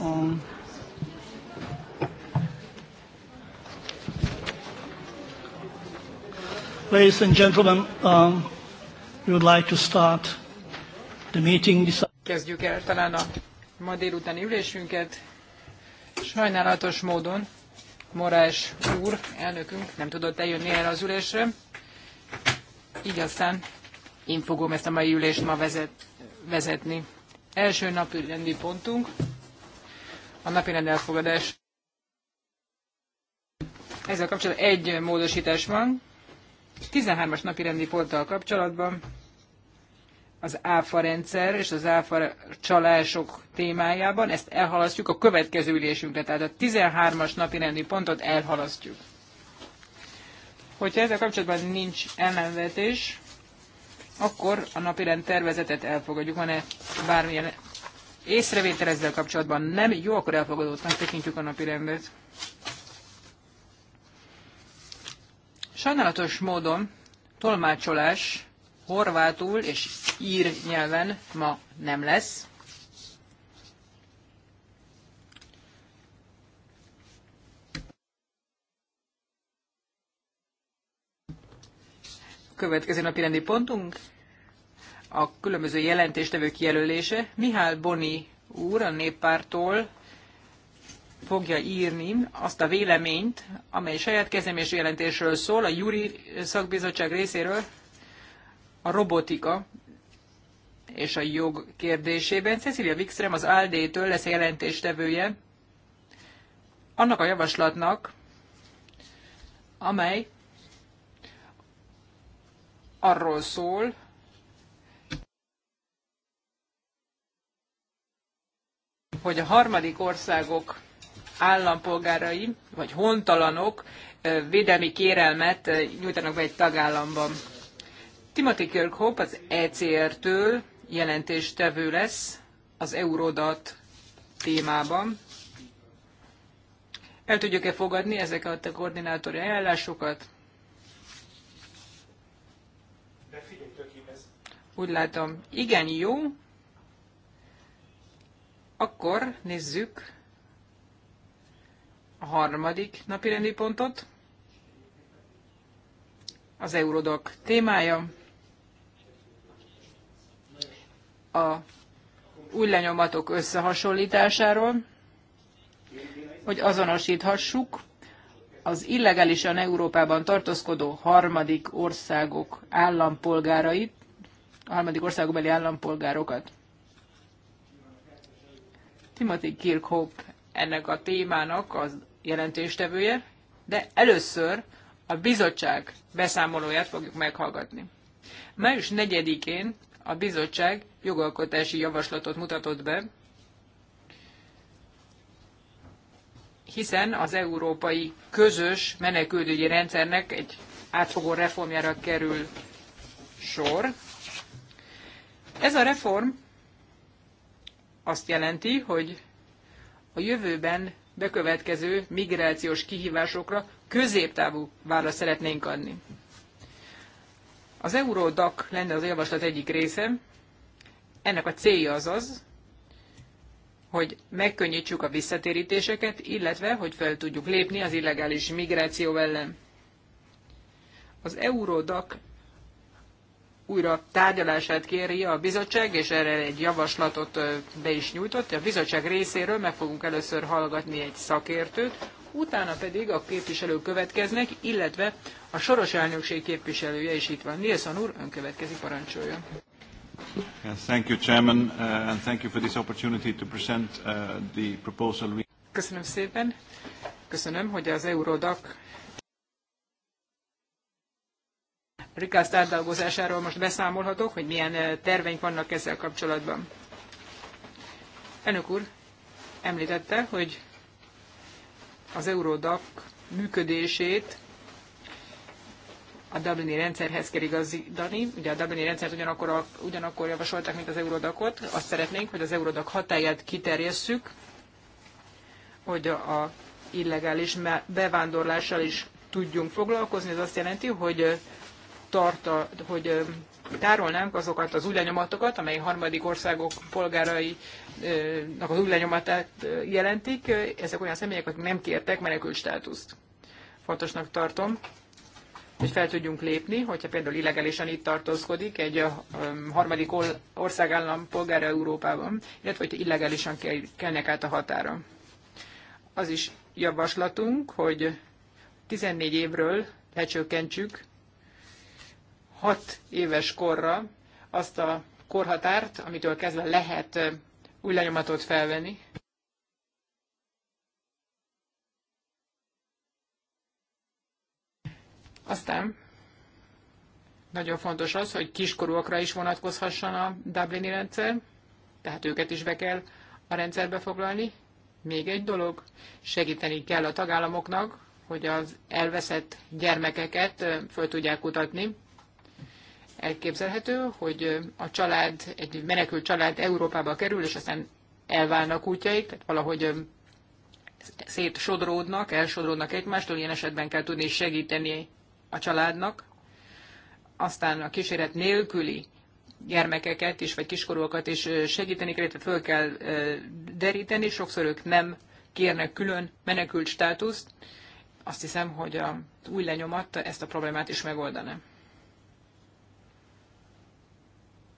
Um, ladies and gentlemen, um, we would like to start the meeting. This Kezdjük el talán a ma délutáni ülésünket. Sajnálatos módon Morás úr, elnökünk nem tudott eljönni erre az ülésre, így aztán én fogom ezt a mai ülést ma vezet, vezetni. Első napi rendi pontunk a napirend elfogadás. Ezzel kapcsolatban egy módosítás van. 13-as napirendi ponttal kapcsolatban az áfa rendszer és az áfa csalások témájában. Ezt elhalasztjuk a következő ülésünkre, tehát a 13-as napirendi pontot elhalasztjuk. Hogyha ezzel kapcsolatban nincs ellenvetés, akkor a napirend tervezetet elfogadjuk. Van-e bármilyen észrevétel ezzel kapcsolatban nem jó, akkor elfogadottnak tekintjük a napi rendet. Sajnálatos módon tolmácsolás horvátul és ír nyelven ma nem lesz. Következő napi rendi pontunk a különböző jelentéstevők jelölése. Mihály Boni úr a néppártól fogja írni azt a véleményt, amely saját és jelentésről szól, a Júri szakbizottság részéről a robotika és a jog kérdésében. Cecilia Wikström az ALD-től lesz jelentéstevője annak a javaslatnak, amely arról szól, hogy a harmadik országok állampolgárai, vagy hontalanok védelmi kérelmet nyújtanak be egy tagállamban. Timothy Kirkhope az ECR-től jelentéstevő lesz az Eurodat témában. El tudjuk-e fogadni ezeket a koordinátori ajánlásokat? Úgy látom, igen, jó. Akkor nézzük a harmadik napirendi pontot. Az Eurodok témája. A új lenyomatok összehasonlításáról, hogy azonosíthassuk az illegálisan Európában tartózkodó harmadik országok állampolgárait, a harmadik országokbeli állampolgárokat. Timothy Kirkhope ennek a témának az jelentéstevője, de először a bizottság beszámolóját fogjuk meghallgatni. Május 4-én a bizottság jogalkotási javaslatot mutatott be, hiszen az európai közös menekültügyi rendszernek egy átfogó reformjára kerül sor. Ez a reform azt jelenti, hogy a jövőben bekövetkező migrációs kihívásokra középtávú választ szeretnénk adni. Az Eurodac lenne az javaslat egyik része. Ennek a célja az az, hogy megkönnyítsük a visszatérítéseket, illetve hogy fel tudjuk lépni az illegális migráció ellen. Az Eurodac újra tárgyalását kéri a bizottság, és erre egy javaslatot be is nyújtott. A bizottság részéről meg fogunk először hallgatni egy szakértőt, utána pedig a képviselők következnek, illetve a soros elnökség képviselője is itt van. Nilsson úr, ön következik, parancsoljon. Thank you, Chairman, uh, and thank you for this opportunity to present uh, the proposal. Köszönöm szépen. Köszönöm, hogy az Eurodac rikász átdolgozásáról most beszámolhatok, hogy milyen eh, terveink vannak ezzel kapcsolatban. Önök úr említette, hogy az Eurodac működését a Dublini rendszerhez kell igazítani. Ugye a Dublini rendszert ugyanakkor, a, ugyanakkor javasolták, mint az Eurodacot. Azt szeretnénk, hogy az Eurodac hatáját kiterjesszük, hogy a, a illegális bevándorlással is tudjunk foglalkozni. Ez azt jelenti, hogy eh, tarta, hogy tárolnánk azokat az új lenyomatokat, amely harmadik országok polgárainak az új lenyomatát jelentik. Ezek olyan személyek, akik nem kértek menekült státuszt. Fontosnak tartom, hogy fel tudjunk lépni, hogyha például illegálisan itt tartózkodik egy harmadik ország állampolgára Európában, illetve hogyha illegálisan kelnek át a határa. Az is javaslatunk, hogy 14 évről lecsökkentsük 6 éves korra azt a korhatárt, amitől kezdve lehet új lenyomatot felvenni. Aztán nagyon fontos az, hogy kiskorúakra is vonatkozhasson a Dublini rendszer, tehát őket is be kell a rendszerbe foglalni. Még egy dolog, segíteni kell a tagállamoknak, hogy az elveszett gyermekeket föl tudják kutatni elképzelhető, hogy a család, egy menekült család Európába kerül, és aztán elválnak útjaik, tehát valahogy szétsodródnak, elsodródnak egymástól, ilyen esetben kell tudni segíteni a családnak. Aztán a kíséret nélküli gyermekeket is, vagy kiskorúakat is segíteni kell, tehát föl kell deríteni, sokszor ők nem kérnek külön menekült státuszt. Azt hiszem, hogy az új lenyomat ezt a problémát is megoldaná.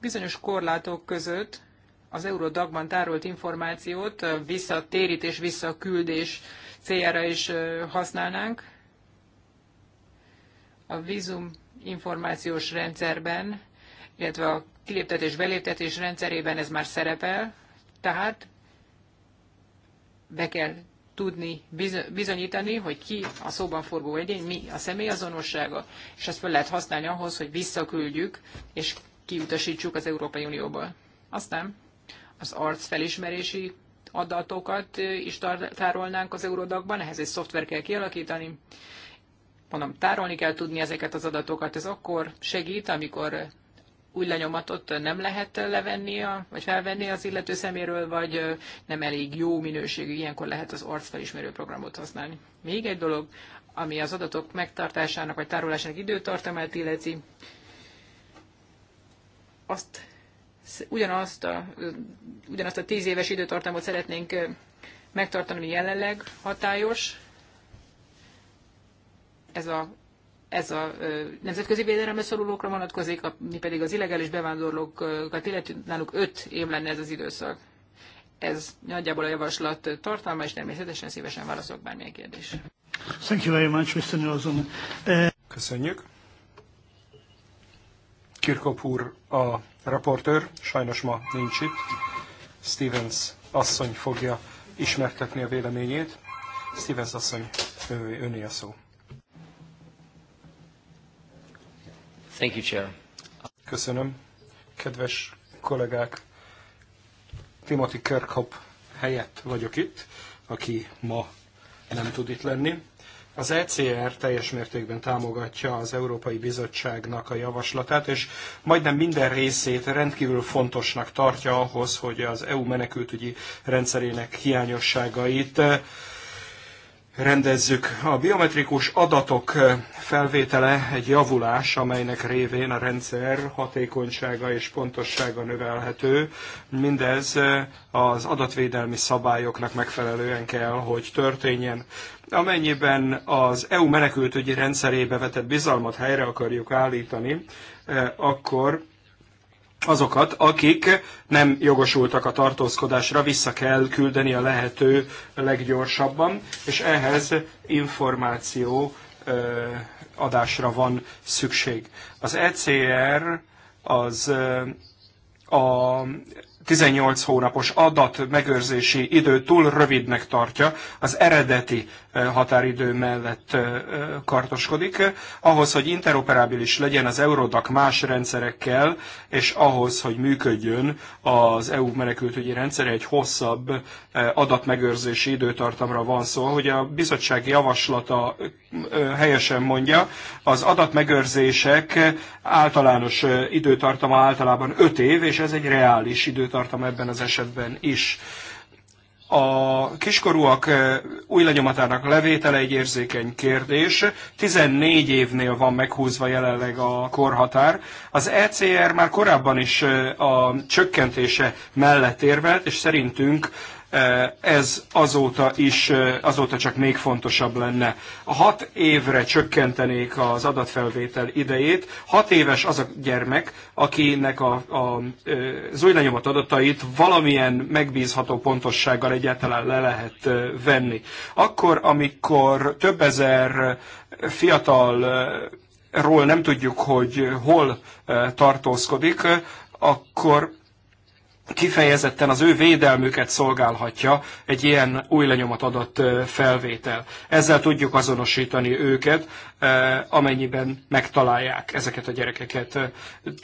bizonyos korlátok között az Eurodagban tárolt információt visszatérítés, visszaküldés céljára is használnánk. A vízum információs rendszerben, illetve a kiléptetés-beléptetés rendszerében ez már szerepel, tehát be kell tudni bizonyítani, hogy ki a szóban forgó egyén, mi a személyazonossága, és ezt fel lehet használni ahhoz, hogy visszaküldjük, és kiutasítsuk az Európai Unióból. Aztán az arc felismerési adatokat is tárolnánk az Eurodagban, ehhez egy szoftver kell kialakítani. Mondom, tárolni kell tudni ezeket az adatokat, ez akkor segít, amikor új lenyomatot nem lehet levenni, a, vagy felvenni az illető szeméről, vagy nem elég jó minőségű, ilyenkor lehet az arcfelismerő programot használni. Még egy dolog, ami az adatok megtartásának vagy tárolásának időtartamát illeti, azt, ugyanazt, a, ugyanazt a tíz éves időtartamot szeretnénk megtartani, ami jelenleg hatályos. Ez a, ez a nemzetközi védelemre szorulókra vonatkozik, mi pedig az illegális bevándorlókat illetve náluk öt év lenne ez az időszak. Ez nagyjából a javaslat tartalma, és természetesen szívesen válaszolok bármilyen kérdésre. Uh, Köszönjük. Kirkop úr a raportőr, sajnos ma nincs itt. Stevens asszony fogja ismertetni a véleményét. Stevens asszony, öné a szó. Thank you, Chair. Köszönöm. Kedves kollégák, Timothy Kirkhope helyett vagyok itt, aki ma nem tud itt lenni. Az ECR teljes mértékben támogatja az Európai Bizottságnak a javaslatát, és majdnem minden részét rendkívül fontosnak tartja ahhoz, hogy az EU menekültügyi rendszerének hiányosságait rendezzük. A biometrikus adatok felvétele egy javulás, amelynek révén a rendszer hatékonysága és pontossága növelhető. Mindez az adatvédelmi szabályoknak megfelelően kell, hogy történjen. Amennyiben az EU menekültügyi rendszerébe vetett bizalmat helyre akarjuk állítani, akkor azokat, akik nem jogosultak a tartózkodásra, vissza kell küldeni a lehető leggyorsabban, és ehhez információ adásra van szükség. Az ECR az a 18 hónapos adat megőrzési idő túl rövidnek tartja az eredeti határidő mellett kartoskodik. Ahhoz, hogy interoperábilis legyen az Eurodac más rendszerekkel, és ahhoz, hogy működjön az EU menekültügyi rendszere, egy hosszabb adatmegőrzési időtartamra van szó. Hogy a bizottság javaslata helyesen mondja, az adatmegőrzések általános időtartama általában 5 év, és ez egy reális időtartam ebben az esetben is. A kiskorúak új lenyomatának levétele egy érzékeny kérdés. 14 évnél van meghúzva jelenleg a korhatár. Az ECR már korábban is a csökkentése mellett érvelt, és szerintünk Eh, ez azóta is, eh, azóta csak még fontosabb lenne. A hat évre csökkentenék az adatfelvétel idejét. Hat éves az a gyermek, akinek a, a, eh, az új lenyomott adatait valamilyen megbízható pontossággal egyáltalán le lehet venni. Akkor, amikor több ezer fiatal ról nem tudjuk, hogy hol tartózkodik, akkor kifejezetten az ő védelmüket szolgálhatja egy ilyen új lenyomat felvétel. Ezzel tudjuk azonosítani őket, amennyiben megtalálják ezeket a gyerekeket.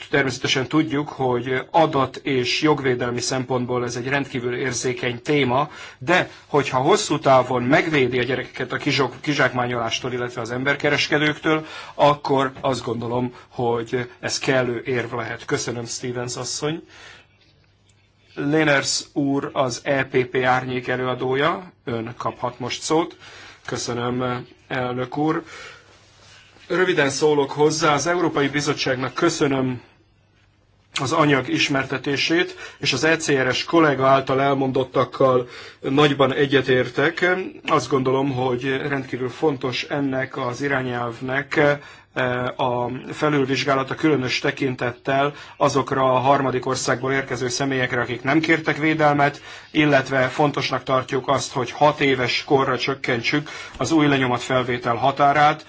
Természetesen tudjuk, hogy adat és jogvédelmi szempontból ez egy rendkívül érzékeny téma, de hogyha hosszú távon megvédi a gyerekeket a kizsákmányolástól, illetve az emberkereskedőktől, akkor azt gondolom, hogy ez kellő érv lehet. Köszönöm, Stevens asszony. Léners úr az EPP árnyék előadója, ön kaphat most szót. Köszönöm, elnök úr. Röviden szólok hozzá, az Európai Bizottságnak köszönöm az anyag ismertetését, és az ECRS kollega által elmondottakkal nagyban egyetértek. Azt gondolom, hogy rendkívül fontos ennek az irányelvnek E, a felülvizsgálata különös tekintettel azokra a harmadik országból érkező személyekre, akik nem kértek védelmet, illetve fontosnak tartjuk azt, hogy hat éves korra csökkentsük az új lenyomatfelvétel határát,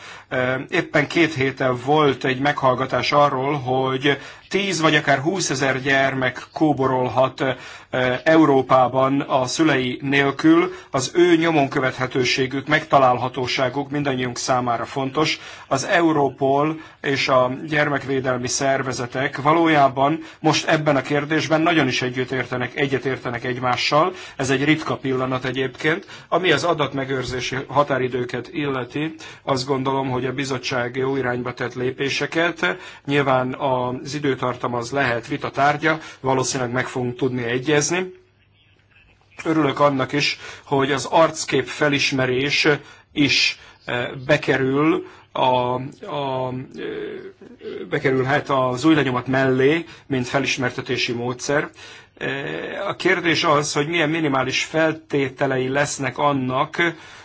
Éppen két héten volt egy meghallgatás arról, hogy 10 vagy akár 20 ezer gyermek kóborolhat Európában a szülei nélkül. Az ő nyomon követhetőségük, megtalálhatóságuk mindannyiunk számára fontos. Az Európol és a gyermekvédelmi szervezetek valójában most ebben a kérdésben nagyon is együttértenek, egyetértenek egymással. Ez egy ritka pillanat egyébként. Ami az adatmegőrzési határidőket illeti, azt gondolom, hogy hogy a bizottság jó irányba tett lépéseket. Nyilván az időtartam az lehet vita tárgya, valószínűleg meg fogunk tudni egyezni. Örülök annak is, hogy az arckép felismerés is eh, bekerül, a, a, eh, bekerülhet az új lenyomat mellé, mint felismertetési módszer. Eh, a kérdés az, hogy milyen minimális feltételei lesznek annak,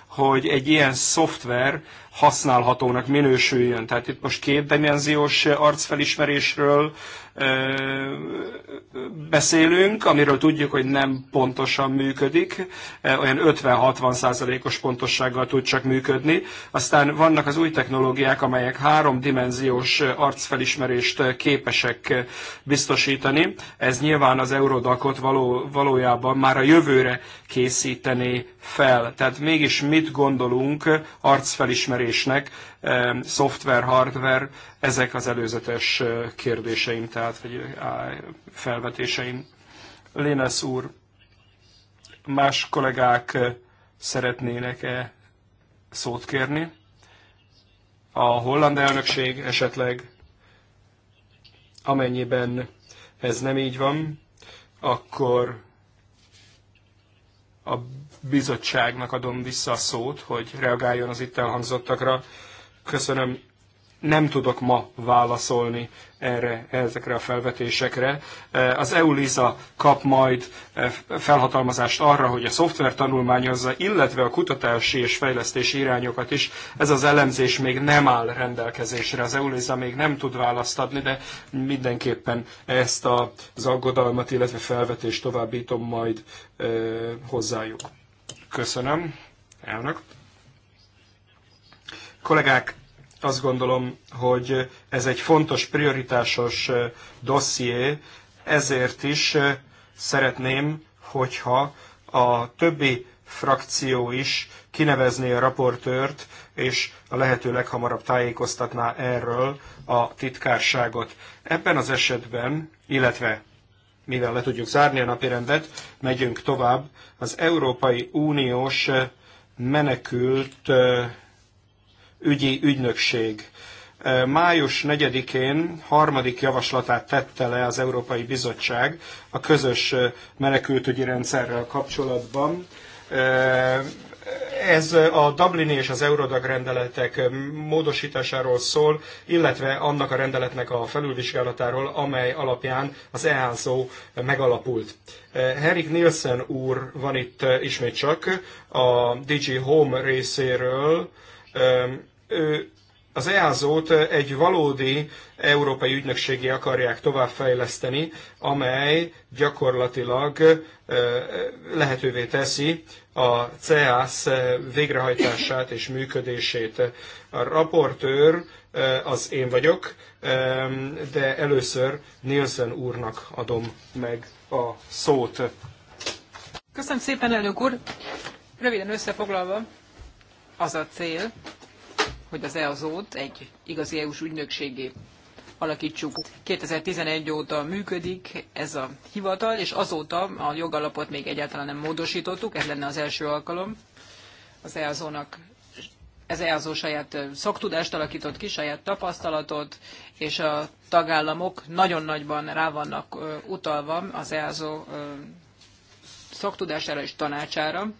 hogy egy ilyen szoftver használhatónak minősüljön. Tehát itt most kétdimenziós arcfelismerésről beszélünk, amiről tudjuk, hogy nem pontosan működik, olyan 50-60 százalékos pontossággal tud csak működni. Aztán vannak az új technológiák, amelyek háromdimenziós arcfelismerést képesek biztosítani. Ez nyilván az Eurodacot való, valójában már a jövőre készíteni fel. Tehát mégis mit gondolunk arcfelismerésnek, szoftver, hardware, ezek az előzetes kérdéseim, tehát vagy felvetéseim. Lénesz úr, más kollégák szeretnének-e szót kérni? A holland elnökség esetleg, amennyiben ez nem így van, akkor a bizottságnak adom vissza a szót, hogy reagáljon az itt elhangzottakra, Köszönöm. Nem tudok ma válaszolni erre, ezekre a felvetésekre. Eh, az EULISA kap majd eh, felhatalmazást arra, hogy a szoftver tanulmányozza, illetve a kutatási és fejlesztési irányokat is. Ez az elemzés még nem áll rendelkezésre. Az EULISA még nem tud választ adni, de mindenképpen ezt az aggodalmat, illetve felvetést továbbítom majd eh, hozzájuk. Köszönöm, elnök. Kollégák, azt gondolom, hogy ez egy fontos, prioritásos dosszié, ezért is szeretném, hogyha a többi frakció is kinevezné a raportőrt, és a lehető leghamarabb tájékoztatná erről a titkárságot. Ebben az esetben, illetve mivel le tudjuk zárni a napirendet, megyünk tovább. Az Európai Uniós menekült ügyi ügynökség május 4-én harmadik javaslatát tette le az Európai Bizottság a közös menekültügyi rendszerrel kapcsolatban. Ez a Dublini és az Eurodag rendeletek módosításáról szól, illetve annak a rendeletnek a felülvizsgálatáról, amely alapján az EASO megalapult. Henrik Nielsen úr van itt ismét csak a DG Home részéről, az EASO-t egy valódi európai ügynökségé akarják továbbfejleszteni, amely gyakorlatilag lehetővé teszi a CEASZ végrehajtását és működését. A raportőr az én vagyok, de először Nielsen úrnak adom meg a szót. Köszönöm szépen, elnök úr! Röviden összefoglalva, az a cél, hogy az EAZO-t egy igazi EU-s ügynökségé alakítsuk. 2011 óta működik ez a hivatal, és azóta a jogalapot még egyáltalán nem módosítottuk, ez lenne az első alkalom. Az EAZO-nak ez EASO saját szaktudást alakított ki, saját tapasztalatot, és a tagállamok nagyon nagyban rá vannak utalva az EASO szaktudására és tanácsára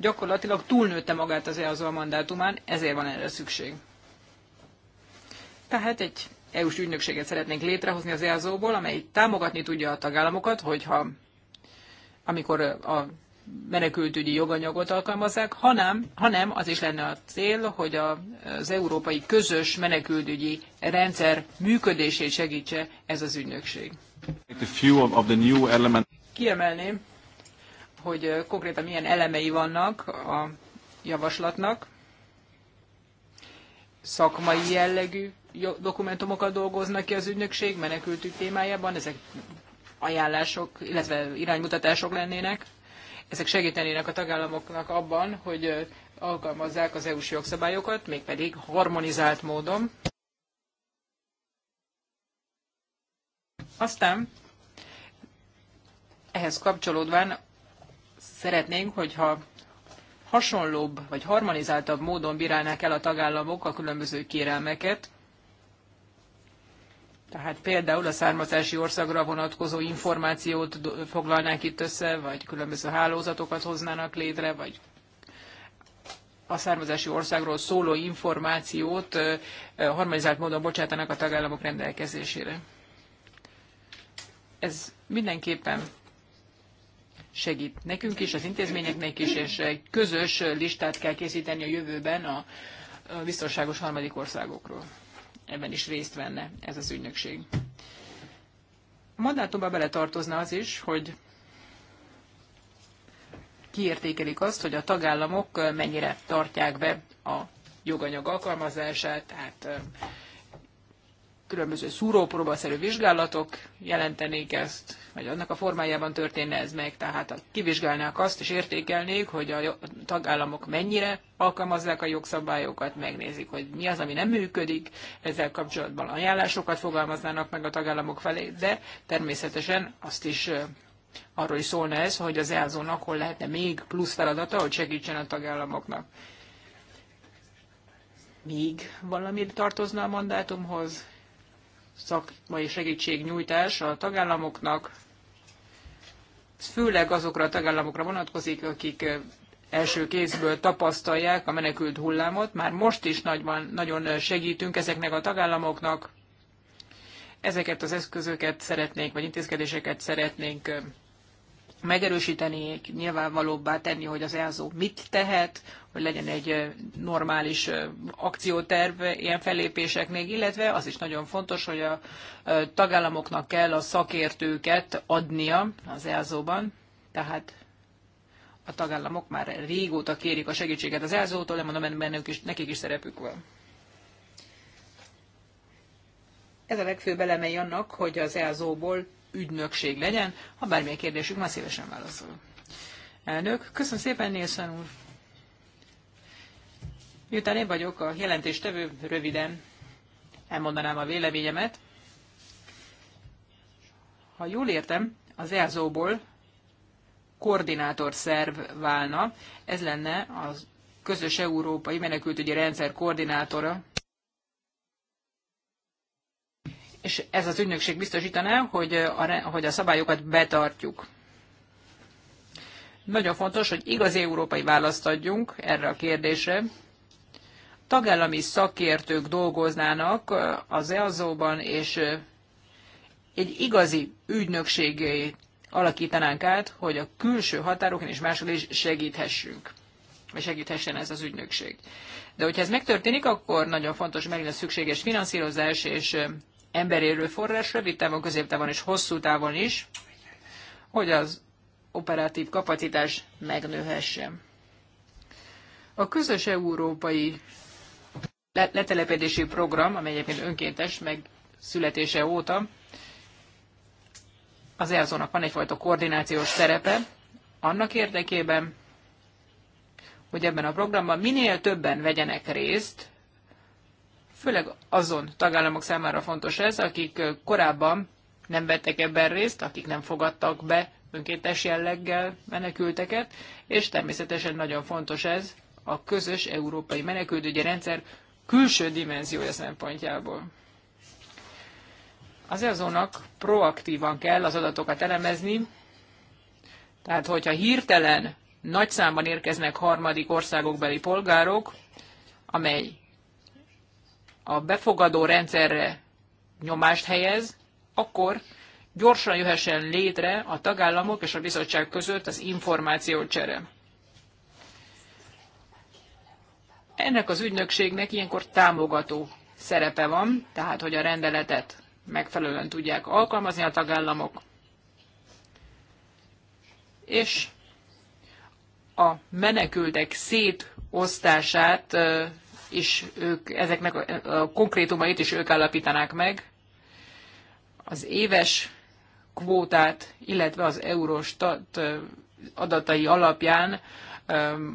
gyakorlatilag túlnőtte magát az EASA mandátumán, ezért van erre szükség. Tehát egy EU-s ügynökséget szeretnénk létrehozni az EASO-ból, amely támogatni tudja a tagállamokat, hogyha amikor a menekültügyi joganyagot alkalmazzák, hanem, hanem az is lenne a cél, hogy a, az európai közös menekültügyi rendszer működését segítse ez az ügynökség. Kiemelném hogy konkrétan milyen elemei vannak a javaslatnak. Szakmai jellegű dokumentumokat dolgoznak ki az ügynökség menekültük témájában, ezek ajánlások, illetve iránymutatások lennének. Ezek segítenének a tagállamoknak abban, hogy alkalmazzák az EU-s jogszabályokat, mégpedig harmonizált módon. Aztán ehhez kapcsolódván szeretnénk, hogyha hasonlóbb vagy harmonizáltabb módon bírálnák el a tagállamok a különböző kérelmeket, tehát például a származási országra vonatkozó információt foglalnák itt össze, vagy különböző hálózatokat hoznának létre, vagy a származási országról szóló információt harmonizált módon bocsátanak a tagállamok rendelkezésére. Ez mindenképpen segít nekünk is, az intézményeknek is, és egy közös listát kell készíteni a jövőben a biztonságos harmadik országokról. Ebben is részt venne ez az ügynökség. A mandátumba beletartozna az is, hogy kiértékelik azt, hogy a tagállamok mennyire tartják be a joganyag alkalmazását, tehát különböző szúrópróbaszerű vizsgálatok jelentenék ezt, vagy annak a formájában történne ez meg. Tehát kivizsgálnák azt, és értékelnék, hogy a tagállamok mennyire alkalmazzák a jogszabályokat, megnézik, hogy mi az, ami nem működik, ezzel kapcsolatban ajánlásokat fogalmaznának meg a tagállamok felé, de természetesen azt is arról is szólna ez, hogy az elzónak hol lehetne még plusz feladata, hogy segítsen a tagállamoknak. Még valamit tartozna a mandátumhoz? szakmai segítségnyújtás a tagállamoknak, ez főleg azokra a tagállamokra vonatkozik, akik első kézből tapasztalják a menekült hullámot. Már most is nagyban, nagyon segítünk ezeknek a tagállamoknak. Ezeket az eszközöket szeretnénk, vagy intézkedéseket szeretnénk megerősíteni, nyilvánvalóbbá tenni, hogy az elzó mit tehet, hogy legyen egy normális akcióterv ilyen fellépéseknél, illetve az is nagyon fontos, hogy a tagállamoknak kell a szakértőket adnia az elzóban, tehát a tagállamok már régóta kérik a segítséget az elzótól, nem de mondom, mert is, nekik is szerepük van. Ez a legfőbb elemei annak, hogy az elzóból ügynökség legyen. Ha bármilyen kérdésük, már szívesen válaszol. Elnök, köszönöm szépen, Nélszen úr. Miután én vagyok a jelentéstevő, röviden elmondanám a véleményemet. Ha jól értem, az elzo ból koordinátor szerv válna. Ez lenne az közös európai menekültügyi rendszer koordinátora. és ez az ügynökség biztosítaná, hogy a, hogy a szabályokat betartjuk. Nagyon fontos, hogy igazi európai választ adjunk erre a kérdésre. Tagállami szakértők dolgoznának az EAZO-ban, és egy igazi ügynökségé alakítanánk át, hogy a külső határokon és máshol is segíthessünk, vagy segíthessen ez az ügynökség. De hogyha ez megtörténik, akkor nagyon fontos megint a szükséges finanszírozás és emberi erőforrás rövid távon, középtávon és hosszú távon is, hogy az operatív kapacitás megnőhessen. A közös európai letelepedési program, amely egyébként önkéntes, meg születése óta, az EASZ-nak van egyfajta koordinációs szerepe, annak érdekében, hogy ebben a programban minél többen vegyenek részt, Főleg azon tagállamok számára fontos ez, akik korábban nem vettek ebben részt, akik nem fogadtak be önkéntes jelleggel menekülteket, és természetesen nagyon fontos ez a közös európai menekültügyi rendszer külső dimenziója szempontjából. Az EZO-nak proaktívan kell az adatokat elemezni, tehát hogyha hirtelen nagy számban érkeznek harmadik országokbeli polgárok, amely a befogadó rendszerre nyomást helyez, akkor gyorsan jöhessen létre a tagállamok és a bizottság között az információcsere. Ennek az ügynökségnek ilyenkor támogató szerepe van, tehát hogy a rendeletet megfelelően tudják alkalmazni a tagállamok, és a menekültek szétosztását és ők, ezeknek a konkrétumait is ők állapítanák meg. Az éves kvótát, illetve az Eurostat adatai alapján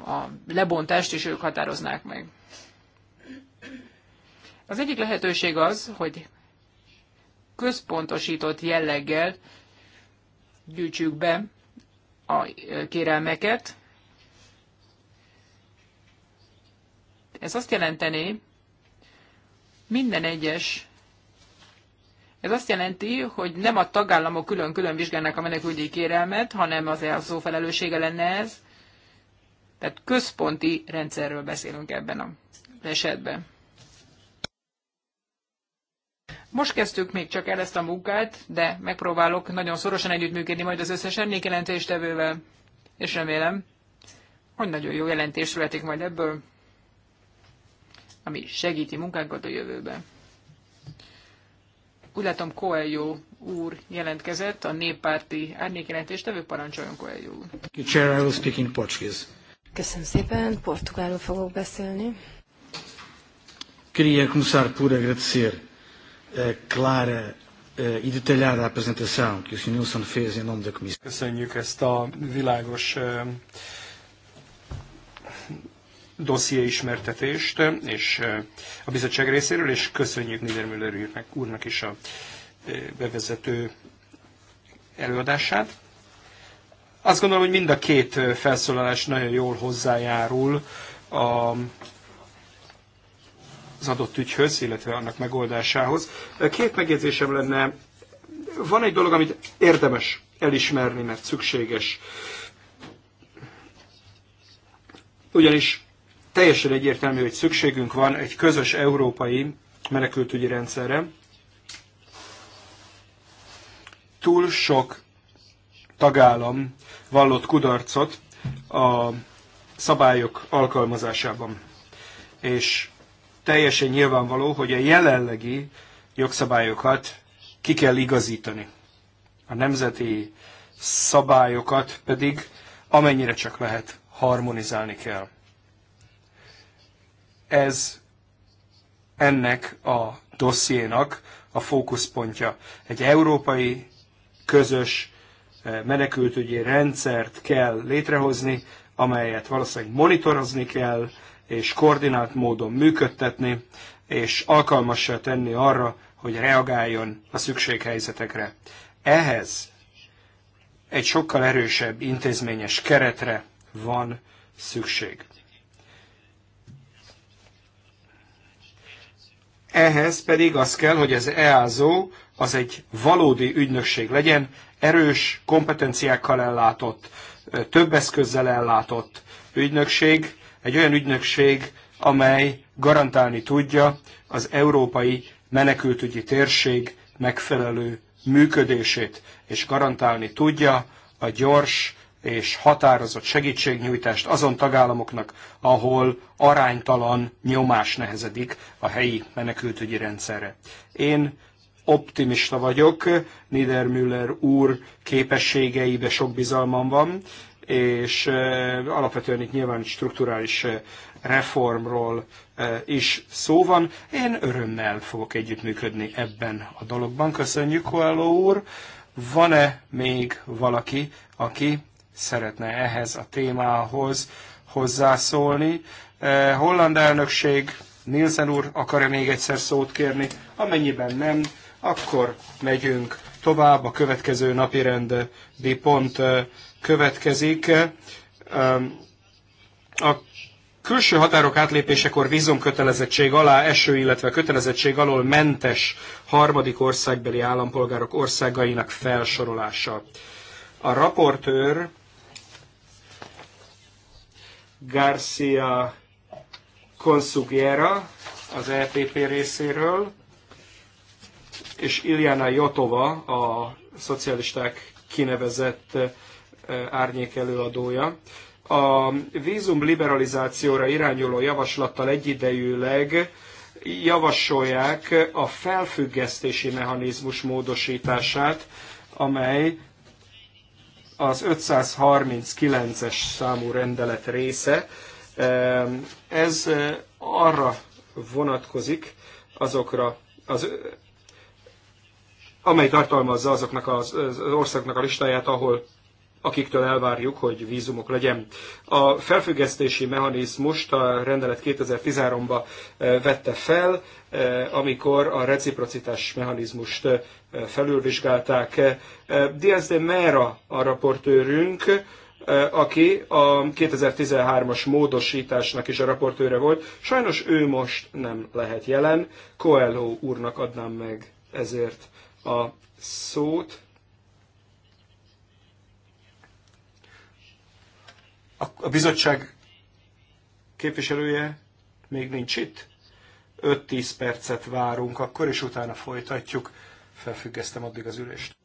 a lebontást is ők határoznák meg. Az egyik lehetőség az, hogy központosított jelleggel gyűjtsük be a kérelmeket, Ez azt jelenteni, minden egyes ez azt jelenti, hogy nem a tagállamok külön-külön vizsgálnak a menekültügyi kérelmet, hanem az elszó felelőssége lenne ez. Tehát központi rendszerről beszélünk ebben az esetben. Most kezdtük még csak el ezt a munkát, de megpróbálok nagyon szorosan együttműködni majd az összes emlékjelentéstevővel, és remélem, hogy nagyon jó jelentés születik majd ebből ami segíti munkánkat a jövőben. Úgy látom, Coelho úr jelentkezett, a néppárti árnyékjelentéstevő parancsoljon Coelho úr. Köszönöm szépen, portugálul fogok beszélni. Queria começar por agradecer a eh, Clara eh, e detalhada apresentação que o Sr. Nilsson fez em nome da Comissão. Köszönjük ezt a világos eh, dosszié ismertetést és a bizottság részéről, és köszönjük Niedermüller úrnak is a bevezető előadását. Azt gondolom, hogy mind a két felszólalás nagyon jól hozzájárul a, az adott ügyhöz, illetve annak megoldásához. Két megjegyzésem lenne. Van egy dolog, amit érdemes elismerni, mert szükséges. Ugyanis teljesen egyértelmű, hogy szükségünk van egy közös európai menekültügyi rendszerre. Túl sok tagállam vallott kudarcot a szabályok alkalmazásában. És teljesen nyilvánvaló, hogy a jelenlegi jogszabályokat ki kell igazítani. A nemzeti szabályokat pedig amennyire csak lehet harmonizálni kell ez ennek a dossziénak a fókuszpontja. Egy európai közös eh, menekültügyi rendszert kell létrehozni, amelyet valószínűleg monitorozni kell, és koordinált módon működtetni, és alkalmassá tenni arra, hogy reagáljon a szükséghelyzetekre. Ehhez egy sokkal erősebb intézményes keretre van szükség. Ehhez pedig az kell, hogy az EASO az egy valódi ügynökség legyen, erős kompetenciákkal ellátott, több eszközzel ellátott ügynökség, egy olyan ügynökség, amely garantálni tudja az európai menekültügyi térség megfelelő működését, és garantálni tudja a gyors és határozott segítségnyújtást azon tagállamoknak, ahol aránytalan nyomás nehezedik a helyi menekültügyi rendszerre. Én optimista vagyok, Niedermüller úr képességeibe sok bizalmam van, és alapvetően itt nyilván strukturális reformról is szó van. Én örömmel fogok együttműködni ebben a dologban. Köszönjük, Koelló úr! Van-e még valaki, aki szeretne ehhez a témához hozzászólni. Eh, holland elnökség, Nielsen úr akar-e még egyszer szót kérni? Amennyiben nem, akkor megyünk tovább, a következő napi rendi eh, pont eh, következik. A külső határok átlépésekor vízumkötelezettség alá eső, illetve kötelezettség alól mentes harmadik országbeli állampolgárok országainak felsorolása. A raportőr Garcia Consugiera az EPP részéről, és Iliana Jotova, a szocialisták kinevezett eh, árnyék előadója. A vízum liberalizációra irányuló javaslattal egyidejűleg javasolják a felfüggesztési mechanizmus módosítását, amely az 539-es számú rendelet része. Ez eh, arra vonatkozik azokra, az, amely tartalmazza azoknak az, az országnak a listáját, ahol akiktől elvárjuk, hogy vízumok legyen. A felfüggesztési mechanizmust a rendelet 2013-ba eh, vette fel, eh, amikor a reciprocitás mechanizmust eh, felülvizsgálták. Diaz de Mera a raportőrünk, aki a 2013-as módosításnak is a raportőre volt. Sajnos ő most nem lehet jelen. Coelho úrnak adnám meg ezért a szót. a bizottság képviselője még nincs itt. 5-10 percet várunk akkor, és utána folytatjuk. Felfüggesztem addig az ülést.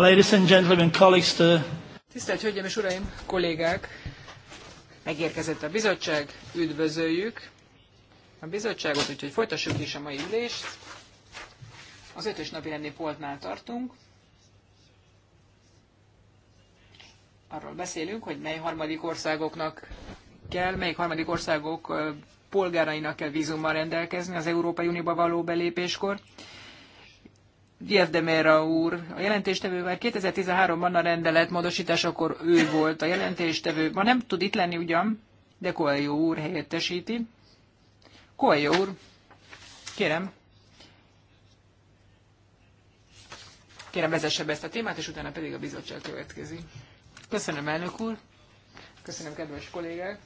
Ladies and gentlemen, colleagues, the... Tisztelt Hölgyeim és Uraim, kollégák! Megérkezett a bizottság, üdvözöljük a bizottságot, úgyhogy folytassuk is a mai ülést. Az ötös napi rendi poltnál tartunk. Arról beszélünk, hogy mely harmadik országoknak kell, melyik harmadik országok polgárainak kell vízummal rendelkezni az Európai Unióba való belépéskor. Gyerdemera úr, a jelentéstevő már 2013-ban a rendelet módosításakor ő volt a jelentéstevő. Ma nem tud itt lenni ugyan, de Koljó úr helyettesíti. Koljó úr, kérem, kérem vezesse be ezt a témát, és utána pedig a bizottság következik. Köszönöm, elnök úr. Köszönöm, kedves kollégák.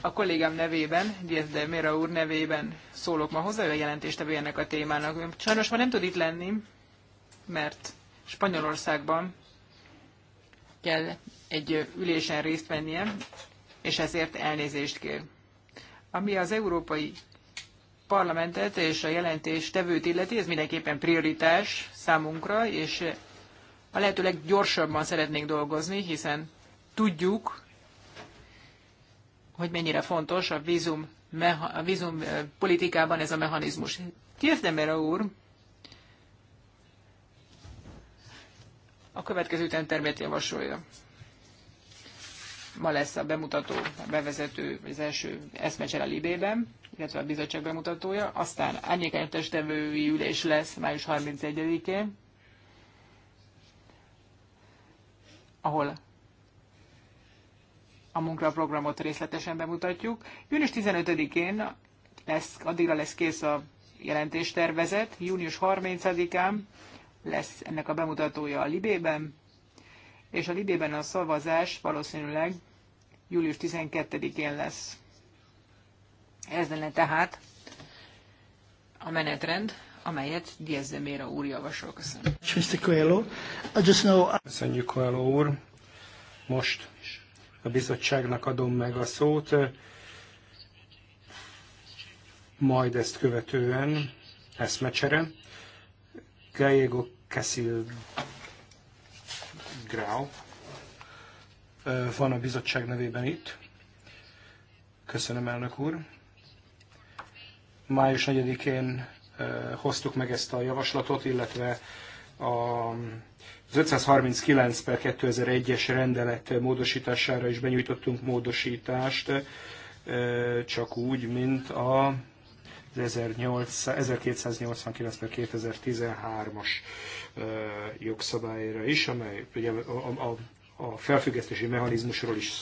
a kollégám nevében, Diaz de Mera úr nevében szólok ma hozzá, ő a jelentéstevő ennek a témának. Sajnos ma nem tud itt lenni, mert Spanyolországban kell egy ülésen részt vennie, és ezért elnézést kér. Ami az Európai Parlamentet és a jelentés tevőt illeti, ez mindenképpen prioritás számunkra, és a lehető leggyorsabban szeretnénk dolgozni, hiszen tudjuk, hogy mennyire fontos a vízum, a vízum politikában ez a mechanizmus. erre úr a következő termét javasolja. Ma lesz a bemutató, a bevezető, az első eszmecsere Libében, illetve a bizottság bemutatója, aztán árnyékánytes testevői ülés lesz május 31-én, ahol a munkaprogramot részletesen bemutatjuk. Június 15-én lesz, addigra lesz kész a jelentéstervezet, június 30-án lesz ennek a bemutatója a Libében, és a Libében a szavazás valószínűleg július 12-én lesz. Ez lenne tehát a menetrend, amelyet Diaz de Mera úr javasol. Köszönöm. Köszönjük, Coelho úr. Most a bizottságnak adom meg a szót, majd ezt követően eszmecsere. Gallego Kessil Grau van a bizottság nevében itt. Köszönöm, elnök úr. Május 4-én hoztuk meg ezt a javaslatot, illetve a az 539 per 2001-es rendelet módosítására is benyújtottunk módosítást, csak úgy, mint a 1289 per 2013-as jogszabályra is, amely ugye a, a, a felfüggesztési mechanizmusról is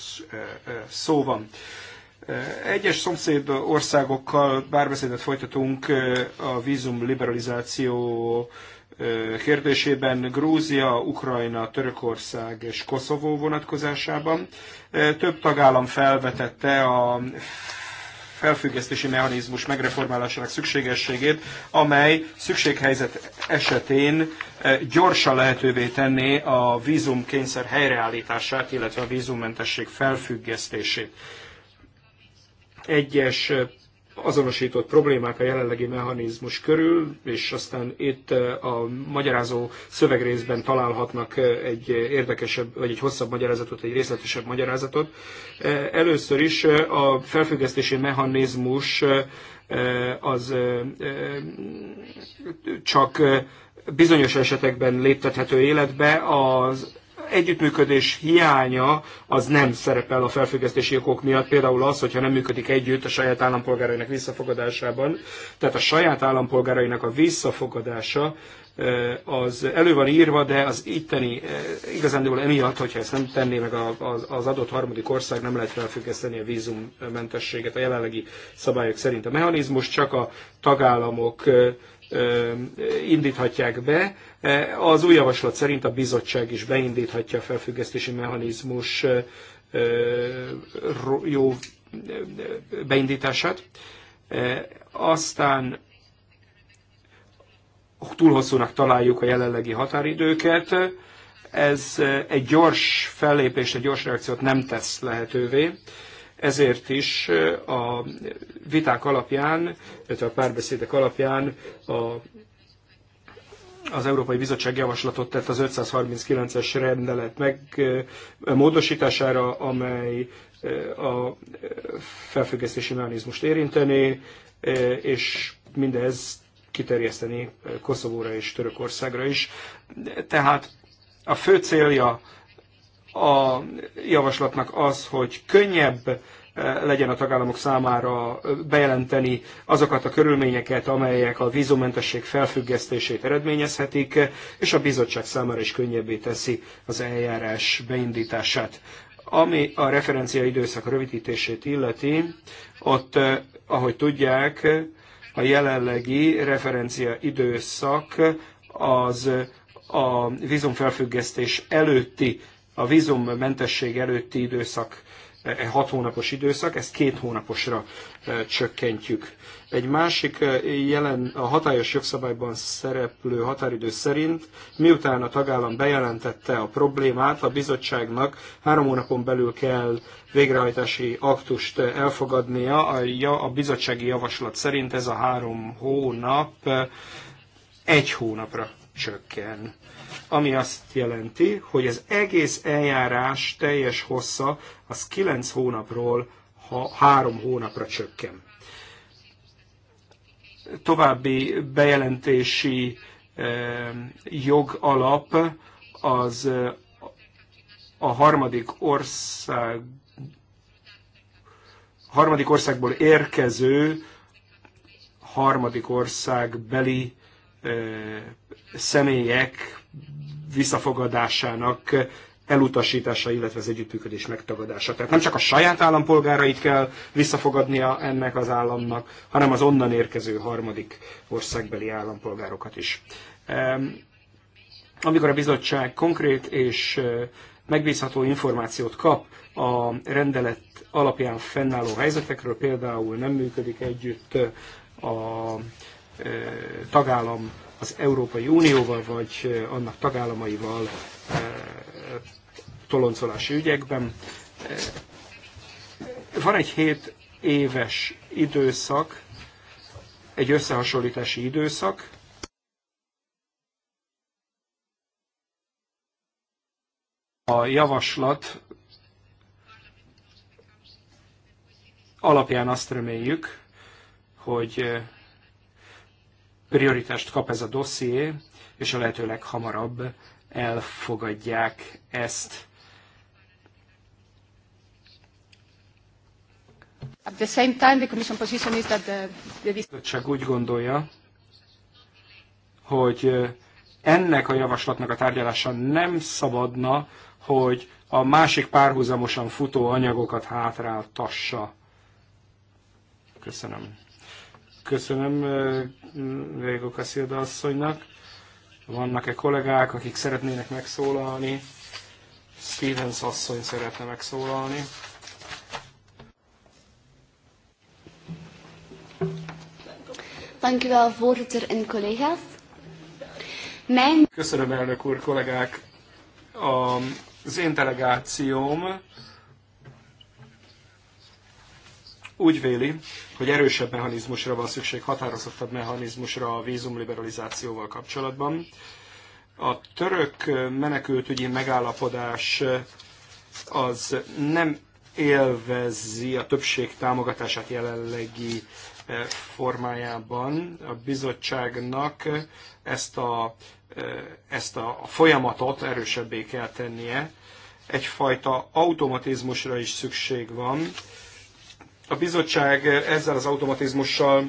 szó van. Egyes szomszéd országokkal párbeszédet folytatunk a vízum liberalizáció kérdésében Grúzia, Ukrajna, Törökország és Koszovó vonatkozásában. Több tagállam felvetette a felfüggesztési mechanizmus megreformálásának szükségességét, amely szükséghelyzet esetén gyorsan lehetővé tenné a vízumkényszer helyreállítását, illetve a vízummentesség felfüggesztését. Egyes azonosított problémák a jelenlegi mechanizmus körül, és aztán itt eh, a magyarázó szövegrészben találhatnak eh, egy érdekesebb, vagy egy hosszabb magyarázatot, egy részletesebb magyarázatot. Eh, először is a felfüggesztési mechanizmus az csak bizonyos esetekben léptethető életbe, az együttműködés hiánya az nem szerepel a felfüggesztési okok miatt, például az, hogyha nem működik együtt a saját állampolgárainak visszafogadásában. Tehát a saját állampolgárainak a visszafogadása az elő van írva, de az itteni, igazándiból emiatt, hogyha ezt nem tenné meg az adott harmadik ország, nem lehet felfüggeszteni a vízummentességet a jelenlegi szabályok szerint. A mechanizmus csak a tagállamok indíthatják be. Az új javaslat szerint a bizottság is beindíthatja a felfüggesztési mechanizmus jó beindítását. Aztán túl hosszúnak találjuk a jelenlegi határidőket, ez egy gyors fellépést, egy gyors reakciót nem tesz lehetővé, ezért is eh, a viták alapján, illetve a párbeszédek alapján a az Európai Bizottság javaslatot tett az 539-es rendelet meg eh, módosítására, amely eh, a felfüggesztési mechanizmust érinteni, és mindez kiterjeszteni eh, Koszovóra és Törökországra is. Tehát a fő célja a javaslatnak az, hogy könnyebb eh, legyen a tagállamok számára eh, bejelenteni azokat a körülményeket, amelyek a vízumentesség felfüggesztését eredményezhetik, és a bizottság számára is könnyebbé teszi az eljárás beindítását. Ami a referencia időszak rövidítését illeti, ott, ahogy tudják, a jelenlegi referencia időszak az a vízumfelfüggesztés előtti, a vízummentesség előtti időszak, e, hat hónapos időszak, ezt két hónaposra e, csökkentjük. Egy másik eh, jelen, a hatályos jogszabályban szereplő határidő szerint, miután a tagállam bejelentette a problémát, a bizottságnak három hónapon belül kell végrehajtási aktust eh, elfogadnia. A, a bizottsági javaslat szerint ez a három hónap eh, egy hónapra csökken ami azt jelenti, hogy az egész eljárás teljes hossza az 9 hónapról ha három hónapra csökken további bejelentési eh, jogalap az eh, a harmadik ország harmadik országból érkező harmadik ország beli eh, személyek visszafogadásának elutasítása, illetve az együttműködés megtagadása. Tehát nem csak a saját állampolgárait kell visszafogadnia ennek az államnak, hanem az onnan érkező harmadik országbeli állampolgárokat is. Amikor a bizottság konkrét és megbízható információt kap a rendelet alapján fennálló helyzetekről, például nem működik együtt a tagállam az Európai Unióval, vagy annak tagállamaival toloncolási ügyekben. Eh, van egy 7 éves időszak, egy összehasonlítási időszak, a javaslat alapján azt reméljük, hogy eh, prioritást kap ez a dosszié, és a lehető leghamarabb elfogadják ezt. At the same time, the Commission position is that the, the... Csak úgy gondolja, hogy ennek a javaslatnak a tárgyalása nem szabadna, hogy a másik párhuzamosan futó anyagokat hátráltassa. Köszönöm. Köszönöm Végó Kaszilda asszonynak. Vannak-e kollégák, akik szeretnének megszólalni? Stevens asszony szeretne megszólalni. Dank u wel, voorzitter en collega's. Mijn... Köszönöm, elnök úr, kollégák. az én delegációm úgy véli, hogy erősebb mechanizmusra van szükség, határozottabb mechanizmusra a vízumliberalizációval kapcsolatban. A török menekültügyi megállapodás az nem élvezi a többség támogatását jelenlegi formájában a bizottságnak ezt a, ezt a folyamatot erősebbé kell tennie. Egyfajta automatizmusra is szükség van. A bizottság ezzel az automatizmussal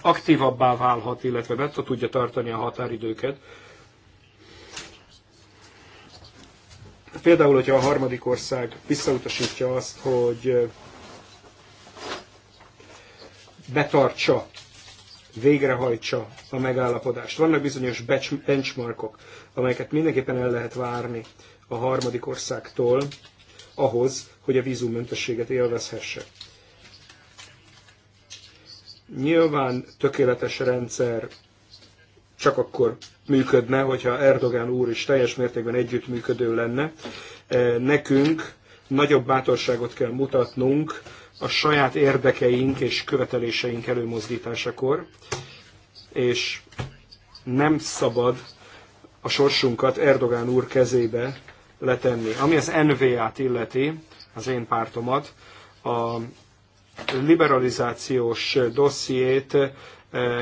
aktívabbá válhat, illetve be tudja tartani a határidőket. Például, hogyha a harmadik ország visszautasítja azt, hogy betartsa, végrehajtsa a megállapodást. Vannak bizonyos benchmarkok, amelyeket mindenképpen el lehet várni a harmadik országtól ahhoz, hogy a vízummentességet élvezhesse. Nyilván tökéletes rendszer csak akkor működne, hogyha Erdogán úr is teljes mértékben együttműködő lenne. Eh, nekünk nagyobb bátorságot kell mutatnunk a saját érdekeink és követeléseink előmozdításakor, és nem szabad a sorsunkat Erdogán úr kezébe letenni. Ami az NVA-t illeti, az én pártomat, a liberalizációs dossziét eh,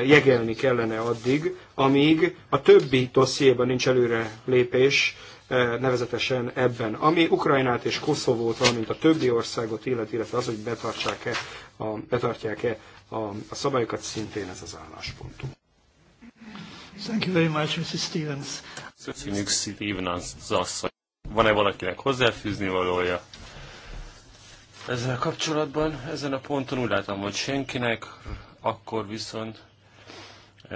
jegelni kellene addig, amíg a többi dossziéban nincs előre lépés, E, nevezetesen ebben. Ami Ukrajnát és Koszovót, valamint a többi országot illet, illetve az, hogy betartják e a, betartják-e a, a szabályokat, szintén ez az álláspontunk. Thank you very much, Mrs. Stevens. Köszönjük Stevens asszony. Van-e valakinek hozzáfűzni valója? Ezzel kapcsolatban, ezen a ponton úgy látom, hogy senkinek, akkor viszont e,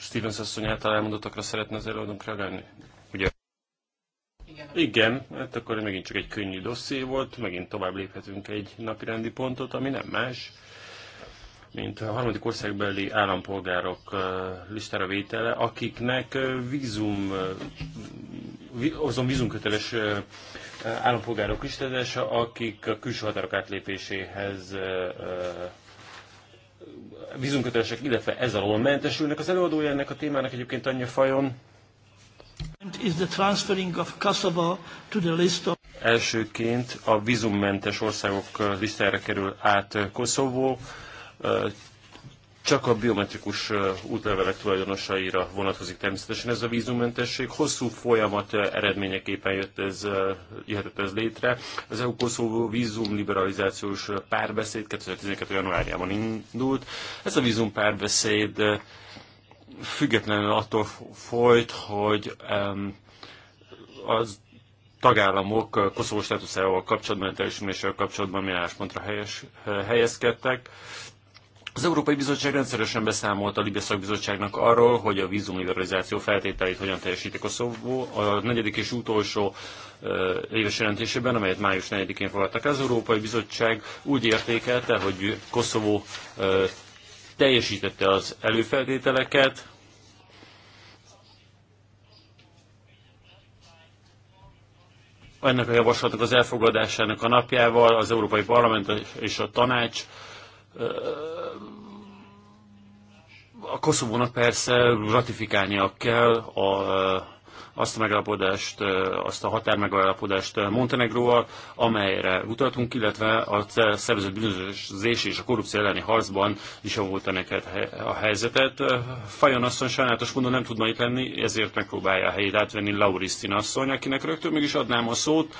Stevens asszony által elmondottakra szeretne az előadónk reagálni? Ugye? Igen. Igen, hát akkor megint csak egy könnyű dosszié volt, megint tovább léphetünk egy napirendi pontot, ami nem más, mint a harmadik országbeli állampolgárok listára vétele, akiknek vízum, azon vízumköteles állampolgárok listázása, akik a külső határok átlépéséhez vízumkötelesek, illetve ez alól mentesülnek. Az előadója ennek a témának egyébként annyi Fajon. Elsőként a vízummentes országok listára kerül át Koszovó, csak a biometrikus útlevelek tulajdonosaira vonatkozik természetesen ez a vízummentesség. Hosszú folyamat eredményeképpen jött ez, jöhetett ez létre. Az EU Koszovó vízum liberalizációs párbeszéd 2012. januárjában indult. Ez a vízum párbeszéd függetlenül attól folyt, hogy az tagállamok Koszovó státuszával kapcsolatban, teljesüléssel kapcsolatban milyen álláspontra helyes, helyezkedtek az Európai Bizottság rendszeresen beszámolt a Libia Szakbizottságnak arról, hogy a vízumliberalizáció feltételeit hogyan teljesítik a A negyedik és utolsó éves jelentésében, amelyet május 4-én fogadtak az Európai Bizottság úgy értékelte, hogy Koszovó teljesítette az előfeltételeket, ennek a javaslatnak az elfogadásának a napjával az Európai Parlament és a Tanács a Koszovónak persze ratifikálnia kell a azt a megállapodást, azt a határmegállapodást Montenegróval, amelyre utaltunk, illetve a szervezett bűnözés és a korrupció elleni harcban is a neked a helyzetet. Fajon asszony sajnálatos mondom nem tud majd itt lenni, ezért megpróbálja a helyét átvenni Laurisztin asszony, akinek rögtön mégis adnám a szót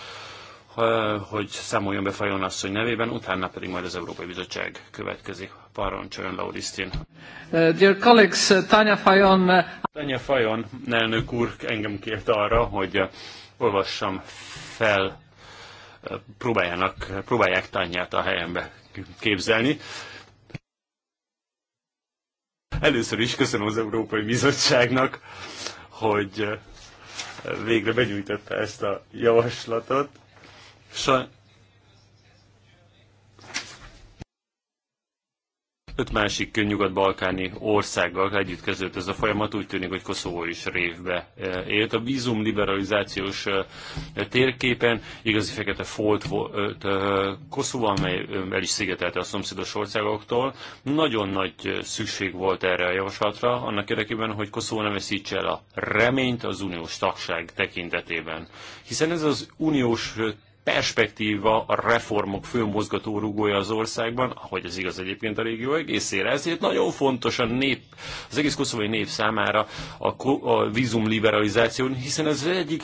hogy számoljon be Fajon asszony nevében, utána pedig majd az Európai Bizottság következik. Parancsoljon, Laurisztin. Uh, dear colleagues, Tanya Fajon... Tanya Fajon, elnök úr, engem kért arra, hogy olvassam fel, próbáljanak, próbálják Tanyát a helyembe képzelni. Először is köszönöm az Európai Bizottságnak, hogy végre benyújtotta ezt a javaslatot Szóval- Öt másik nyugat-balkáni országgal együtt kezdődött ez a folyamat, úgy tűnik, hogy Koszovó is révbe eh, élt. A vízum liberalizációs eh, térképen igazi fekete folt volt eh, Koszovó, amely el is szigetelte a szomszédos országoktól. Nagyon nagy szükség volt erre a javaslatra, annak érdekében, hogy Koszovó ne veszítse el a reményt az uniós tagság tekintetében. Hiszen ez az uniós perspektíva a reformok mozgató rúgója az országban, ahogy ez igaz egyébként a régió egészére. Ezért nagyon fontos a nép, az egész koszovai nép számára a, a vízum liberalizáció, hiszen ez egyik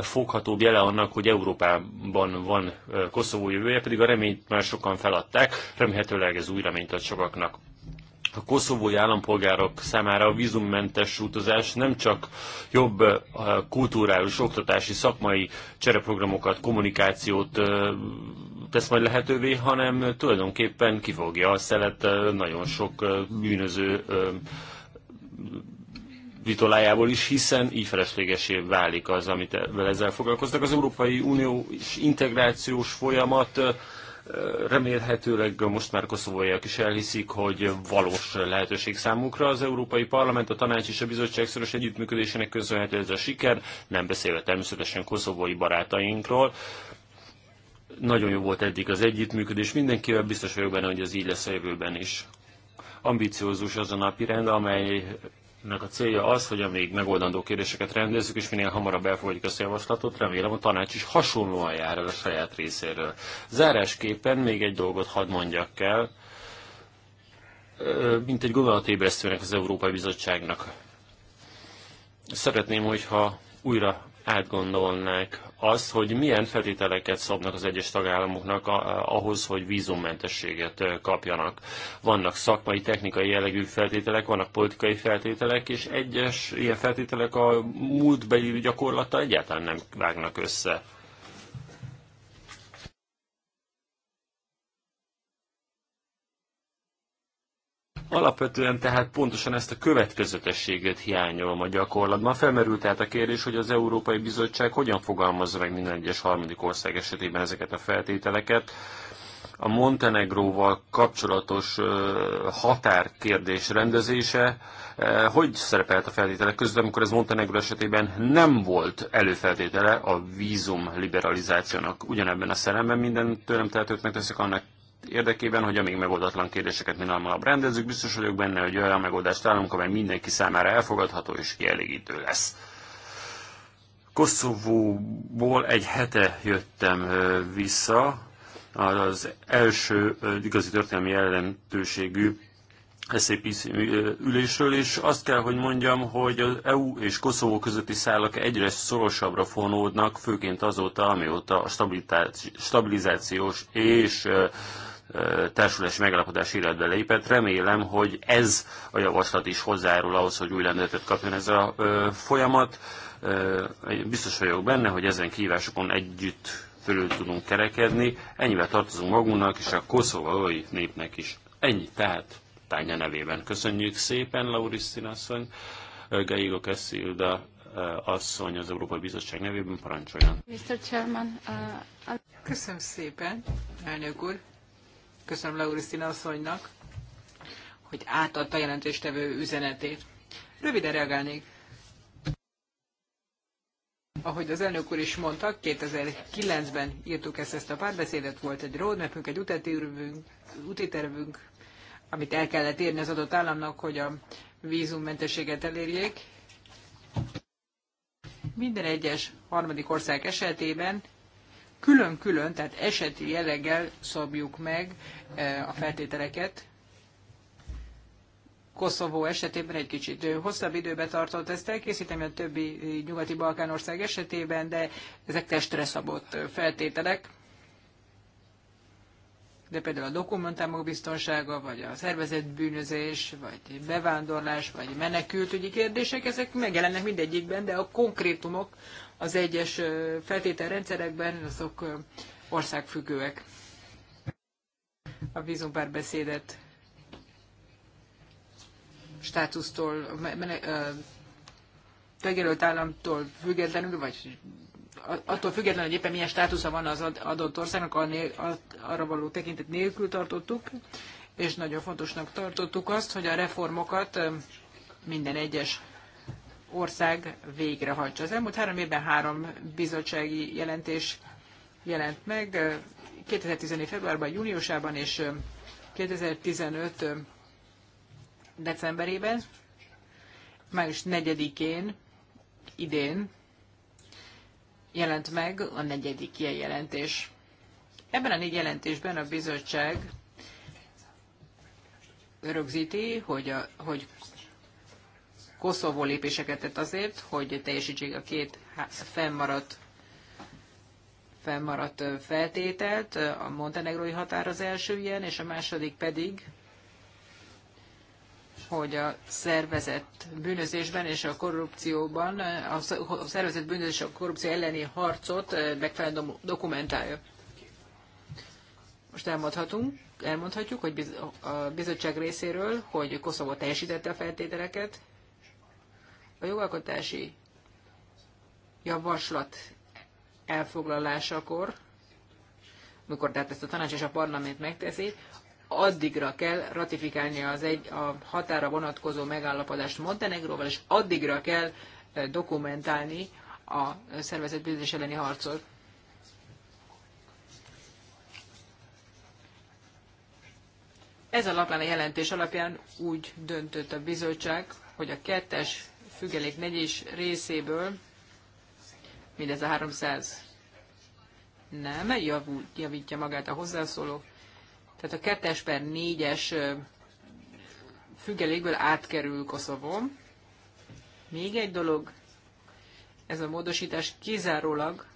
foghatóbb jele annak, hogy Európában van Koszovó jövője, pedig a reményt már sokan feladták, remélhetőleg ez új reményt ad sokaknak a koszovói állampolgárok számára a vízummentes utazás nem csak jobb kulturális, oktatási, szakmai csereprogramokat, kommunikációt tesz majd lehetővé, hanem tulajdonképpen kifogja a szelet nagyon sok bűnöző vitolájából is, hiszen így feleslegesé válik az, amit ezzel foglalkoznak. Az Európai Unió integrációs folyamat Remélhetőleg most már koszovóiak is elhiszik, hogy valós lehetőség számukra az Európai Parlament, a Tanács és a Bizottság szoros együttműködésének köszönhető ez a siker, nem beszélve természetesen koszovói barátainkról. Nagyon jó volt eddig az együttműködés, mindenkivel biztos vagyok benne, hogy ez így lesz a jövőben is ambiciózus az a napirend, amely a célja az, hogy amíg megoldandó kérdéseket rendezzük, és minél hamarabb elfogadjuk ezt a javaslatot, remélem a tanács is hasonlóan jár el a saját részéről. Zárásképpen még egy dolgot hadd mondjak el, mint egy gondolatébresztőnek az Európai Bizottságnak. Szeretném, hogyha újra átgondolnák az, hogy milyen feltételeket szabnak az egyes tagállamoknak ahhoz, hogy vízummentességet kapjanak. Vannak szakmai, technikai jellegű feltételek, vannak politikai feltételek, és egyes ilyen feltételek a múltbeli gyakorlata egyáltalán nem vágnak össze. Alapvetően tehát pontosan ezt a következetességet hiányolom a gyakorlatban. Felmerült tehát a kérdés, hogy az Európai Bizottság hogyan fogalmazza meg minden egyes harmadik ország esetében ezeket a feltételeket. A Montenegróval kapcsolatos határkérdés rendezése hogy szerepelt a feltételek között, amikor ez Montenegró esetében nem volt előfeltétele a vízum liberalizációnak ugyanebben a szeremben, minden tőlem tehetőt megteszek annak érdekében, hogy amíg megoldatlan kérdéseket minél hamarabb rendezzük. Biztos vagyok benne, hogy olyan megoldást találunk, amely mindenki számára elfogadható és kielégítő lesz. Koszovóból egy hete jöttem vissza, az első igazi történelmi jelentőségű SZP ülésről, és azt kell, hogy mondjam, hogy az EU és Koszovó közötti szállak egyre szorosabbra fonódnak, főként azóta, amióta a stabilizációs és társulási megállapodás életbe lépett. Remélem, hogy ez a javaslat is hozzájárul ahhoz, hogy új lendületet kapjon ez a folyamat. Biztos vagyok benne, hogy ezen kívásokon együtt fölül tudunk kerekedni. Ennyivel tartozunk magunknak és a koszovai népnek is. Ennyi tehát tánya nevében. Köszönjük szépen, Laurisztin asszony, Gaigo Kessilda asszony az Európai Bizottság nevében parancsoljon. Mr. Chairman, uh, Köszönöm szépen, elnök úr. Köszönöm Laurisztina asszonynak, hogy átadta jelentéstevő üzenetét. Röviden reagálnék. Ahogy az elnök úr is mondta, 2009-ben írtuk ezt, ezt a párbeszédet, volt egy roadmapünk, egy útitervünk, útitervünk, amit el kellett érni az adott államnak, hogy a vízummentességet elérjék. Minden egyes harmadik ország esetében külön-külön, tehát eseti jelleggel szabjuk meg e, a feltételeket. Koszovó esetében egy kicsit hosszabb időbe tartott ezt elkészíteni, a többi nyugati Balkán ország esetében, de ezek testre szabott feltételek. De például a dokumentumok biztonsága, vagy a szervezetbűnözés, vagy bevándorlás, vagy menekültügyi kérdések, ezek megjelennek mindegyikben, de a konkrétumok az egyes feltételrendszerekben, azok országfüggőek. A vízumpárbeszédet státusztól, tegelőtt államtól függetlenül, vagy attól függetlenül, hogy éppen milyen státusza van az adott országnak, arra való tekintet nélkül tartottuk, és nagyon fontosnak tartottuk azt, hogy a reformokat minden egyes ország végrehajtsa. Az elmúlt három évben három bizottsági jelentés jelent meg, 2014. februárban, júniusában és 2015. decemberében, május 4-én idén jelent meg a negyedik ilyen jelentés. Ebben a négy jelentésben a bizottság rögzíti, hogy, a, hogy Koszovó lépéseket tett azért, hogy teljesítsék a két fennmaradt fennmaradt feltételt, a montenegrói határ az első ilyen, és a második pedig, hogy a szervezett bűnözésben és a korrupcióban, a szervezett bűnözés és a korrupció elleni harcot megfelelően dokumentálja. Most elmondhatunk, elmondhatjuk, hogy a bizottság részéről, hogy Koszovó teljesítette a feltételeket, a jogalkotási javaslat elfoglalásakor, amikor tehát ezt a tanács és a parlament megteszi, addigra kell ratifikálni az egy, a határa vonatkozó megállapodást Montenegróval, és addigra kell eh, dokumentálni a szervezetbűzés elleni harcot. Ez alapján a jelentés alapján úgy döntött a bizottság, hogy a kettes függelék negyés részéből mindez a 300 nem javul, javítja magát a hozzászóló. Tehát a 2 per 4-es függelékből átkerül Koszovó. Még egy dolog, ez a módosítás kizárólag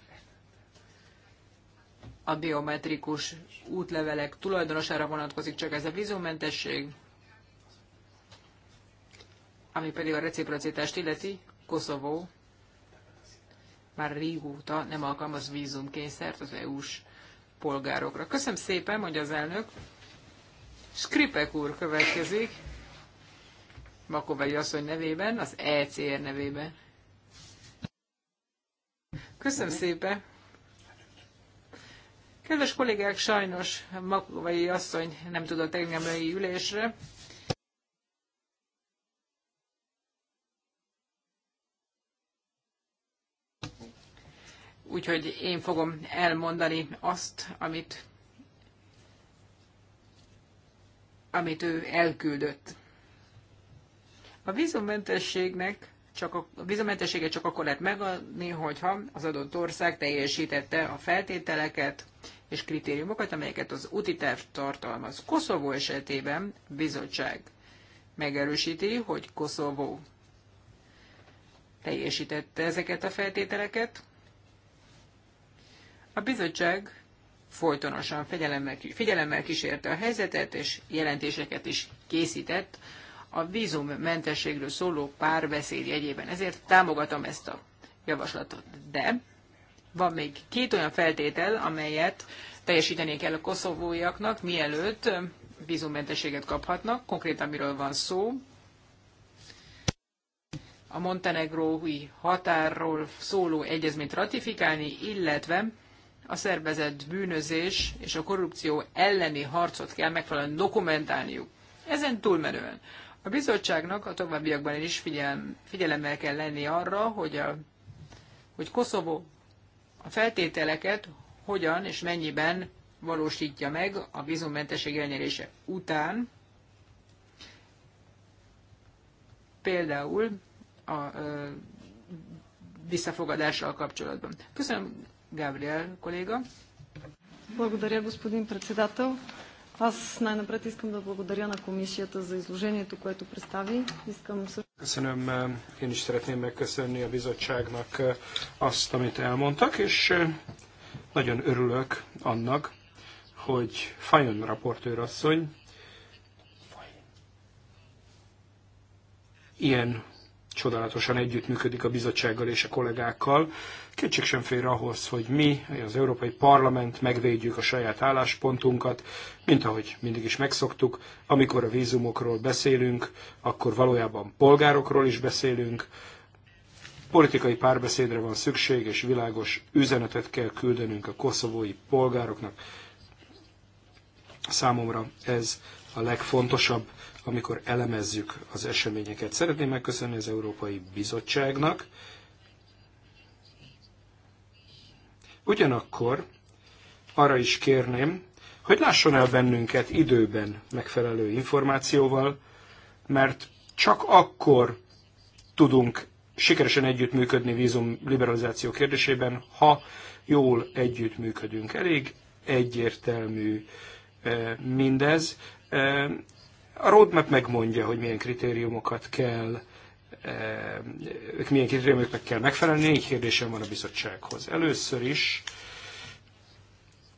a biometrikus útlevelek tulajdonosára vonatkozik, csak ez a vízummentesség, ami pedig a reciprocitást illeti, Koszovó már régóta nem alkalmaz vízumkényszert az EU-s polgárokra. Köszönöm szépen, mondja az elnök. Skripek úr következik, Makovegyi asszony nevében, az ECR nevében. Köszönöm szépen. Kedves kollégák, sajnos Makovai asszony nem tudott engem ülésre, úgyhogy én fogom elmondani azt, amit, amit ő elküldött. A vízumentességnek csak a, a vízumentességet csak akkor lehet megadni, hogyha az adott ország teljesítette a feltételeket és kritériumokat, amelyeket az úti terv tartalmaz. Koszovó esetében bizottság megerősíti, hogy Koszovó teljesítette ezeket a feltételeket, a bizottság folytonosan figyelemmel, figyelemmel kísérte a helyzetet, és jelentéseket is készített a vízummentességről szóló párbeszéd jegyében. Ezért támogatom ezt a javaslatot. De van még két olyan feltétel, amelyet teljesíteni kell a koszovóiaknak, mielőtt vízummentességet kaphatnak. Konkrétan miről van szó? A montenegrói határról szóló egyezményt ratifikálni, illetve a szervezett bűnözés és a korrupció elleni harcot kell megfelelően dokumentálniuk. Ezen túlmenően a bizottságnak a továbbiakban is figyelem, figyelemmel kell lenni arra, hogy, a, hogy Koszovó a feltételeket hogyan és mennyiben valósítja meg a vízummentesség elnyerése után. Például a, a visszafogadással kapcsolatban. Köszönöm Gabriel kolléga. Благодаря, господин председател. Аз най-напред искам да благодаря на комисията за изложението, което представи. Искам също... Köszönöm, én is szeretném megköszönni a bizottságnak azt, amit elmondtak, és e, nagyon örülök annak, hogy Fajon raportőr asszony ilyen csodálatosan együttműködik a bizottsággal és a kollégákkal. Kétség sem fér ahhoz, hogy mi, az Európai Parlament megvédjük a saját álláspontunkat, mint ahogy mindig is megszoktuk, amikor a vízumokról beszélünk, akkor valójában polgárokról is beszélünk, politikai párbeszédre van szükség, és világos üzenetet kell küldenünk a koszovói polgároknak. Számomra ez a legfontosabb, amikor elemezzük az eseményeket. Szeretném megköszönni az Európai Bizottságnak, Ugyanakkor arra is kérném, hogy lásson el bennünket időben megfelelő információval, mert csak akkor tudunk sikeresen együttműködni vízum liberalizáció kérdésében, ha jól együttműködünk. Elég egyértelmű e, mindez. E, a roadmap megmondja, hogy milyen kritériumokat kell Eh, ők milyen kritériumoknak kell megfelelni. Négy kérdésem van a bizottsághoz. Először is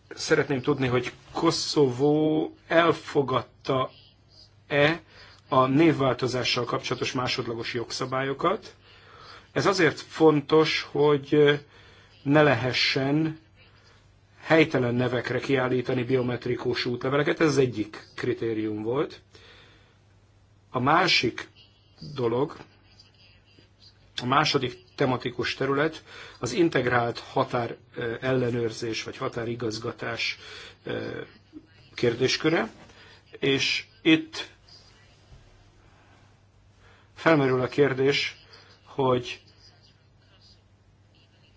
szeretném tudni, hogy Koszovó elfogadta-e a névváltozással kapcsolatos másodlagos jogszabályokat. Ez azért fontos, hogy ne lehessen helytelen nevekre kiállítani biometrikus útleveleket, ez az egyik kritérium volt. A másik dolog, a második tematikus terület az integrált határ ellenőrzés vagy határigazgatás kérdésköre, és itt felmerül a kérdés, hogy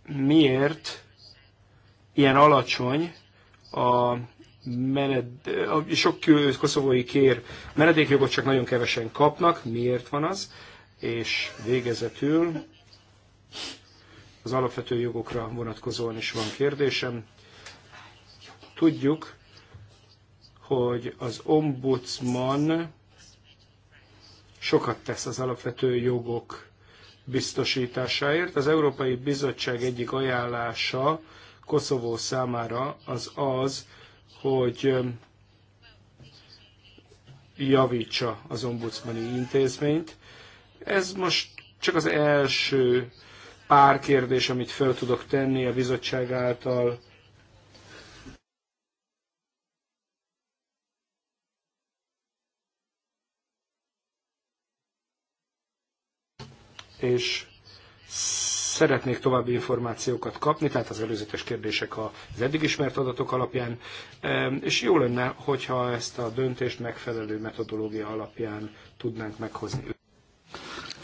miért ilyen alacsony a mened, a sok koszovói kér menedékjogot csak nagyon kevesen kapnak, miért van az? és végezetül az alapvető jogokra vonatkozóan is van kérdésem. Tudjuk, hogy az ombudsman sokat tesz az alapvető jogok biztosításáért. Az Európai Bizottság egyik ajánlása Koszovó számára az az, hogy javítsa az ombudsmani intézményt. Ez most csak az első pár kérdés, amit fel tudok tenni a bizottság által. És szeretnék további információkat kapni, tehát az előzetes kérdések az eddig ismert adatok alapján, ehm, és jó lenne, hogyha ezt a döntést megfelelő metodológia alapján tudnánk meghozni.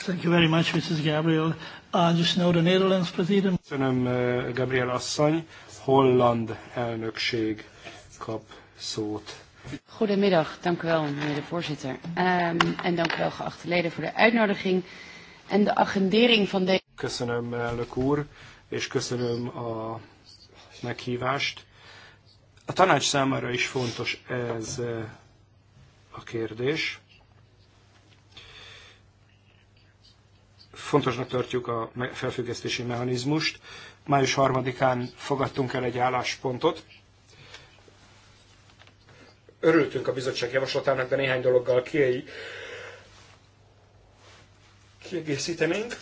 Thank you very much, Mrs. Gabriel. Uh, just know the Netherlands president. Köszönöm, uh, Gabriel asszony. Holland elnökség kap szót. Goedemiddag, dank u wel, meneer de voorzitter. Um, en dank u wel, geachte leden, voor de uitnodiging en de agendering van deze... Köszönöm, elnök úr, és köszönöm a meghívást. A tanács számára is fontos ez uh, a kérdés. fontosnak tartjuk a felfüggesztési mechanizmust. Május 3-án fogadtunk el egy álláspontot. Örültünk a bizottság javaslatának, de néhány dologgal kiegészítenénk.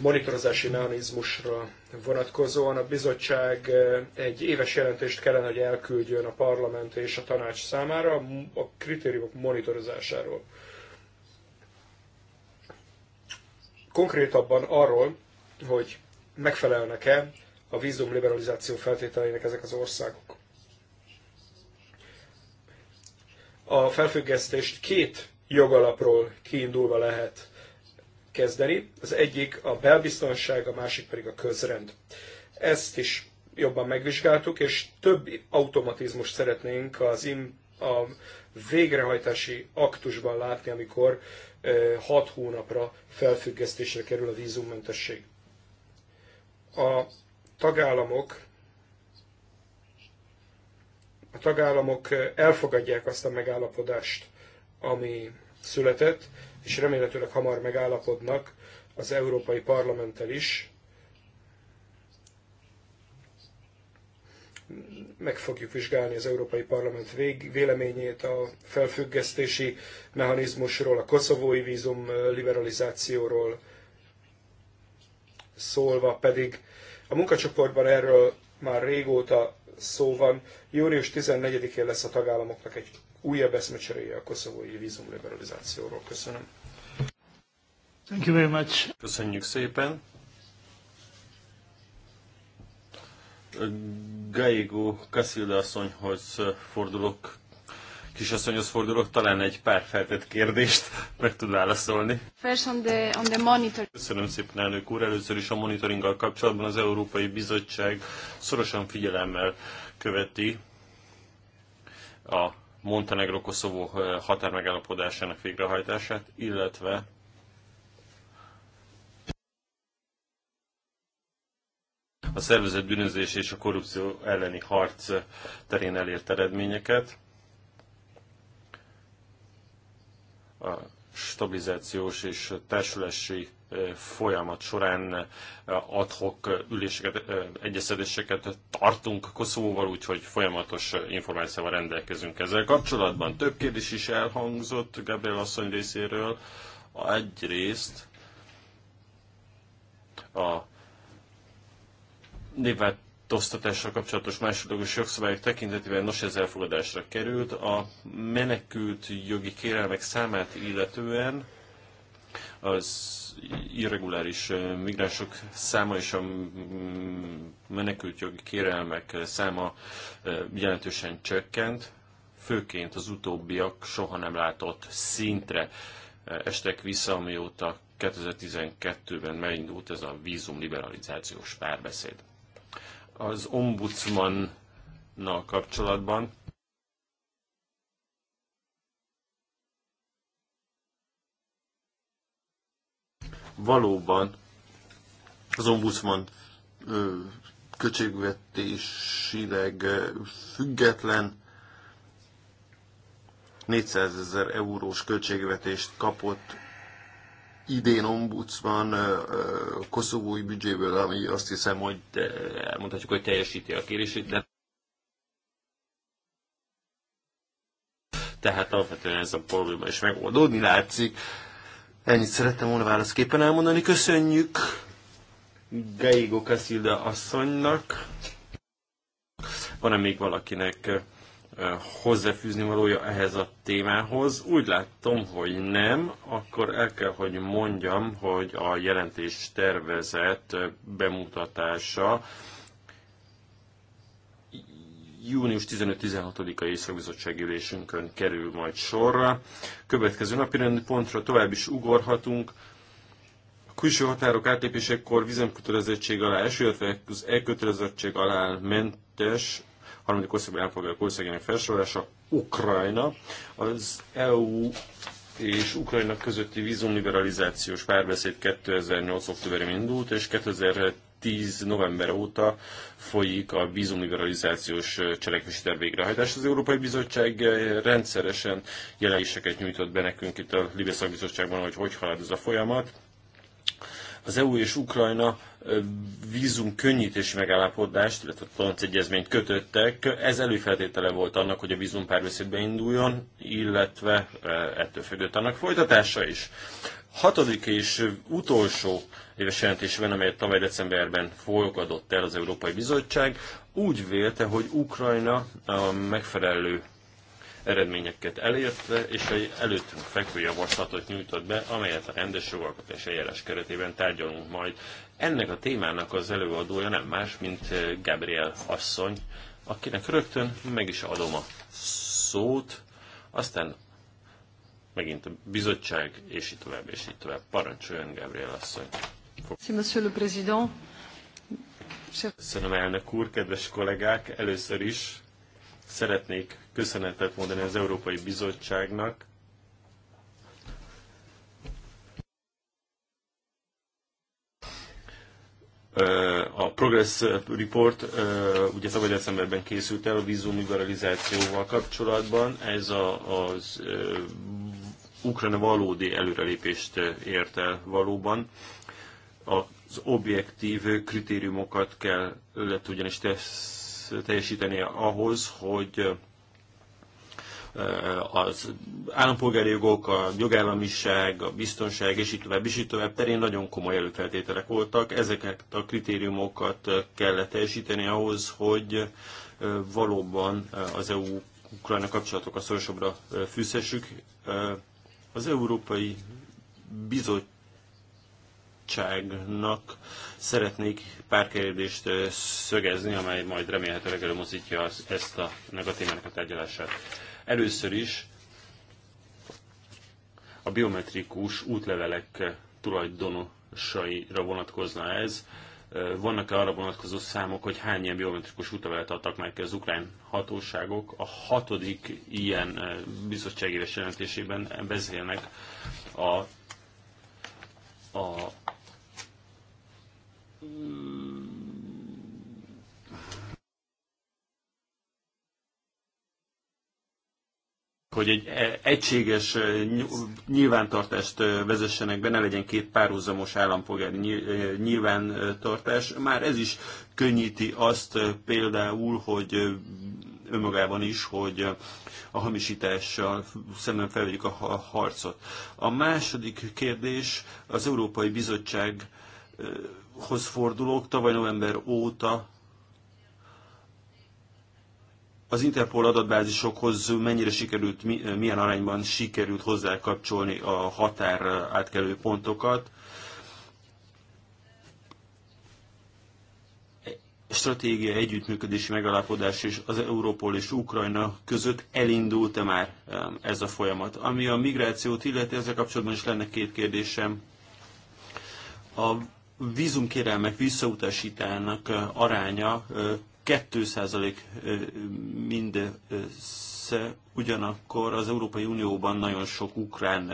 Monitorozási mechanizmusra vonatkozóan a bizottság eh, egy éves jelentést kellene, hogy elküldjön a parlament és a tanács számára a kritériumok monitorozásáról konkrétabban arról, hogy megfelelnek-e a liberalizáció feltételeinek ezek az országok. A felfüggesztést két jogalapról kiindulva lehet kezdeni. Az egyik a belbiztonság, a másik pedig a közrend. Ezt is jobban megvizsgáltuk, és több automatizmust szeretnénk az im, a végrehajtási aktusban látni, amikor Eh, hat hónapra felfüggesztésre kerül a vízummentesség. A tagállamok a tagállamok eh, elfogadják azt a megállapodást, ami született, és remélhetőleg hamar megállapodnak az Európai Parlamenttel is, meg fogjuk vizsgálni az Európai Parlament vég, véleményét a felfüggesztési mechanizmusról, a koszovói vízum liberalizációról szólva pedig. A munkacsoportban erről már régóta szó van. Június 14-én lesz a tagállamoknak egy újabb eszmecseréje a koszovói vízum liberalizációról. Köszönöm. Thank you very much. Köszönjük szépen. Gaigo Casilda asszonyhoz fordulok, kisasszonyhoz fordulok, talán egy pár feltett kérdést meg tud válaszolni. First on the, on the monitor. Köszönöm szépen, elnök úr. Először is a monitoringgal kapcsolatban az Európai Bizottság szorosan figyelemmel követi a Montenegro-Koszovó eh, határmegállapodásának végrehajtását, illetve a szervezett bűnözés és a korrupció elleni harc terén elért eredményeket. A stabilizációs és társulási eh, folyamat során eh, adhok eh, üléseket, egyeszedéseket tartunk Koszovóval, úgyhogy folyamatos információval rendelkezünk ezzel kapcsolatban. Több kérdés is elhangzott Gabriel asszony részéről. Egyrészt a névváltoztatással kapcsolatos másodlagos jogszabályok tekintetében nos ez elfogadásra került. A menekült jogi kérelmek számát illetően az irreguláris migránsok száma és a mm, menekült jogi kérelmek száma jelentősen csökkent, főként az utóbbiak soha nem látott szintre estek vissza, amióta 2012-ben megindult ez a vízum liberalizációs párbeszéd az ombudsmannal kapcsolatban. Valóban az ombudsman költségvetésileg független, 400 ezer eurós költségvetést kapott idén ombudsman koszovói büdzséből, ami azt hiszem, hogy elmondhatjuk, hogy teljesíti a kérését, de tehát alapvetően ez a probléma is megoldódni látszik. Ennyit szerettem volna válaszképpen elmondani. Köszönjük Geigo Casilda asszonynak. Van-e még valakinek hozzáfűzni valója ehhez a témához. Úgy látom, hogy nem, akkor el kell, hogy mondjam, hogy a jelentés tervezett bemutatása június 15-16-a északbizottsági ülésünkön kerül majd sorra. Következő napi pontra tovább is ugorhatunk. A külső határok átlépésekor vizemkötelezettség alá eső, illetve az elkötelezettség alá mentes harmadik országban elfoglalók országjának felsorolása, Ukrajna, az EU és Ukrajna közötti vízumliberalizációs párbeszéd 2008. októberében indult, és 2010. november óta folyik a vízumliberalizációs cselekvési terv végrehajtás. Az Európai Bizottság rendszeresen jelenéseket nyújtott be nekünk itt a Libeszak bizottságban, hogy hogy halad ez a folyamat az EU és Ukrajna vízum könnyítési megállapodást, illetve Tonc egyezményt kötöttek. Ez előfeltétele volt annak, hogy a vízum párbeszédbe induljon, illetve ettől függött annak folytatása is. Hatodik és utolsó éves jelentésben, amelyet tavaly decemberben fogadott el az Európai Bizottság, úgy vélte, hogy Ukrajna a megfelelő eredményeket elérte, és egy előttünk fekvő javaslatot nyújtott be, amelyet a rendes jogalkotás eljárás keretében tárgyalunk majd. Ennek a témának az előadója nem más, mint eh, Gabriel asszony, akinek rögtön meg is adom a szót, aztán megint a bizottság, és így tovább, és így tovább. Parancsoljon, Gabriel asszony. Monsieur le Président. Köszönöm, elnök úr, kedves kollégák! Először is Szeretnék köszönetet mondani az Európai Bizottságnak, A Progress Report ugye tavaly decemberben készült el a vízum liberalizációval kapcsolatban. Ez a, az Ukrajna valódi előrelépést ért el valóban. Az objektív kritériumokat kell kellett ugyanis tesz teljesítenie ahhoz, hogy eh, az állampolgári jogok, a jogállamiság, a biztonság és így tovább, és így tovább terén nagyon komoly előfeltételek voltak. Ezeket a kritériumokat eh, kellett teljesíteni ahhoz, hogy eh, valóban az EU-Ukrajna kapcsolatokat szorosabbra fűszessük. Az Európai Bizottság bizottságnak szeretnék pár kérdést szögezni, amely majd remélhetőleg előmozítja ezt a, negatívának a tárgyalását. Először is a biometrikus útlevelek tulajdonosaira vonatkozna ez. Vannak-e arra vonatkozó számok, hogy hány ilyen biometrikus útlevelet adtak meg az ukrán hatóságok? A hatodik ilyen bizottságéves jelentésében beszélnek a, a hogy egy e, egységes e, nyilvántartást e, vezessenek be, ne legyen két párhuzamos állampolgári nyilvántartás. Már ez is könnyíti azt például, hogy önmagában is, hogy a hamisítással szemben felvegyük a harcot. A második kérdés az Európai Bizottság hoz fordulók tavaly november óta az Interpol adatbázisokhoz mennyire sikerült, milyen arányban sikerült hozzá kapcsolni a határ átkelő pontokat. Stratégia együttműködési megalapodás és az Európol és Ukrajna között elindult-e már ez a folyamat? Ami a migrációt illeti, ezzel kapcsolatban is lenne két kérdésem. A vízumkérelmek visszautasítának aránya 2% mindössze, ugyanakkor az Európai Unióban nagyon sok ukrán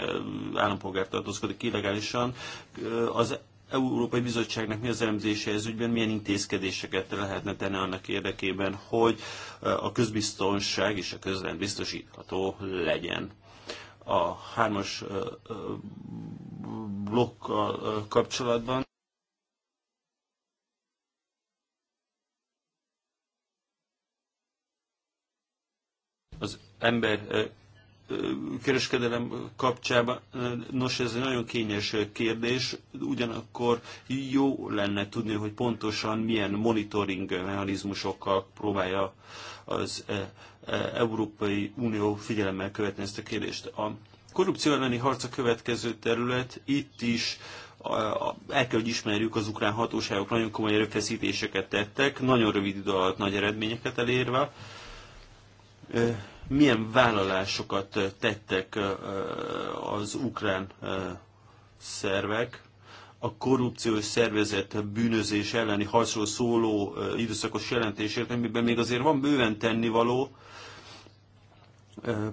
állampolgár tartózkodik illegálisan. Az Európai Bizottságnak mi az elemzése ez ügyben, milyen intézkedéseket lehetne tenni annak érdekében, hogy a közbiztonság és a közrend biztosítható legyen. A hármas blokk kapcsolatban az ember kereskedelem kapcsában, nos ez egy nagyon kényes kérdés, ugyanakkor jó lenne tudni, hogy pontosan milyen monitoring mechanizmusokkal próbálja az Európai Unió figyelemmel követni ezt a kérdést. A korrupció elleni harc a következő terület, itt is el kell, hogy ismerjük, az ukrán hatóságok nagyon komoly erőfeszítéseket tettek, nagyon rövid idő alatt nagy eredményeket elérve, milyen vállalásokat tettek az ukrán szervek a korrupciós szervezet bűnözés elleni harcról szóló időszakos jelentésért, amiben még azért van bőven tennivaló,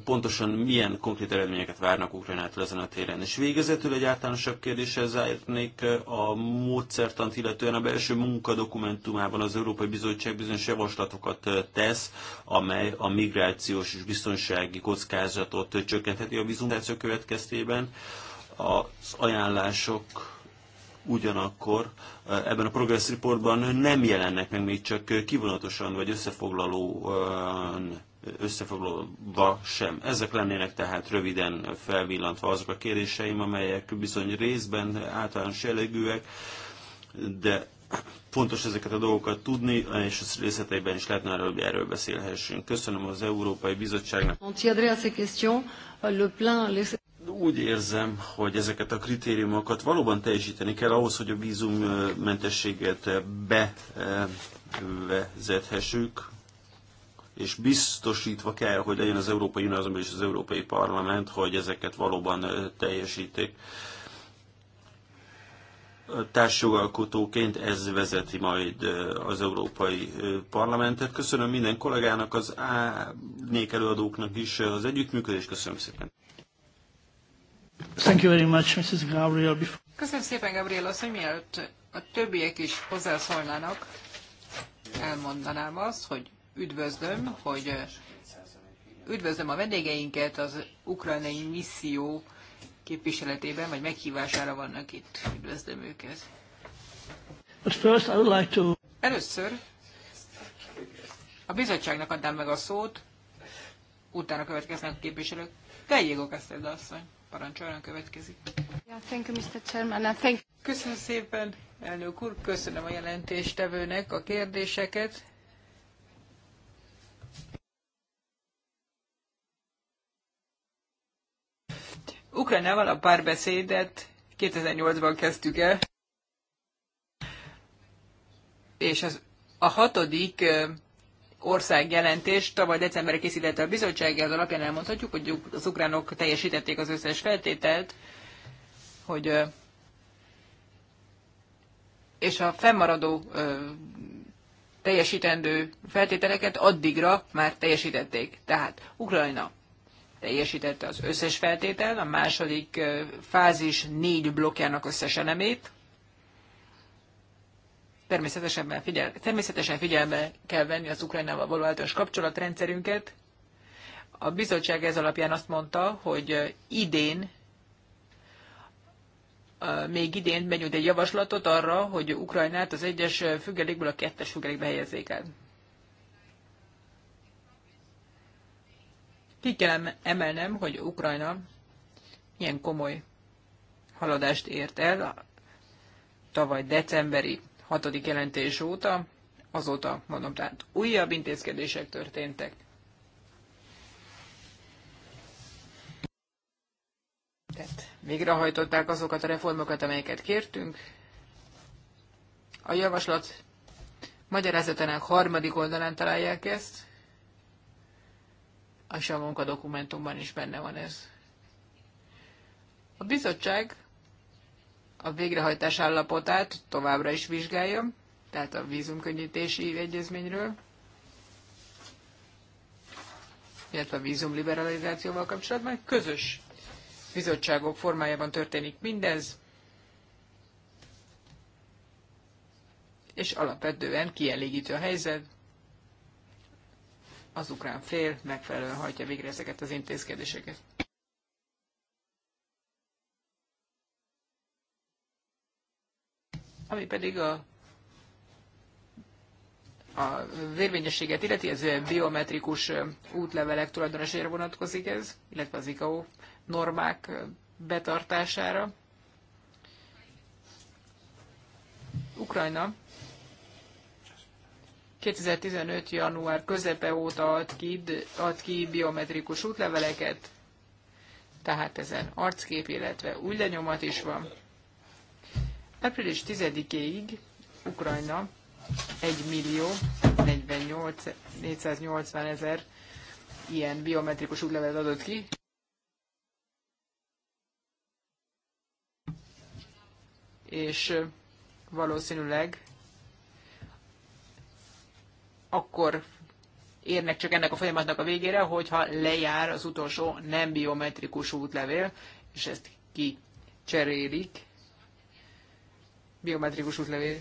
pontosan milyen konkrét eredményeket várnak Ukrajnától ezen a téren. És végezetül egy általánosabb kérdéshez zárnék a módszertant, illetően a belső munkadokumentumában az Európai Bizottság bizonyos javaslatokat tesz, amely a migrációs és biztonsági kockázatot csökkentheti a bizottság következtében. Az ajánlások ugyanakkor ebben a Progress Reportban nem jelennek meg még csak kivonatosan vagy összefoglalóan összefoglalva sem. Ezek lennének tehát röviden felvillantva azok a kérdéseim, amelyek bizony részben általános jellegűek, de fontos ezeket a dolgokat tudni, és a részleteiben is lehetne erről, erről beszélhessünk. Köszönöm az Európai Bizottságnak. Úgy érzem, hogy ezeket a kritériumokat valóban teljesíteni kell ahhoz, hogy a vízummentességet bevezethessük és biztosítva kell, hogy legyen az Európai Unió azonban és az Európai Parlament, hogy ezeket valóban teljesítik. Társjogalkotóként ez vezeti majd az Európai Parlamentet. Köszönöm minden kollégának, az árnyék előadóknak is az együttműködést. Köszönöm szépen. Thank you very much, Mrs. Gabriel. Köszönöm szépen, Gabriel, azt, hogy mielőtt a többiek is hozzászólnának, elmondanám azt, hogy üdvözlöm, hogy eh, üdvözlöm a vendégeinket az ukrajnai misszió képviseletében, vagy meghívására vannak itt. Üdvözlöm őket. Először a bizottságnak adnám meg a szót, utána következnek a képviselők. Teljék ezt a asszony. Parancsoljon, következik. Köszönöm szépen, elnök úr, köszönöm a jelentéstevőnek a kérdéseket. Ukrajnával a párbeszédet 2008-ban kezdtük el, és az, a hatodik országjelentést tavaly decemberre készítette a bizottság, az alapján elmondhatjuk, hogy az ukránok teljesítették az összes feltételt, hogy és a fennmaradó teljesítendő feltételeket addigra már teljesítették. Tehát Ukrajna teljesítette az összes feltétel, a második fázis négy blokkjának összes elemét. Természetesen, figyel, természetesen figyelme kell venni az Ukrajnával való általános kapcsolatrendszerünket. A bizottság ez alapján azt mondta, hogy idén még idén benyújt egy javaslatot arra, hogy Ukrajnát az egyes függelékből a kettes függelékbe helyezzék el. Ki kell emelnem, hogy Ukrajna milyen komoly haladást ért el a tavaly decemberi hatodik jelentés óta, azóta mondom, tehát újabb intézkedések történtek. Tehát végrehajtották azokat a reformokat, amelyeket kértünk. A javaslat magyarázatának harmadik oldalán találják ezt és a munkadokumentumban is benne van ez. A bizottság a végrehajtás állapotát továbbra is vizsgálja, tehát a vízumkönnyítési egyezményről, illetve a vízumliberalizációval kapcsolatban közös bizottságok formájában történik mindez, és alapvetően kielégítő a helyzet, az ukrán fél megfelelően hajtja végre ezeket az intézkedéseket. Ami pedig a, a vérvényességet illeti, ez biometrikus útlevelek tulajdonosére vonatkozik ez, illetve az ICAO normák betartására. Ukrajna 2015. január közepe óta ad ki, ad ki biometrikus útleveleket, tehát ezen arckép, illetve új lenyomat is van. Április 10 ig Ukrajna 1 millió 48, 480 ezer ilyen biometrikus útlevelet adott ki. És valószínűleg akkor érnek csak ennek a folyamatnak a végére, hogyha lejár az utolsó nem biometrikus útlevél, és ezt ki cserélik Biometrikus útlevél.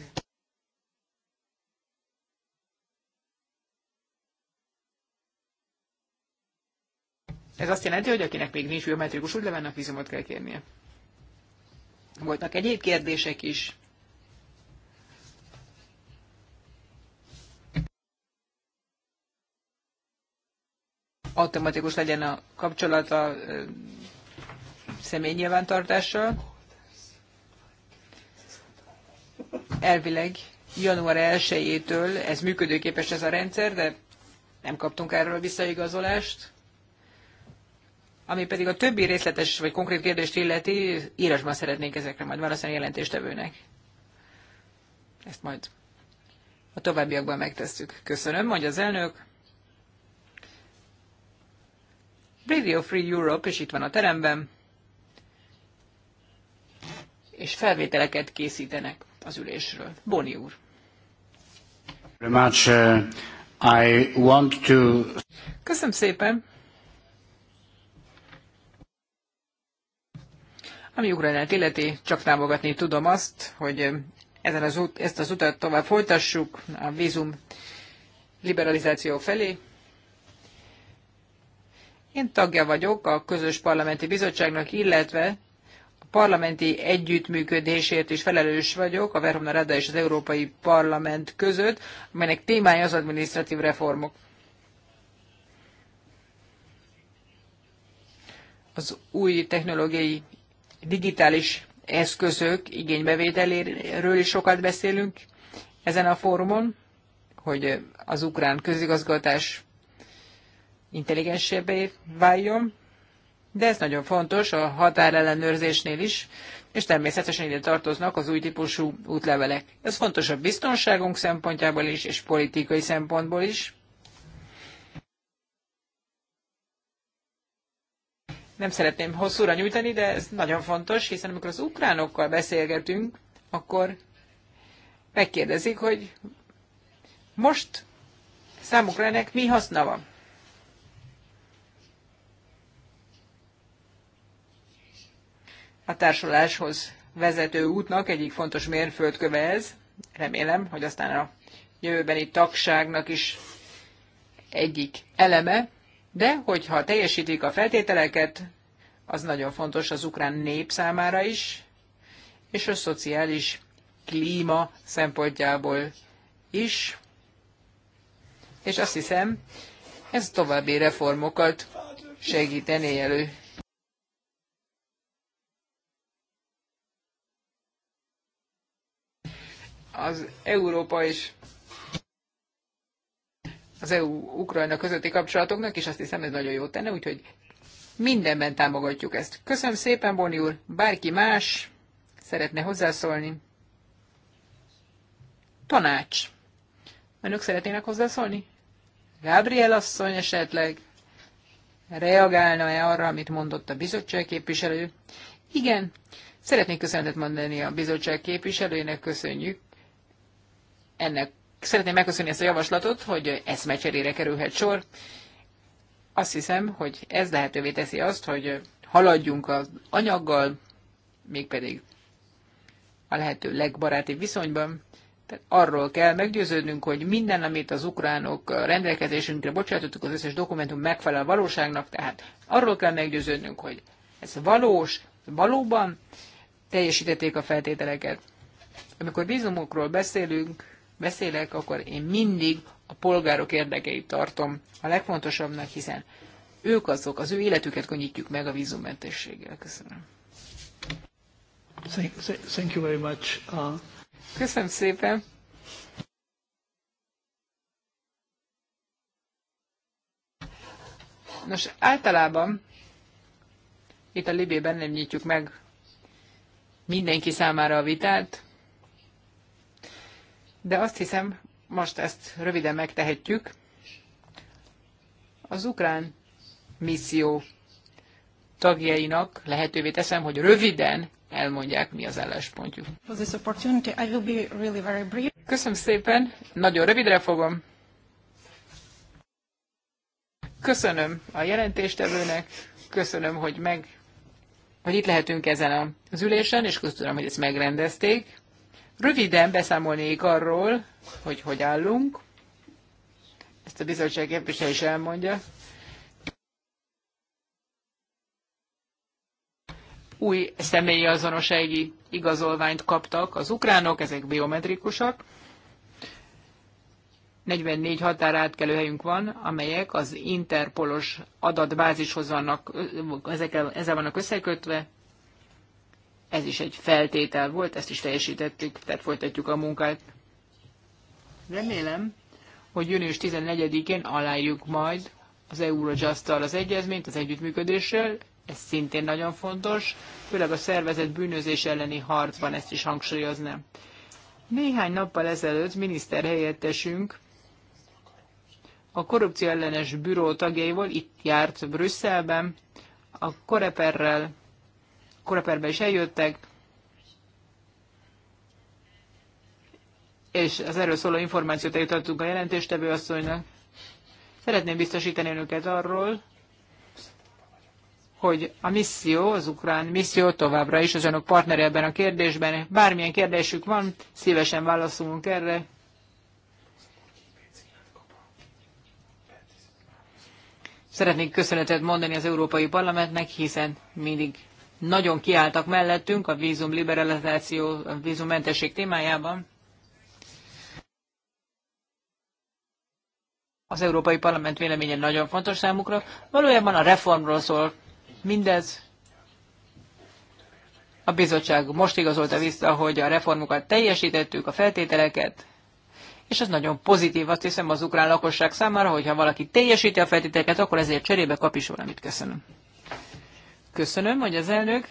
Ez azt jelenti, hogy akinek még nincs biometrikus annak vízumot kell kérnie. Voltak egyéb kérdések is. automatikus legyen a kapcsolat a személynyilvántartással. Elvileg január 1-től ez működőképes ez a rendszer, de nem kaptunk erről visszaigazolást. Ami pedig a többi részletes vagy konkrét kérdést illeti, írásban szeretnénk ezekre majd válaszolni jelentéstevőnek. Ezt majd a továbbiakban megtesszük. Köszönöm, mondja az elnök. Radio Free Europe, és itt van a teremben, és felvételeket készítenek az ülésről. Boni úr. Uh, Köszönöm szépen. Ami Ukrajnát illeti, csak támogatni tudom azt, hogy ezen az út, ezt az utat tovább folytassuk a vízum liberalizáció felé. Én tagja vagyok a közös parlamenti bizottságnak, illetve a parlamenti együttműködésért is felelős vagyok a Verhovna Rada és az Európai Parlament között, amelynek témája az adminisztratív reformok. Az új technológiai digitális eszközök igénybevételéről is sokat beszélünk ezen a fórumon, hogy az ukrán közigazgatás intelligensebbé váljon, de ez nagyon fontos a határellenőrzésnél is, és természetesen ide tartoznak az új típusú útlevelek. Ez fontos a biztonságunk szempontjából is, és politikai szempontból is. Nem szeretném hosszúra nyújtani, de ez nagyon fontos, hiszen amikor az ukránokkal beszélgetünk, akkor megkérdezik, hogy most számukra ennek mi haszna van. a társuláshoz vezető útnak egyik fontos mérföldköve ez. Remélem, hogy aztán a jövőbeni tagságnak is egyik eleme, de hogyha teljesítik a feltételeket, az nagyon fontos az ukrán nép számára is, és a szociális klíma szempontjából is. És azt hiszem, ez további reformokat segítené elő. az Európa és az EU-Ukrajna közötti kapcsolatoknak, és azt hiszem ez nagyon jó tenne, úgyhogy mindenben támogatjuk ezt. Köszönöm szépen, Boni úr. Bárki más szeretne hozzászólni? Tanács. Önök szeretnének hozzászólni? Gabriel asszony esetleg reagálna-e arra, amit mondott a bizottság képviselő? Igen, szeretnék köszönetet mondani a bizottság képviselőjének, köszönjük ennek szeretném megköszönni ezt a javaslatot, hogy eszmecserére kerülhet sor. Azt hiszem, hogy ez lehetővé teszi azt, hogy haladjunk az anyaggal, mégpedig a lehető legbaráti viszonyban. Tehát arról kell meggyőződnünk, hogy minden, amit az ukránok rendelkezésünkre bocsátottuk, az összes dokumentum megfelel a valóságnak, tehát arról kell meggyőződnünk, hogy ez valós, valóban teljesítették a feltételeket. Amikor vízumokról beszélünk, beszélek, akkor én mindig a polgárok érdekeit tartom a legfontosabbnak, hiszen ők azok, az ő életüket könnyítjük meg a vízummentességgel. Köszönöm. Thank, thank you very much. Uh... Köszönöm szépen. Nos, általában itt a Libében nem nyitjuk meg mindenki számára a vitát, de azt hiszem, most ezt röviden megtehetjük. Az ukrán misszió tagjainak lehetővé teszem, hogy röviden elmondják, mi az álláspontjuk. Köszönöm szépen, nagyon rövidre fogom. Köszönöm a jelentéstevőnek, köszönöm, hogy meg hogy itt lehetünk ezen az ülésen, és köszönöm, hogy ezt megrendezték. Röviden beszámolnék arról, hogy hogy állunk. Ezt a bizottság képviselő is elmondja. Új személyi azonosági igazolványt kaptak az ukránok, ezek biometrikusak. 44 határátkelőhelyünk van, amelyek az interpolos adatbázishoz vannak, ezekkel, ezzel vannak összekötve, ez is egy feltétel volt, ezt is teljesítettük, tehát folytatjuk a munkát. Remélem, hogy június 14-én aláírjuk majd az eurojust az egyezményt az együttműködéssel, ez szintén nagyon fontos, főleg a szervezet bűnözés elleni harcban ezt is hangsúlyoznám. Néhány nappal ezelőtt miniszter helyettesünk a korrupció ellenes büró tagjaival itt járt Brüsszelben, a Koreperrel koreperbe is eljöttek, és az erről szóló információt eljutottunk a jelentéstevő asszonynak. Szeretném biztosítani önöket arról, hogy a misszió, az ukrán misszió továbbra is az önök partner ebben a kérdésben. Bármilyen kérdésük van, szívesen válaszolunk erre. Szeretnék köszönetet mondani az Európai Parlamentnek, hiszen mindig nagyon kiálltak mellettünk a vízum liberalizáció, a vízummentesség témájában. Az Európai Parlament véleménye nagyon fontos számukra. Valójában a reformról szól mindez. A bizottság most igazolta vissza, hogy a reformokat teljesítettük, a feltételeket, és ez nagyon pozitív, azt hiszem az ukrán lakosság számára, hogyha valaki teljesíti a feltételeket, akkor ezért cserébe kap is valamit. Köszönöm. Köszönöm, hogy az elnök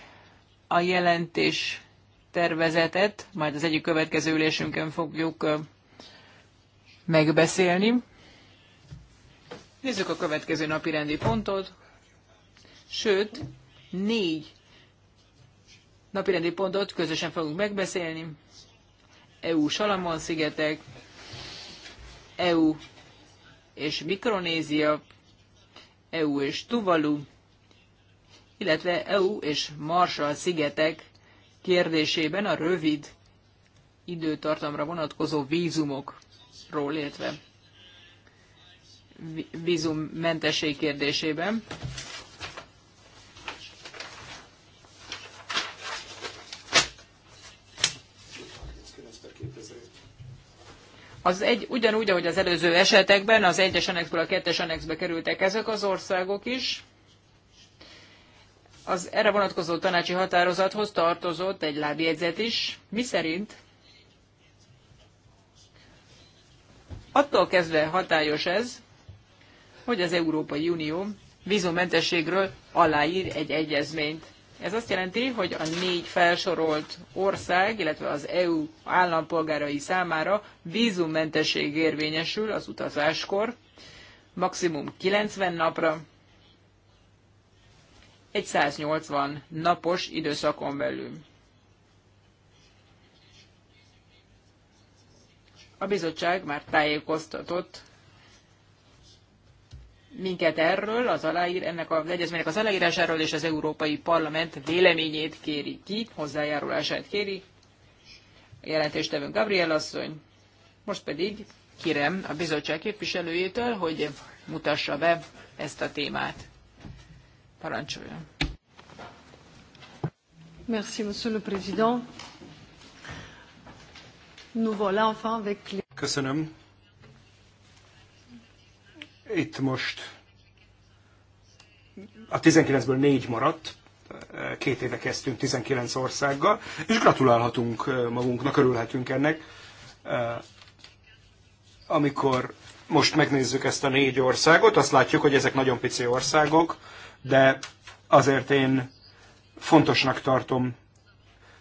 a jelentés tervezetet, majd az egyik következő ülésünkön fogjuk megbeszélni. Nézzük a következő napi rendi pontot. Sőt, négy napirendi pontot közösen fogunk megbeszélni. EU Salamon szigetek, EU és Mikronézia, EU és Tuvalu, illetve EU és Marshall szigetek kérdésében a rövid időtartamra vonatkozó vízumokról, illetve vízummentesség kérdésében. Az egy, ugyanúgy, ahogy az előző esetekben, az egyes annexből a kettes annexbe kerültek ezek az országok is. Az erre vonatkozó tanácsi határozathoz tartozott egy lábjegyzet is, Mi szerint? attól kezdve hatályos ez, hogy az Európai Unió vízumentességről aláír egy egyezményt. Ez azt jelenti, hogy a négy felsorolt ország, illetve az EU állampolgárai számára vízummentesség érvényesül az utazáskor, maximum 90 napra, egy 180 napos időszakon belül. A bizottság már tájékoztatott minket erről, az aláír, ennek az egyezménynek az aláírásáról és az Európai Parlament véleményét kéri ki, hozzájárulását kéri. A jelentéstevőn Gabriel asszony, most pedig kérem a bizottság képviselőjétől, hogy mutassa be ezt a témát. Parancsoljon. Merci, monsieur le président. Nous voilà enfin avec... Köszönöm. Itt most a 19-ből négy maradt, két éve kezdtünk 19 országgal, és gratulálhatunk eh, magunknak, örülhetünk ennek. Eh, amikor most megnézzük ezt a négy országot, azt látjuk, hogy ezek nagyon pici országok, de azért én fontosnak tartom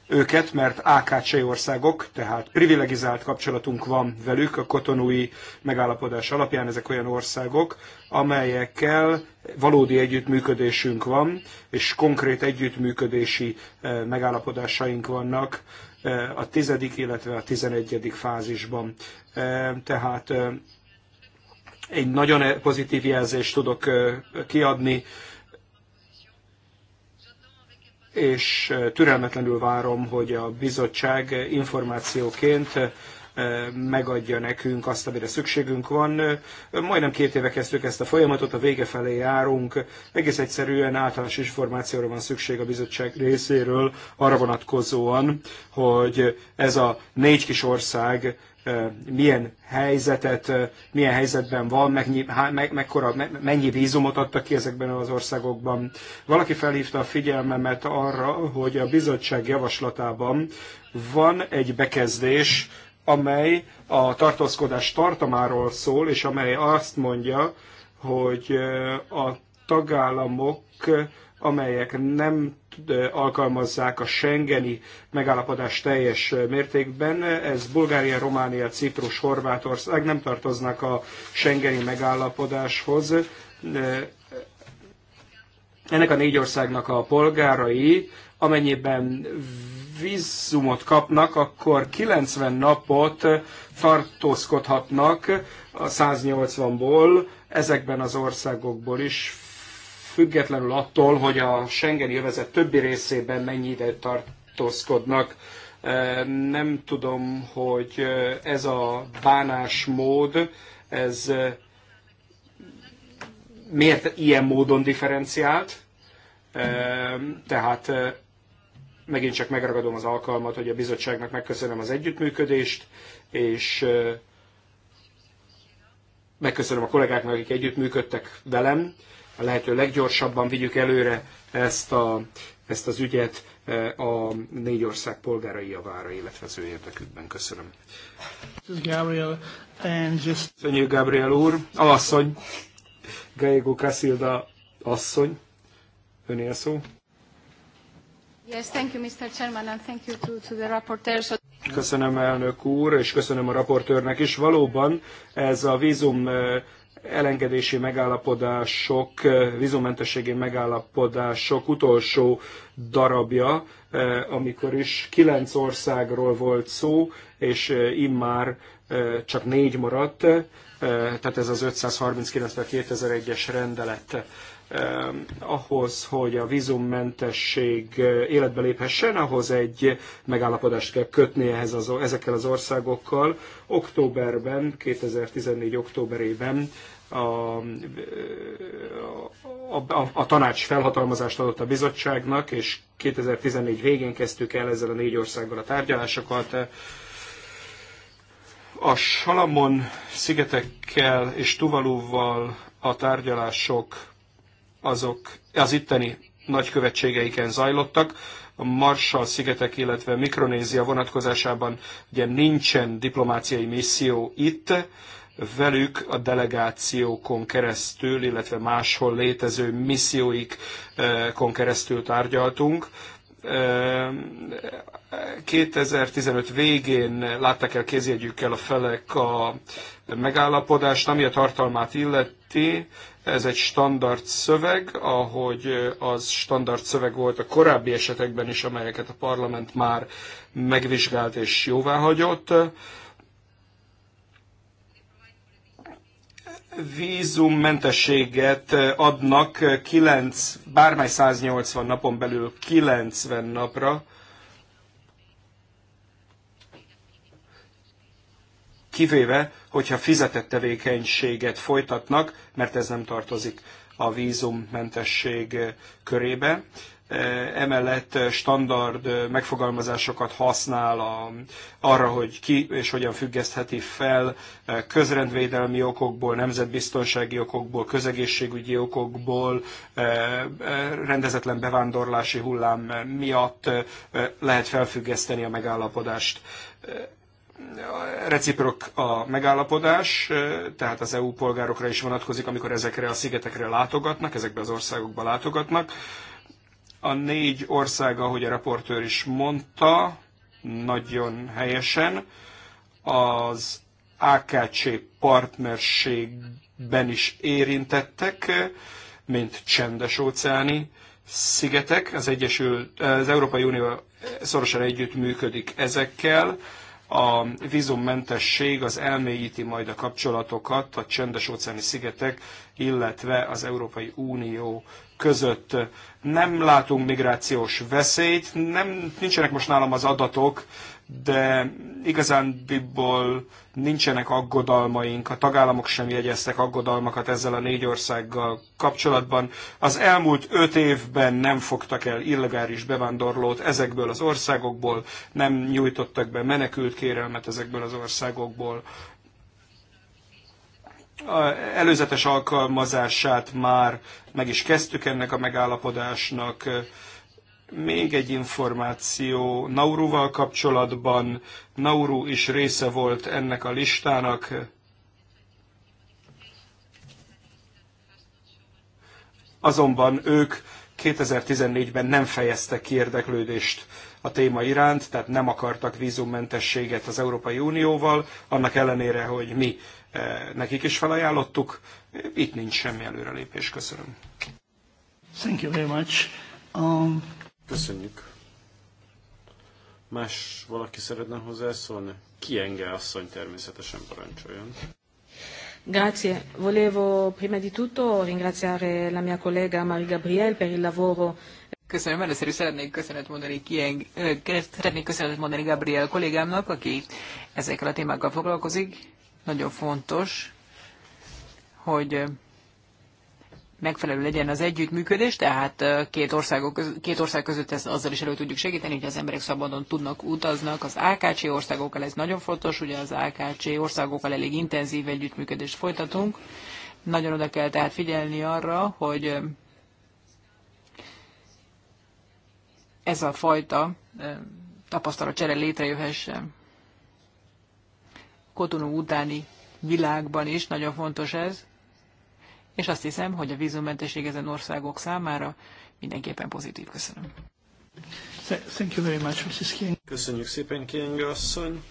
őket, mert AKC országok, tehát privilegizált kapcsolatunk van velük a kotonui megállapodás alapján. Ezek olyan országok, amelyekkel valódi együttműködésünk van, és konkrét együttműködési eh, megállapodásaink vannak eh, a tizedik, illetve a tizenegyedik fázisban. Eh, tehát egy nagyon pozitív jelzést tudok kiadni és türelmetlenül várom, hogy a bizottság információként megadja nekünk azt, amire szükségünk van. Majdnem két éve kezdtük ezt a folyamatot, a vége felé járunk. Egész egyszerűen általános információra van szükség a bizottság részéről arra vonatkozóan, hogy ez a négy kis ország milyen helyzetet, milyen helyzetben van, mennyi, meg, mekkora, mennyi vízumot adtak ki ezekben az országokban. Valaki felhívta a figyelmemet arra, hogy a bizottság javaslatában van egy bekezdés, amely a tartózkodás tartamáról szól, és amely azt mondja, hogy a tagállamok amelyek nem alkalmazzák a Schengeni megállapodás teljes mértékben. Ez Bulgária, Románia, Ciprus, Horvátország nem tartoznak a Schengeni megállapodáshoz. Ennek a négy országnak a polgárai, amennyiben vízumot kapnak, akkor 90 napot tartózkodhatnak a 180-ból ezekben az országokból is, függetlenül attól, hogy a Schengeni övezet többi részében mennyi ide tartózkodnak. E, nem tudom, hogy ez a bánásmód, ez e, miért ilyen módon differenciált. E, tehát megint csak megragadom az alkalmat, hogy a bizottságnak megköszönöm az együttműködést, és megköszönöm a kollégáknak, akik együttműködtek velem, a lehető leggyorsabban vigyük előre ezt, a, ezt az ügyet e, a négy ország polgárai javára, illetve az ő érdekükben. Köszönöm. Gabriel, and just... Köszönjük, Gabriel úr. Asszony. Gaego Casilda asszony, öné a szó. Yes, thank you, Mr. Chairman, and thank you to, to the rapporteurs. Köszönöm elnök úr, és köszönöm a raportőrnek is. Valóban ez a vízum e, elengedési megállapodások, eh, vízumentességi megállapodások utolsó darabja, eh, amikor is kilenc országról volt szó, és eh, immár csak négy maradt, tehát ez az 539-2001-es rendelet ahhoz, hogy a vízummentesség eh, életbe léphessen, ahhoz egy megállapodást kell kötni ehhez az, ezekkel az országokkal. Októberben, 2014. októberében eh, a, a, a tanács felhatalmazást adott a bizottságnak, és 2014 végén kezdtük el ezzel a négy országgal a tárgyalásokat. A Salamon szigetekkel és Tuvaluval a tárgyalások azok az itteni nagykövetségeiken zajlottak. A Marshall-szigetek, illetve Mikronézia vonatkozásában ugye nincsen diplomáciai misszió itt, velük a delegációkon keresztül, illetve máshol létező misszióikon keresztül tárgyaltunk. 2015 végén látták el kézjegyükkel a felek a megállapodást, ami a tartalmát illeti. Ez egy standard szöveg, ahogy az standard szöveg volt a korábbi esetekben is, amelyeket a parlament már megvizsgált és jóváhagyott. hagyott vízummentességet adnak 9, bármely 180 napon belül 90 napra, kivéve, hogyha fizetett tevékenységet folytatnak, mert ez nem tartozik a vízummentesség körébe emellett standard megfogalmazásokat használ a, arra, hogy ki és hogyan függesztheti fel közrendvédelmi okokból, nemzetbiztonsági okokból, közegészségügyi okokból, eh, eh, rendezetlen bevándorlási hullám miatt eh, lehet felfüggeszteni a megállapodást reciprok a megállapodás, tehát az EU polgárokra is vonatkozik, amikor ezekre a szigetekre látogatnak, ezekbe az országokba látogatnak. A négy ország, ahogy a raportőr is mondta, nagyon helyesen, az AKC partnerségben is érintettek, mint csendes-óceáni szigetek. Az, Egyesült, az Európai Unió szorosan együtt működik ezekkel. A vízummentesség az elmélyíti majd a kapcsolatokat a csendes-óceáni szigetek, illetve az Európai Unió között. Nem látunk migrációs veszélyt, nem, nincsenek most nálam az adatok, de igazándiból nincsenek aggodalmaink, a tagállamok sem jegyeztek aggodalmakat ezzel a négy országgal kapcsolatban. Az elmúlt öt évben nem fogtak el illegális bevándorlót ezekből az országokból, nem nyújtottak be menekült kérelmet ezekből az országokból előzetes alkalmazását már meg is kezdtük ennek a megállapodásnak. Még egy információ Nauruval kapcsolatban. Nauru is része volt ennek a listának. Azonban ők 2014-ben nem fejeztek ki érdeklődést a téma iránt, tehát nem akartak vízummentességet az Európai Unióval, annak ellenére, hogy mi Eh, nekik is felajánlottuk. Itt nincs semmi előrelépés. Köszönöm. Thank you very much. Um... Köszönjük. Más valaki szeretne hozzászólni? enge asszony természetesen parancsoljon. Grazie. Volevo prima di tutto ringraziare la mia collega Marie Gabriel per il lavoro. Köszönöm, először is szeretnék köszönet mondani, Kieng, szeretnék köszönet mondani Gabriel kollégámnak, aki ezekkel a témákkal foglalkozik nagyon fontos, hogy megfelelő legyen az együttműködés, tehát két, országok, két ország között ezt azzal is elő tudjuk segíteni, hogy az emberek szabadon tudnak, utaznak. Az AKC országokkal ez nagyon fontos, ugye az AKC országokkal elég intenzív együttműködést folytatunk. Nagyon oda kell tehát figyelni arra, hogy ez a fajta tapasztalatcsere létrejöhessen kotonó utáni világban is nagyon fontos ez, és azt hiszem, hogy a vízummentesség ezen országok számára mindenképpen pozitív. Köszönöm. Thank you very much, Mrs. King. Köszönjük szépen, King asszony.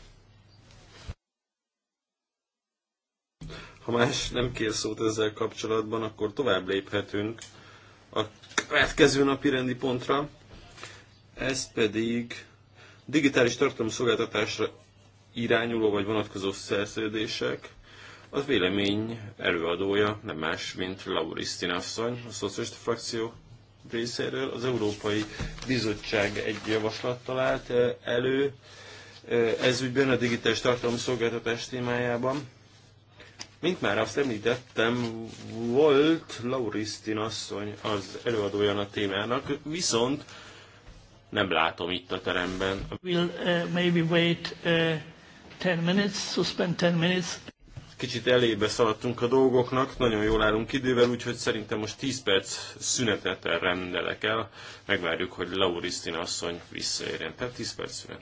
Ha más nem kér szót ezzel kapcsolatban, akkor tovább léphetünk a következő napi rendi pontra. Ez pedig digitális tartalomszolgáltatásra irányuló vagy vonatkozó szerződések, az vélemény előadója nem más, mint Laurisztin asszony, a szocialista frakció részéről. Az Európai Bizottság egy javaslattal állt eh, elő eh, ez ügyben a digitális tartalomszolgáltatás témájában. Mint már azt említettem, volt Laurisztin asszony az előadója a témának, viszont nem látom itt a teremben. We'll uh, maybe wait uh, 10 minutes, suspend 10 minutes. Kicsit elébe szaladtunk a dolgoknak, nagyon jól állunk idővel, úgyhogy szerintem most 10 perc szünetet rendelek el. Megvárjuk, hogy Laurisztina asszony visszaérjen. Tehát 10 perc szünet.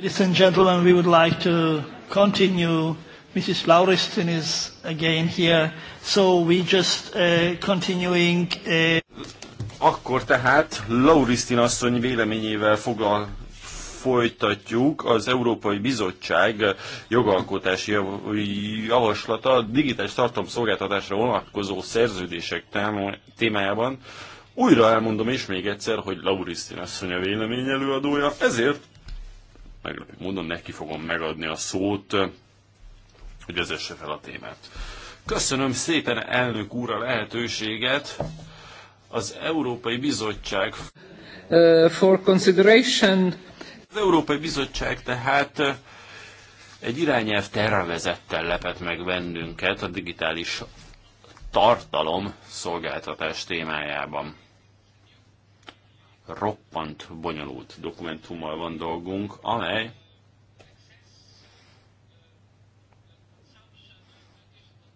Ladies and gentlemen, we would like to continue. Mrs. Lauristin is again here, so we just uh, continuing. Uh... Akkor tehát Lauristin asszony véleményével fogal folytatjuk az Európai Bizottság jogalkotási javaslata digitális tartalomszolgáltatásra vonatkozó szerződések témájában. Újra elmondom és még egyszer, hogy Lauristin asszony a vélemény előadója, ezért módon neki fogom megadni a szót, hogy vezesse fel a témát. Köszönöm szépen elnök úr a lehetőséget. Az Európai Bizottság uh, for consideration. Az Európai Bizottság tehát uh, egy irányelv tervezettel lepett meg bennünket a digitális tartalom szolgáltatás témájában. Roppant bonyolult dokumentummal van dolgunk, amely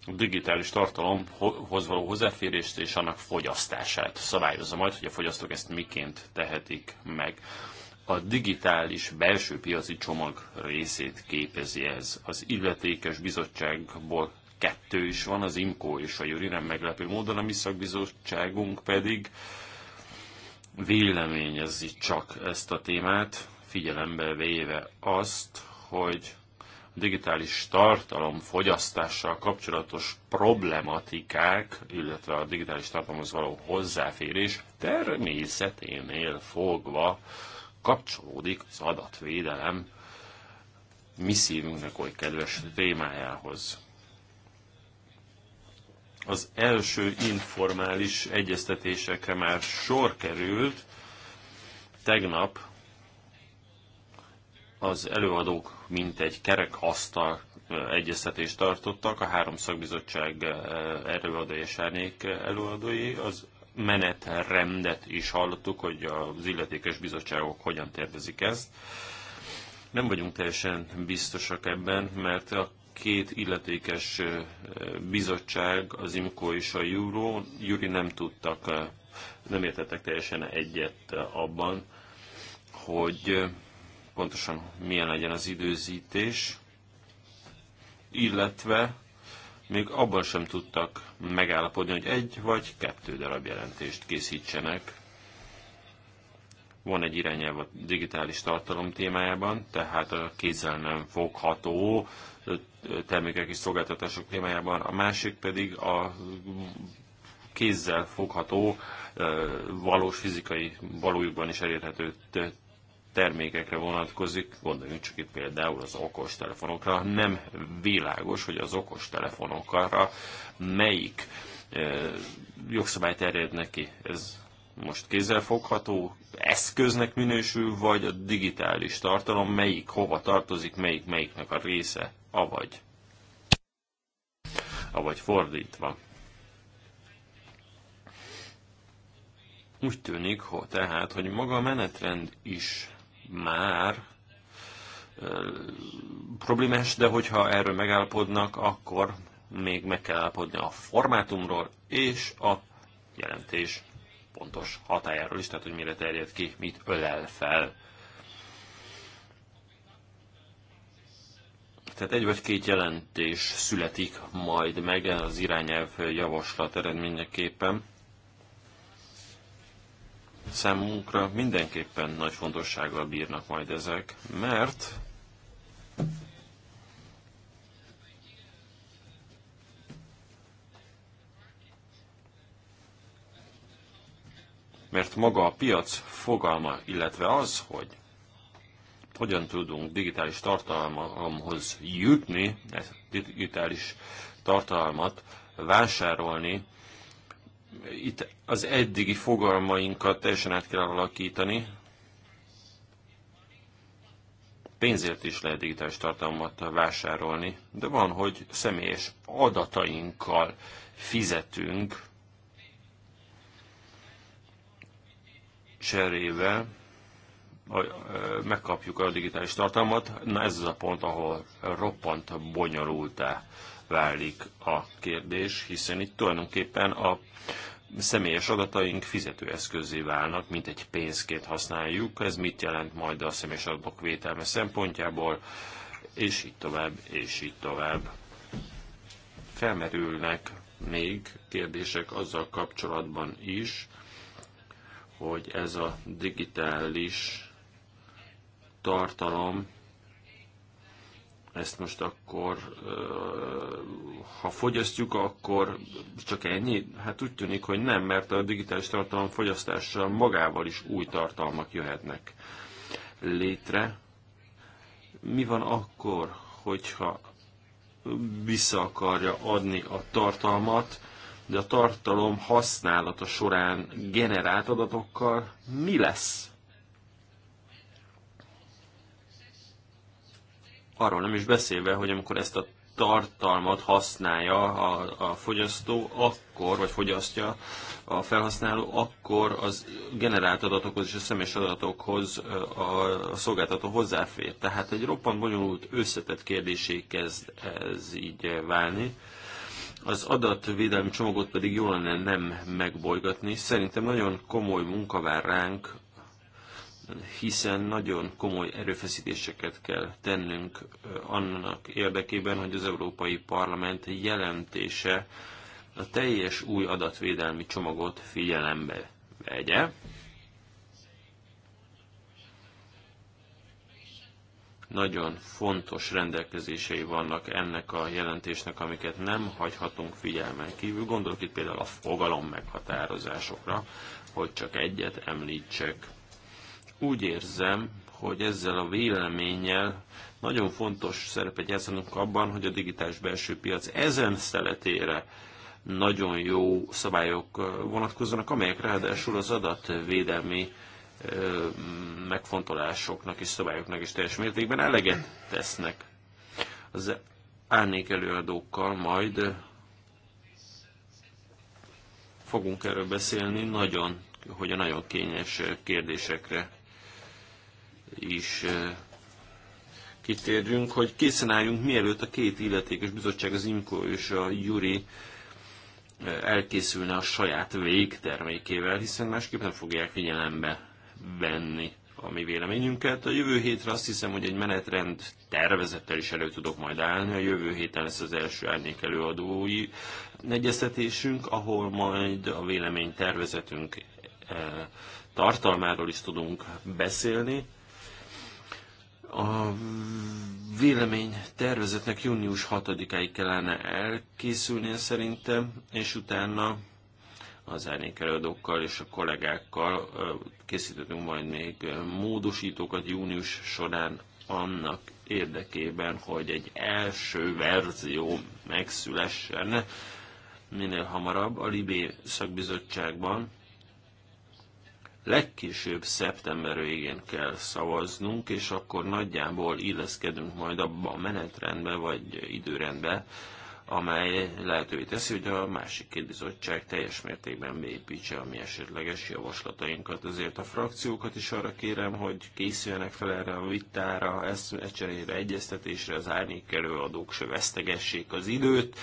a digitális tartalomhoz való hozzáférést és annak fogyasztását szabályozza majd, hogy a fogyasztók ezt miként tehetik meg. A digitális belső piaci csomag részét képezi ez. Az illetékes bizottságból kettő is van, az IMCO és a Juri, nem meglepő módon, a mi szakbizottságunk pedig véleményezi csak ezt a témát, figyelembe véve azt, hogy digitális tartalom fogyasztással kapcsolatos problematikák, illetve a digitális tartalomhoz való hozzáférés természeténél fogva kapcsolódik az adatvédelem mi szívünknek oly kedves témájához. Az első informális egyeztetésekre már sor került, tegnap az előadók mint egy kerekasztal egyeztetést tartottak, a három szakbizottság előadói és árnyék előadói, az menetrendet is hallottuk, hogy az illetékes bizottságok hogyan tervezik ezt. Nem vagyunk teljesen biztosak ebben, mert a két illetékes bizottság, az IMCO és a júró Juri nem tudtak, nem értettek teljesen egyet abban, hogy pontosan milyen legyen az időzítés, illetve még abban sem tudtak megállapodni, hogy egy vagy kettő darab jelentést készítsenek. Van egy irányelv a digitális tartalom témájában, tehát a kézzel nem fogható termékek és szolgáltatások témájában, a másik pedig a kézzel fogható, valós fizikai valójukban is elérhető termékekre vonatkozik, gondoljunk csak itt például az okostelefonokra, nem világos, hogy az okostelefonokra melyik jogszabály terjed neki. Ez most kézzelfogható eszköznek minősül, vagy a digitális tartalom, melyik hova tartozik, melyik melyiknek a része, avagy. Avagy fordítva. Úgy tűnik, hogy tehát, hogy maga a menetrend is már problémás, de hogyha erről megállapodnak, akkor még meg kell állapodni a formátumról és a jelentés pontos hatájáról is, tehát hogy mire terjed ki, mit ölel fel. Tehát egy vagy két jelentés születik majd meg az irányelv javaslat eredményeképpen. Számunkra mindenképpen nagy fontossággal bírnak majd ezek, mert mert maga a piac fogalma, illetve az, hogy hogyan tudunk digitális tartalmamhoz jutni, ezt digitális tartalmat vásárolni, itt az eddigi fogalmainkat teljesen át kell alakítani. Pénzért is lehet digitális tartalmat vásárolni, de van, hogy személyes adatainkkal fizetünk cserébe, megkapjuk a digitális tartalmat. Na ez az a pont, ahol roppant bonyolultá válik a kérdés, hiszen itt tulajdonképpen a személyes adataink fizetőeszközé válnak, mint egy pénzként használjuk. Ez mit jelent majd a személyes adatok vételme szempontjából, és így tovább, és így tovább. Felmerülnek még kérdések azzal kapcsolatban is, hogy ez a digitális tartalom ezt most akkor, ha fogyasztjuk, akkor csak ennyi? Hát úgy tűnik, hogy nem, mert a digitális tartalom fogyasztással magával is új tartalmak jöhetnek létre. Mi van akkor, hogyha vissza akarja adni a tartalmat, de a tartalom használata során generált adatokkal mi lesz? Arról nem is beszélve, hogy amikor ezt a tartalmat használja a, a fogyasztó, akkor, vagy fogyasztja a felhasználó, akkor az generált adatokhoz és a személyes adatokhoz a, a szolgáltató hozzáfér. Tehát egy roppant bonyolult összetett kérdésé kezd ez így válni. Az adatvédelmi csomagot pedig jól lenne nem megbolygatni. Szerintem nagyon komoly munka vár ránk hiszen nagyon komoly erőfeszítéseket kell tennünk annak érdekében, hogy az Európai Parlament jelentése a teljes új adatvédelmi csomagot figyelembe vegye. Nagyon fontos rendelkezései vannak ennek a jelentésnek, amiket nem hagyhatunk figyelmen kívül. Gondolok itt például a fogalom meghatározásokra, hogy csak egyet említsek. Úgy érzem, hogy ezzel a véleménnyel nagyon fontos szerepet játszanunk abban, hogy a digitális belső piac ezen szeletére nagyon jó szabályok vonatkozzanak, amelyek ráadásul az adatvédelmi megfontolásoknak és szabályoknak is teljes mértékben eleget tesznek. Az árnék előadókkal majd fogunk erről beszélni nagyon, hogy a nagyon kényes kérdésekre is kitérjünk, hogy készen álljunk mielőtt a két illetékes bizottság, az IMKO és a Juri elkészülne a saját végtermékével, hiszen másképp nem fogják figyelembe venni a mi véleményünket. A jövő hétre azt hiszem, hogy egy menetrend tervezettel is elő tudok majd állni. A jövő héten lesz az első árnyék előadói egyeztetésünk, ahol majd a vélemény tervezetünk tartalmáról is tudunk beszélni. A vélemény tervezetnek június 6-áig kellene elkészülnie szerintem, és utána az előadókkal és a kollégákkal készítettünk majd még módosítókat június során annak érdekében, hogy egy első verzió megszülessen minél hamarabb a Libé szakbizottságban, legkésőbb szeptember végén kell szavaznunk, és akkor nagyjából illeszkedünk majd abba a menetrendbe vagy időrendbe, amely lehetővé teszi, hogy a másik két bizottság teljes mértékben beépítse a mi esetleges javaslatainkat. Ezért a frakciókat is arra kérem, hogy készüljenek fel erre a vitára, eszmecserére, egyeztetésre, az árnyék adók, se vesztegessék az időt,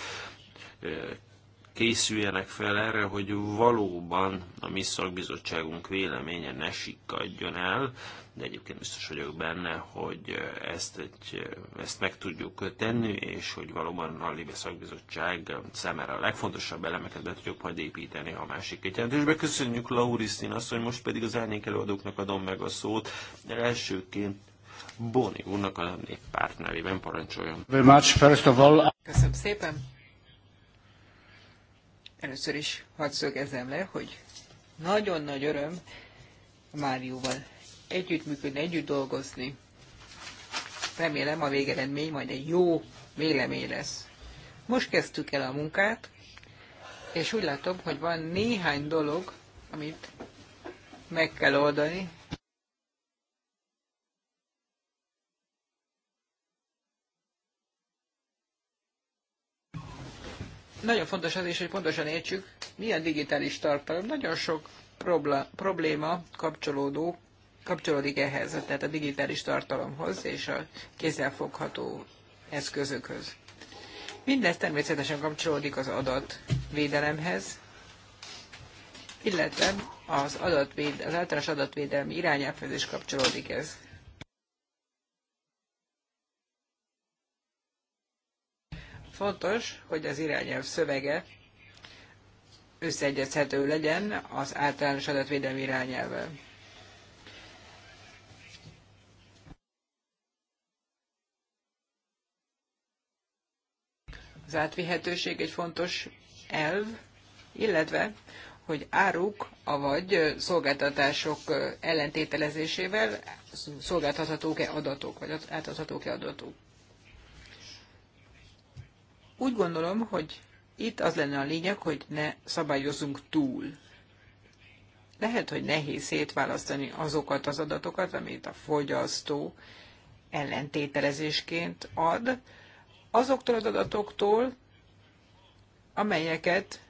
készüljenek fel erre, hogy valóban a mi szakbizottságunk véleménye ne sikkadjon el, de egyébként biztos vagyok benne, hogy ezt, egy, ezt meg tudjuk tenni, és hogy valóban a Libe szakbizottság szemére a legfontosabb elemeket be tudjuk majd építeni a másik egy jelentésbe. Köszönjük Laurisztin azt, hogy most pedig az árnyék előadóknak adom meg a szót. Elsőként Boni úrnak a néppárt nevében parancsoljon. Köszönöm szépen! Először is hadd szögezzem le, hogy nagyon nagy öröm Márióval együttműködni, együtt dolgozni. Remélem a végeredmény majd egy jó vélemény lesz. Most kezdtük el a munkát, és úgy látom, hogy van néhány dolog, amit meg kell oldani, nagyon fontos az is, hogy pontosan értsük, milyen digitális tartalom. Nagyon sok probléma kapcsolódó, kapcsolódik ehhez, tehát a digitális tartalomhoz és a kézzelfogható eszközökhöz. Mindez természetesen kapcsolódik az adatvédelemhez, illetve az, adatvéd, az általános adatvédelmi irányelvhez is kapcsolódik ez. fontos, hogy az irányelv szövege összeegyezhető legyen az általános adatvédelmi irányelvvel. Az átvihetőség egy fontos elv, illetve hogy áruk, avagy szolgáltatások ellentételezésével szolgáltathatók-e adatok, vagy átadhatók-e adatok. Úgy gondolom, hogy itt az lenne a lényeg, hogy ne szabályozunk túl. Lehet, hogy nehéz szétválasztani azokat az adatokat, amit a fogyasztó ellentételezésként ad, azoktól az adatoktól, amelyeket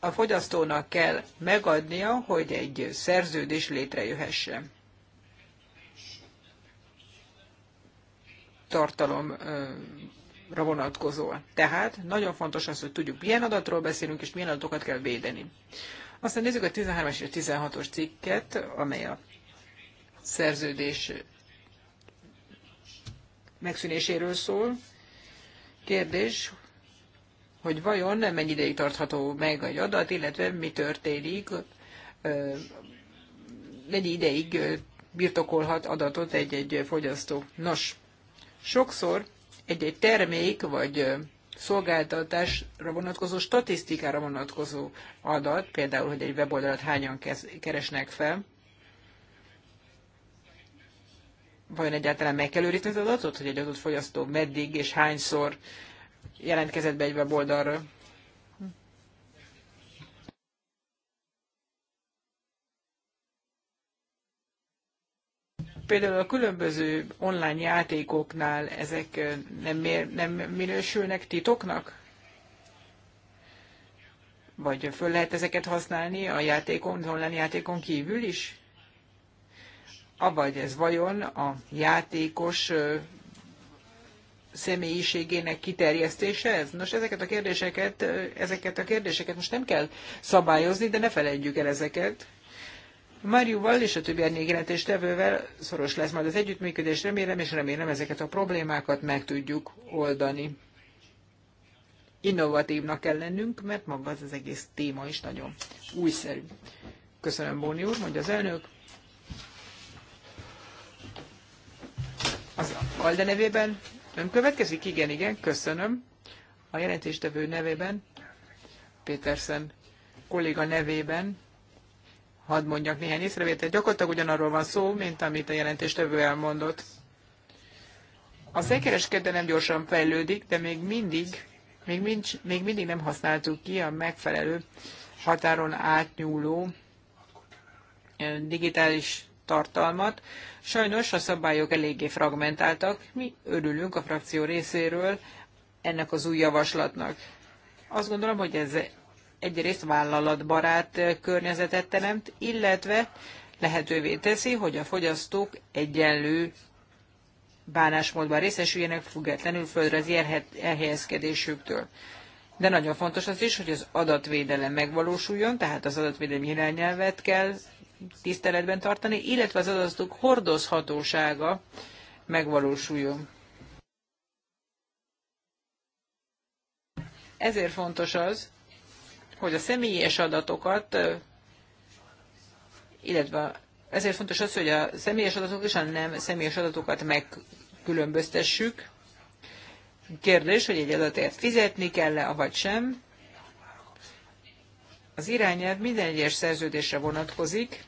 a fogyasztónak kell megadnia, hogy egy szerződés létrejöhessen. tartalomra vonatkozóan. Tehát nagyon fontos az, hogy tudjuk, milyen adatról beszélünk, és milyen adatokat kell védeni. Aztán nézzük a 13-as és 16-os cikket, amely a szerződés megszűnéséről szól. Kérdés, hogy vajon nem mennyi ideig tartható meg egy adat, illetve mi történik, mennyi ideig birtokolhat adatot egy-egy fogyasztó. Nos, Sokszor egy-egy termék vagy szolgáltatásra vonatkozó statisztikára vonatkozó adat, például, hogy egy weboldalat hányan keresnek fel, vajon egyáltalán meg kell őrizni az adatot, hogy egy adott fogyasztó meddig és hányszor jelentkezett be egy weboldalra. Például a különböző online játékoknál ezek eh, nem, nem minősülnek titoknak? Vagy föl lehet ezeket használni a játékon, az online játékon kívül is? Avagy ez vajon a játékos eh, személyiségének kiterjesztése ez? Nos, ezeket a kérdéseket, eh, ezeket a kérdéseket most nem kell szabályozni, de ne felejtjük el ezeket. Mariuval és a többi árnyék jelentéstevővel szoros lesz majd az együttműködés, remélem, és remélem ezeket a problémákat meg tudjuk oldani. Innovatívnak kell lennünk, mert maga az, az egész téma is nagyon újszerű. Köszönöm, Bóni úr, mondja az elnök. Az Alde nevében ön következik? Igen, igen, köszönöm. A jelentéstevő nevében, Pétersen kolléga nevében hadd mondjak néhány észrevételt. Gyakorlatilag ugyanarról van szó, mint amit a jelentéstevő elmondott. A nem gyorsan fejlődik, de még mindig, még, mincs, még mindig nem használtuk ki a megfelelő határon átnyúló eh, digitális tartalmat. Sajnos a szabályok eléggé fragmentáltak, mi örülünk a frakció részéről ennek az új javaslatnak. Azt gondolom, hogy ez egyrészt vállalatbarát környezetet teremt, illetve lehetővé teszi, hogy a fogyasztók egyenlő bánásmódban részesüljenek, függetlenül földrajzi elhelyezkedésüktől. De nagyon fontos az is, hogy az adatvédelem megvalósuljon, tehát az adatvédelmi irányelvet kell tiszteletben tartani, illetve az adatok hordozhatósága megvalósuljon. Ezért fontos az, hogy a személyes adatokat, illetve ezért fontos az, hogy a személyes adatok és a nem személyes adatokat megkülönböztessük. Kérdés, hogy egy adatért fizetni kell-e, vagy sem. Az irányelv minden egyes szerződésre vonatkozik,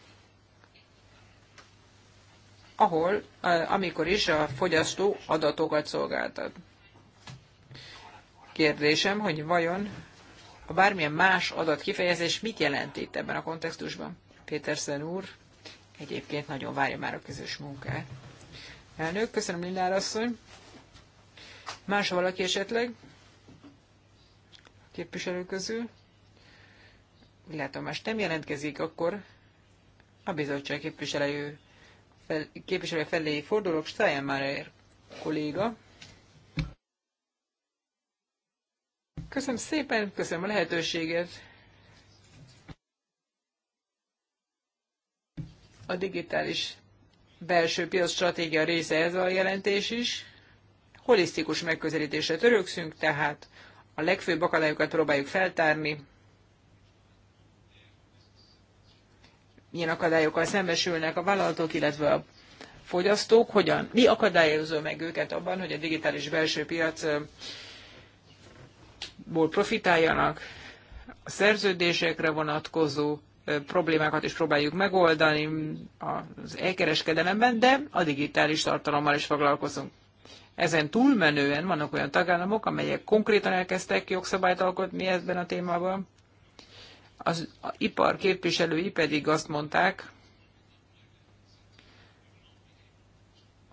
ahol, amikor is a fogyasztó adatokat szolgáltat. Kérdésem, hogy vajon a bármilyen más adat kifejezés mit jelent itt ebben a kontextusban? Péterszen úr egyébként nagyon várja már a közös munkát. Elnök, köszönöm Lindár asszony. Más valaki esetleg? Képviselő közül? Látom, más nem jelentkezik, akkor a bizottság képviselő, fel, képviselő felé fordulok, Steyer kolléga. Köszönöm szépen, köszönöm a lehetőséget. A digitális belső piac stratégia része ez a jelentés is. Holisztikus megközelítésre törökszünk, tehát a legfőbb akadályokat próbáljuk feltárni. Milyen akadályokkal szembesülnek a vállalatok, illetve a fogyasztók, hogyan, mi akadályozó meg őket abban, hogy a digitális belső piac ból profitáljanak, a szerződésekre vonatkozó problémákat is próbáljuk megoldani az elkereskedelemben, de a digitális tartalommal is foglalkozunk. Ezen túlmenően vannak olyan tagállamok, amelyek konkrétan elkezdtek jogszabályt alkotni ebben a témában. Az ipar képviselői pedig azt mondták,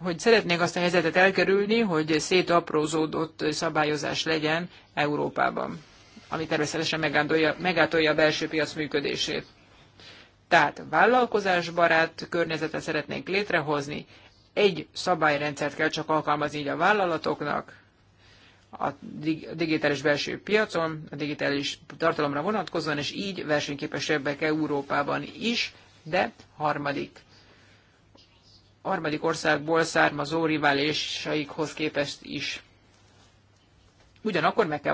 hogy szeretnék azt a helyzetet elkerülni, hogy szétaprózódott szabályozás legyen Európában, ami természetesen megándolja, megátolja a belső piac működését. Tehát vállalkozásbarát környezetet szeretnénk létrehozni, egy szabályrendszert kell csak alkalmazni így a vállalatoknak, a digitális belső piacon, a digitális tartalomra vonatkozóan, és így versenyképesebbek Európában is, de harmadik harmadik országból származó riválisaikhoz képest is. Ugyanakkor meg kell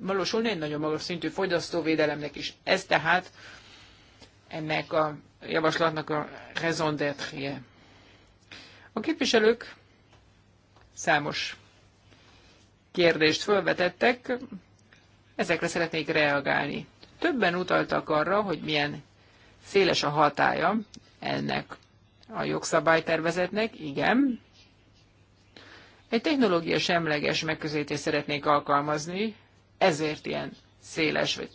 valósulni egy nagyon magas szintű fogyasztóvédelemnek is. Ez tehát ennek a javaslatnak a raison d'être-je. A képviselők számos kérdést felvetettek, ezekre szeretnék reagálni. Többen utaltak arra, hogy milyen széles a hatája ennek a jogszabálytervezetnek, igen. Egy technológia semleges megközelítést szeretnék alkalmazni, ezért ilyen széles, vagy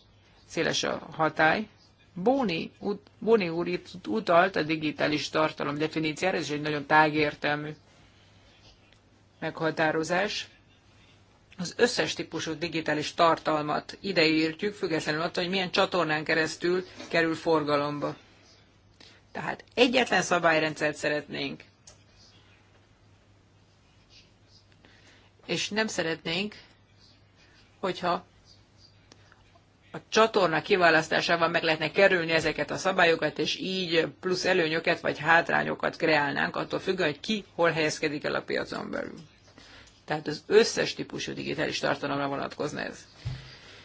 széles a hatály. Bóni, ut, Bóni úr itt utalt a digitális tartalom definíciára, ez egy nagyon tágértelmű meghatározás. Az összes típusú digitális tartalmat ideértjük, függetlenül attól, hogy milyen csatornán keresztül kerül forgalomba. Tehát egyetlen szabályrendszert szeretnénk. És nem szeretnénk, hogyha a csatorna kiválasztásával meg lehetne kerülni ezeket a szabályokat, és így plusz előnyöket vagy hátrányokat kreálnánk, attól függően, hogy ki hol helyezkedik el a piacon belül. Tehát az összes típusú digitális tartalomra vonatkozna ez.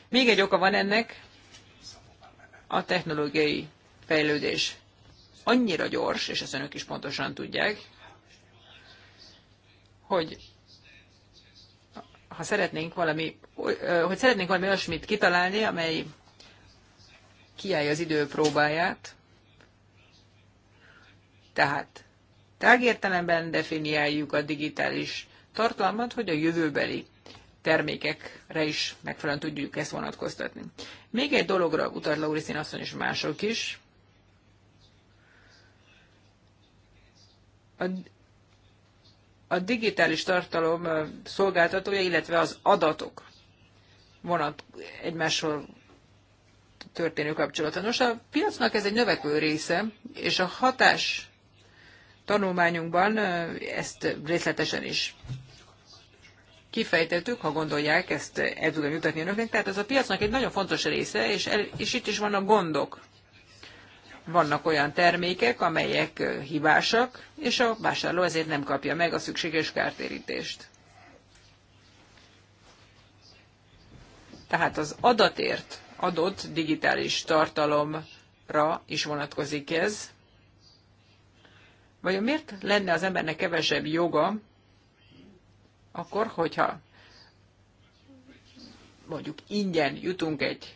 Még egy oka van ennek, a technológiai fejlődés annyira gyors, és ezt önök is pontosan tudják, hogy ha szeretnénk valami, hogy szeretnénk valami olyasmit kitalálni, amely kiállja az idő próbáját, tehát tágértelemben definiáljuk a digitális tartalmat, hogy a jövőbeli termékekre is megfelelően tudjuk ezt vonatkoztatni. Még egy dologra utal Laurisztin asszony és mások is, a, a digitális tartalom szolgáltatója, illetve az adatok vonat egymással történő kapcsolata. Nos, a piacnak ez egy növekvő része, és a hatás tanulmányunkban ezt részletesen is kifejtettük, ha gondolják, ezt el tudom jutatni önöknek. Tehát ez a piacnak egy nagyon fontos része, és, el, és itt is vannak gondok vannak olyan termékek, amelyek hibásak, és a vásárló ezért nem kapja meg a szükséges kártérítést. Tehát az adatért adott digitális tartalomra is vonatkozik ez. Vajon miért lenne az embernek kevesebb joga, akkor, hogyha mondjuk ingyen jutunk egy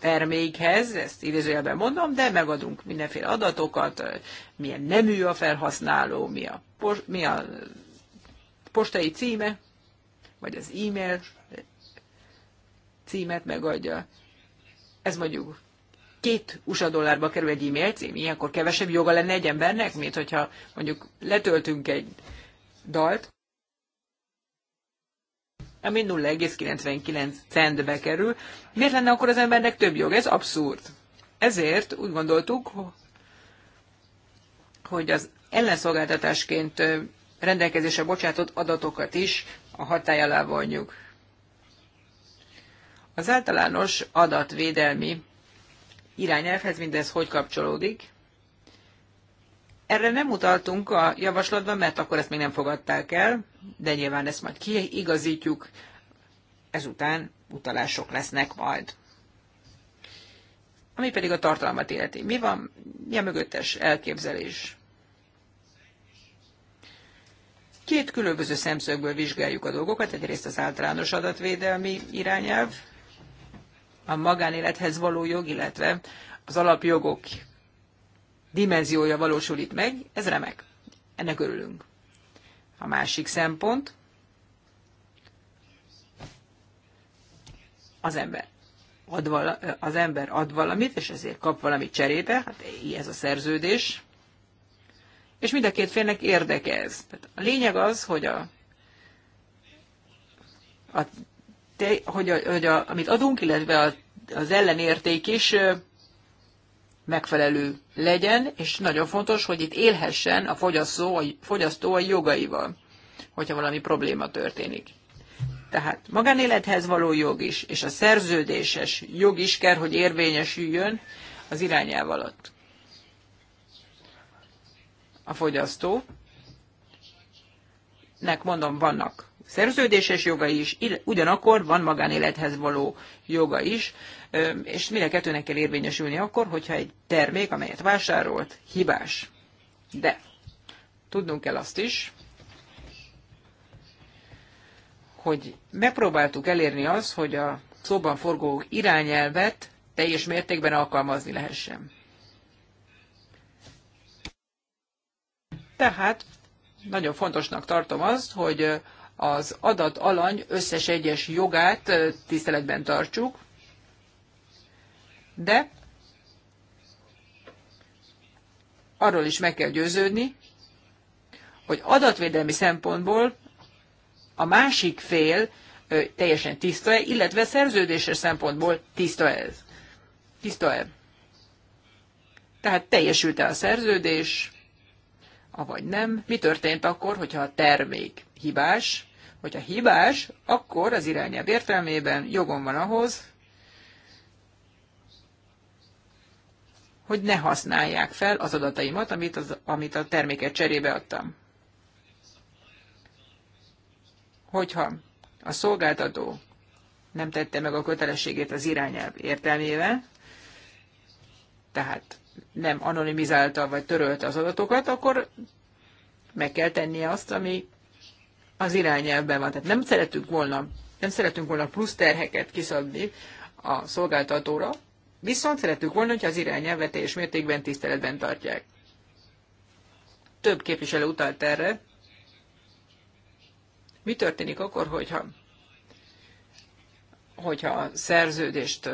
termékhez, ezt idézőjelben mondom, de megadunk mindenféle adatokat, milyen nemű a felhasználó, mi a, pos, mi a postai címe, vagy az e-mail címet megadja. Ez mondjuk két USA dollárba kerül egy e-mail cím, ilyenkor kevesebb joga lenne egy embernek, mint hogyha mondjuk letöltünk egy dalt, ami 0,99 centbe kerül. Miért lenne akkor az embernek több jog? Ez abszurd. Ezért úgy gondoltuk, hogy az ellenszolgáltatásként rendelkezésre bocsátott adatokat is a hatály alá vonjuk. Az általános adatvédelmi irányelvhez mindez hogy kapcsolódik? Erre nem utaltunk a javaslatban, mert akkor ezt még nem fogadták el, de nyilván ezt majd kiigazítjuk, ezután utalások lesznek majd. Ami pedig a tartalmat illeti. Mi van? Mi a mögöttes elképzelés? Két különböző szemszögből vizsgáljuk a dolgokat, egyrészt az általános adatvédelmi irányelv, a magánélethez való jog, illetve az alapjogok dimenziója valósul itt meg, ez remek. Ennek örülünk. A másik szempont az ember. Ad vala, az ember ad valamit, és ezért kap valamit cserébe, hát ez a szerződés. És mind a két félnek érdeke ez. Tehát a lényeg az, hogy a, a te, hogy, a, hogy a, amit adunk, illetve a, az ellenérték is megfelelő legyen, és nagyon fontos, hogy itt élhessen a fogyasztó, a fogyasztó a jogaival, hogyha valami probléma történik. Tehát magánélethez való jog is, és a szerződéses jog is kell, hogy érvényesüljön az irányelv alatt. A fogyasztó, nek mondom, vannak szerződéses joga is, ugyanakkor van magánélethez való joga is és mind a kettőnek kell érvényesülni akkor, hogyha egy termék, amelyet vásárolt, hibás. De tudnunk kell azt is, hogy megpróbáltuk elérni azt, hogy a szóban forgó irányelvet teljes mértékben alkalmazni lehessen. Tehát nagyon fontosnak tartom azt, hogy az adat alany összes egyes jogát tiszteletben tartsuk, de arról is meg kell győződni, hogy adatvédelmi szempontból a másik fél teljesen tiszta-e, illetve szerződéses szempontból tiszta ez. Tiszta-e? Tehát teljesült-e a szerződés, avagy nem? Mi történt akkor, hogyha a termék hibás? Hogyha hibás, akkor az irányelv értelmében jogom van ahhoz, hogy ne használják fel az adataimat, amit, az, amit a terméket cserébe adtam. Hogyha a szolgáltató nem tette meg a kötelességét az irányelv értelmével, tehát nem anonimizálta vagy törölte az adatokat, akkor meg kell tennie azt, ami az irányelvben van. Tehát nem szeretünk volna, nem szeretünk volna plusz terheket kiszabni a szolgáltatóra, Viszont szerettük volna, hogyha az irányelvet teljes mértékben tiszteletben tartják. Több képviselő utalt erre. Mi történik akkor, hogyha, hogyha a szerződést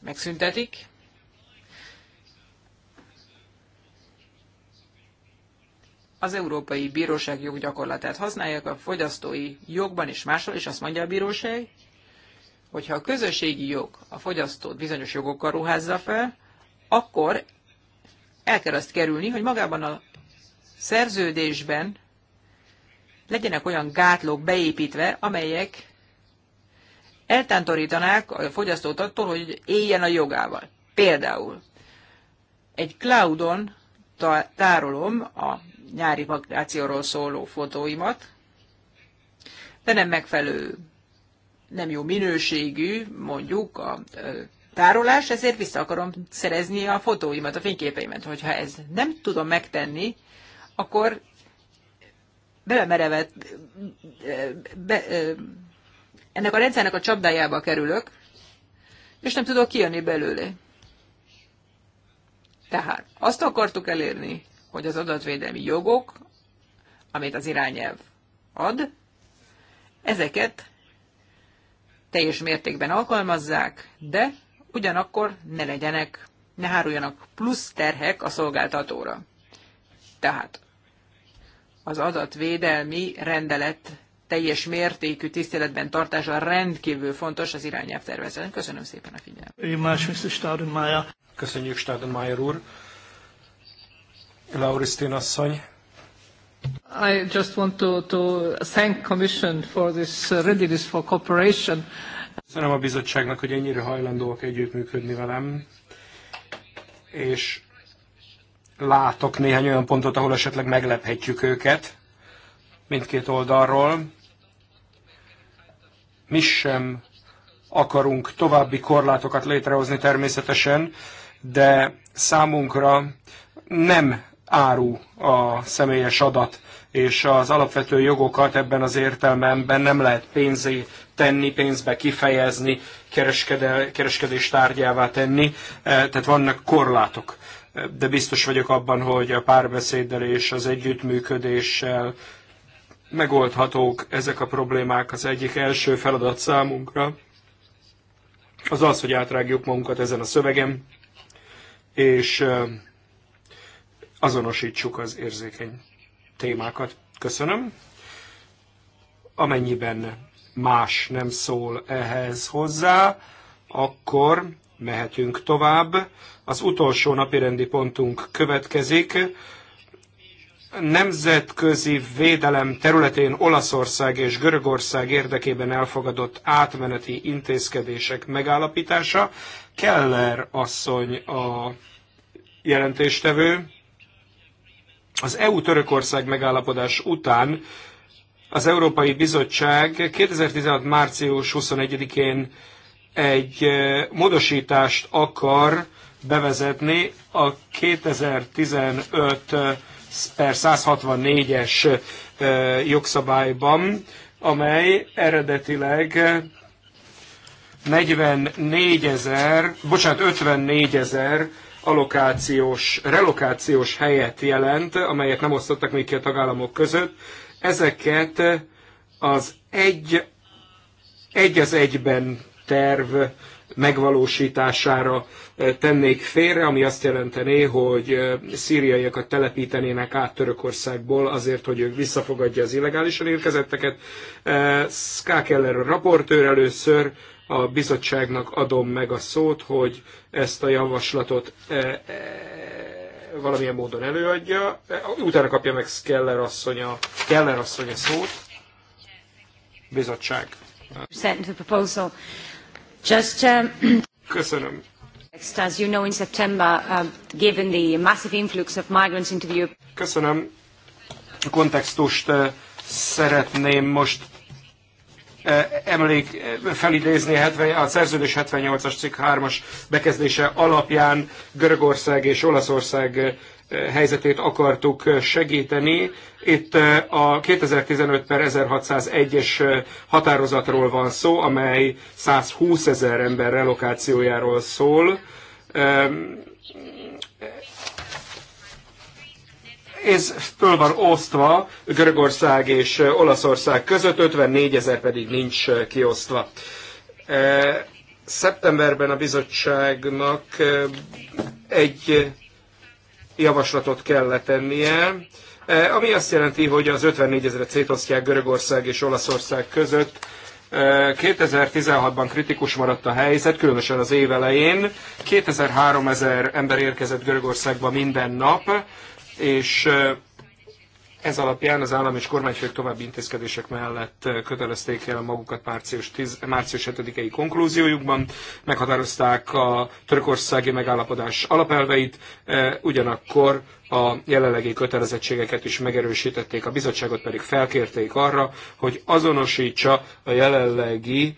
megszüntetik, az Európai Bíróság joggyakorlatát használják a fogyasztói jogban és máshol, és azt mondja a bíróság, hogyha a közösségi jog a fogyasztót bizonyos jogokkal ruházza fel, akkor el kell azt kerülni, hogy magában a szerződésben legyenek olyan gátlók beépítve, amelyek eltántorítanák a fogyasztót attól, hogy éljen a jogával. Például egy cloudon tárolom a nyári vakációról szóló fotóimat, de nem megfelelő nem jó minőségű, mondjuk a tárolás, ezért vissza akarom szerezni a fotóimat, a fényképeimet. Hogyha ez nem tudom megtenni, akkor belemerevet, be, ennek a rendszernek a csapdájába kerülök, és nem tudok kijönni belőle. Tehát azt akartuk elérni, hogy az adatvédelmi jogok, amit az irányelv ad, ezeket teljes mértékben alkalmazzák, de ugyanakkor ne legyenek, ne háruljanak plusz terhek a szolgáltatóra. Tehát az adatvédelmi rendelet teljes mértékű tiszteletben tartása rendkívül fontos az irányelv tervezeten. Köszönöm szépen a figyelmet. Köszönjük, Stadenmayer úr. Lauristin asszony. I just want to, to thank Commission for this uh, readiness for cooperation. Köszönöm a bizottságnak, hogy ennyire hajlandóak együttműködni velem, és látok néhány olyan pontot, ahol esetleg meglephetjük őket mindkét oldalról. Mi sem akarunk további korlátokat létrehozni természetesen, de számunkra nem áru a személyes adat, és az alapvető jogokat ebben az értelmemben nem lehet pénzé tenni, pénzbe kifejezni, kereskedés tárgyává tenni, e, tehát vannak korlátok. E, de biztos vagyok abban, hogy a párbeszéddel és az együttműködéssel megoldhatók ezek a problémák. Az egyik első feladat számunkra az az, hogy átrágjuk magunkat ezen a szövegem, és e, azonosítsuk az érzékeny témákat. Köszönöm. Amennyiben más nem szól ehhez hozzá, akkor mehetünk tovább. Az utolsó napirendi pontunk következik. Nemzetközi védelem területén Olaszország és Görögország érdekében elfogadott átmeneti intézkedések megállapítása. Keller asszony a jelentéstevő. Az EU-Törökország megállapodás után az Európai Bizottság 2016. március 21-én egy módosítást akar bevezetni a 2015 per 164-es jogszabályban, amely eredetileg 44 ezer, bocsánat, 54 ezer alokációs, relokációs helyet jelent, amelyet nem osztottak még ki a tagállamok között. Ezeket az egy, egy az egyben terv megvalósítására eh, tennék félre, ami azt jelentené, hogy eh, szíriaiakat telepítenének át Törökországból azért, hogy ők visszafogadja az illegálisan érkezetteket. Eh, Ská Keller a raportőr először a bizottságnak adom meg a szót, hogy ezt a javaslatot e, e, valamilyen módon előadja. E, utána kapja meg Skeller asszony a, Keller asszony a szót. Bizottság. Um, Köszönöm. As you know, in September, uh, given the massive influx of migrants into the Europe. Köszönöm. A kontextust szeretném most Eh, emlék eh, felidézni a szerződés 78-as cikk 3-as bekezdése alapján Görögország és Olaszország eh, helyzetét akartuk segíteni. Itt a 2015 per 1601-es határozatról van szó, amely 120 ezer ember relokációjáról szól. ez föl van osztva Görögország és Olaszország között, 54 ezer pedig nincs kiosztva. E, szeptemberben a bizottságnak e, egy javaslatot kell letennie, e, ami azt jelenti, hogy az 54 ezeret szétosztják Görögország és Olaszország között. 2016-ban kritikus maradt a helyzet, különösen az év elején. 2003 ezer ember érkezett Görögországba minden nap és ez alapján az állam és kormányfők további intézkedések mellett kötelezték el magukat március, 10, március 7-i konklúziójukban, meghatározták a törökországi megállapodás alapelveit, ugyanakkor a jelenlegi kötelezettségeket is megerősítették, a bizottságot pedig felkérték arra, hogy azonosítsa a jelenlegi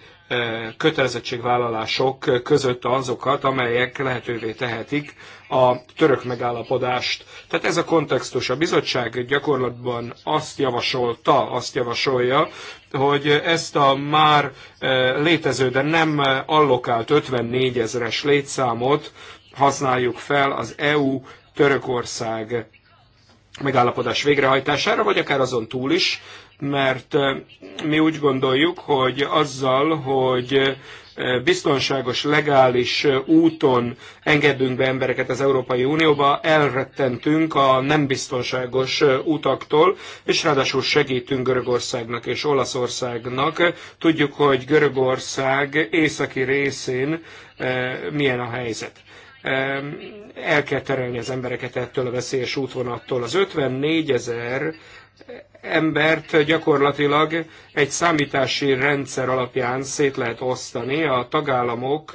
kötelezettségvállalások között azokat, amelyek lehetővé tehetik a török megállapodást. Tehát ez a kontextus. A bizottság gyakorlatban azt javasolta, azt javasolja, hogy ezt a már létező, de nem allokált 54 ezeres létszámot használjuk fel az EU-Törökország megállapodás végrehajtására, vagy akár azon túl is, mert mi úgy gondoljuk, hogy azzal, hogy biztonságos, legális úton engedünk be embereket az Európai Unióba, elrettentünk a nem biztonságos utaktól, és ráadásul segítünk Görögországnak és Olaszországnak. Tudjuk, hogy Görögország északi részén milyen a helyzet el kell terelni az embereket ettől a veszélyes útvonattól. Az 54 ezer embert gyakorlatilag egy számítási rendszer alapján szét lehet osztani. A tagállamok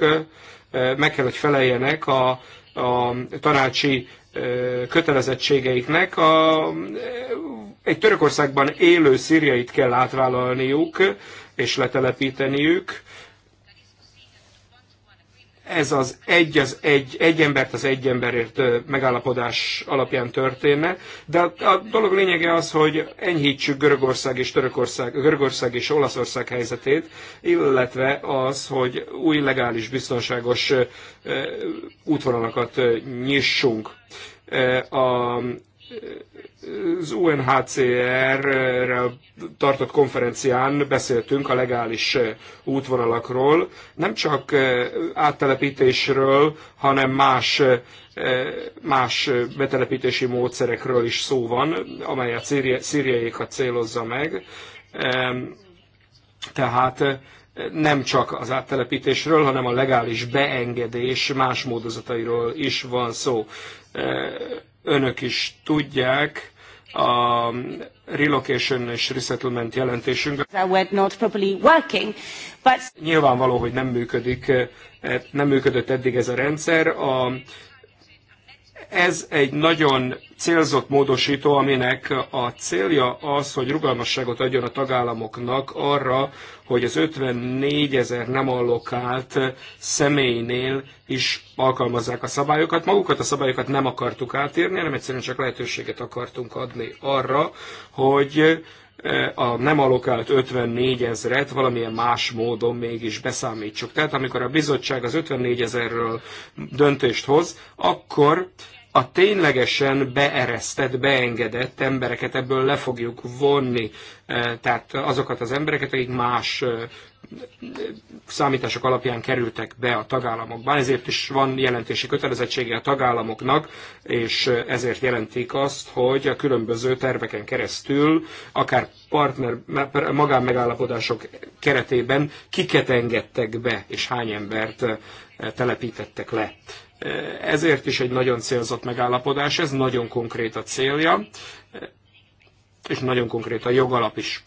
meg kell, hogy feleljenek a, a tanácsi kötelezettségeiknek. A, egy Törökországban élő szíriait kell átvállalniuk és letelepíteniük ez az egy, az egy, egy embert az egy emberért megállapodás alapján történne, de a dolog lényege az, hogy enyhítsük Görögország és Törökország, Görögország és Olaszország helyzetét, illetve az, hogy új legális, biztonságos útvonalakat nyissunk. A az UNHCR-rel tartott konferencián beszéltünk a legális eh, útvonalakról, nem csak eh, áttelepítésről, hanem más, eh, más betelepítési módszerekről is szó van, amely a szíriaiakat célozza meg. Tehát nem csak az áttelepítésről, hanem a legális beengedés más módozatairól is van szó önök is tudják, a relocation és resettlement jelentésünk. Not working, but... Nyilvánvaló, hogy nem működik, nem működött eddig ez a rendszer. A ez egy nagyon célzott módosító, aminek a célja az, hogy rugalmasságot adjon a tagállamoknak arra, hogy az 54 ezer nem allokált személynél is alkalmazzák a szabályokat. Magukat a szabályokat nem akartuk átírni, hanem egyszerűen csak lehetőséget akartunk adni arra, hogy eh, a nem alokált 54 ezret valamilyen más módon mégis beszámítsuk. Tehát amikor a bizottság az 54 ezerről döntést hoz, akkor a ténylegesen beeresztett, beengedett embereket ebből le fogjuk vonni. E, tehát azokat az embereket, akik más e, számítások alapján kerültek be a tagállamokban, ezért is van jelentési kötelezettsége a tagállamoknak, és ezért jelentik azt, hogy a különböző terveken keresztül, akár partner, magánmegállapodások keretében kiket engedtek be, és hány embert e, telepítettek le. Ezért is egy nagyon célzott megállapodás, ez nagyon konkrét a célja, és nagyon konkrét a jogalap is.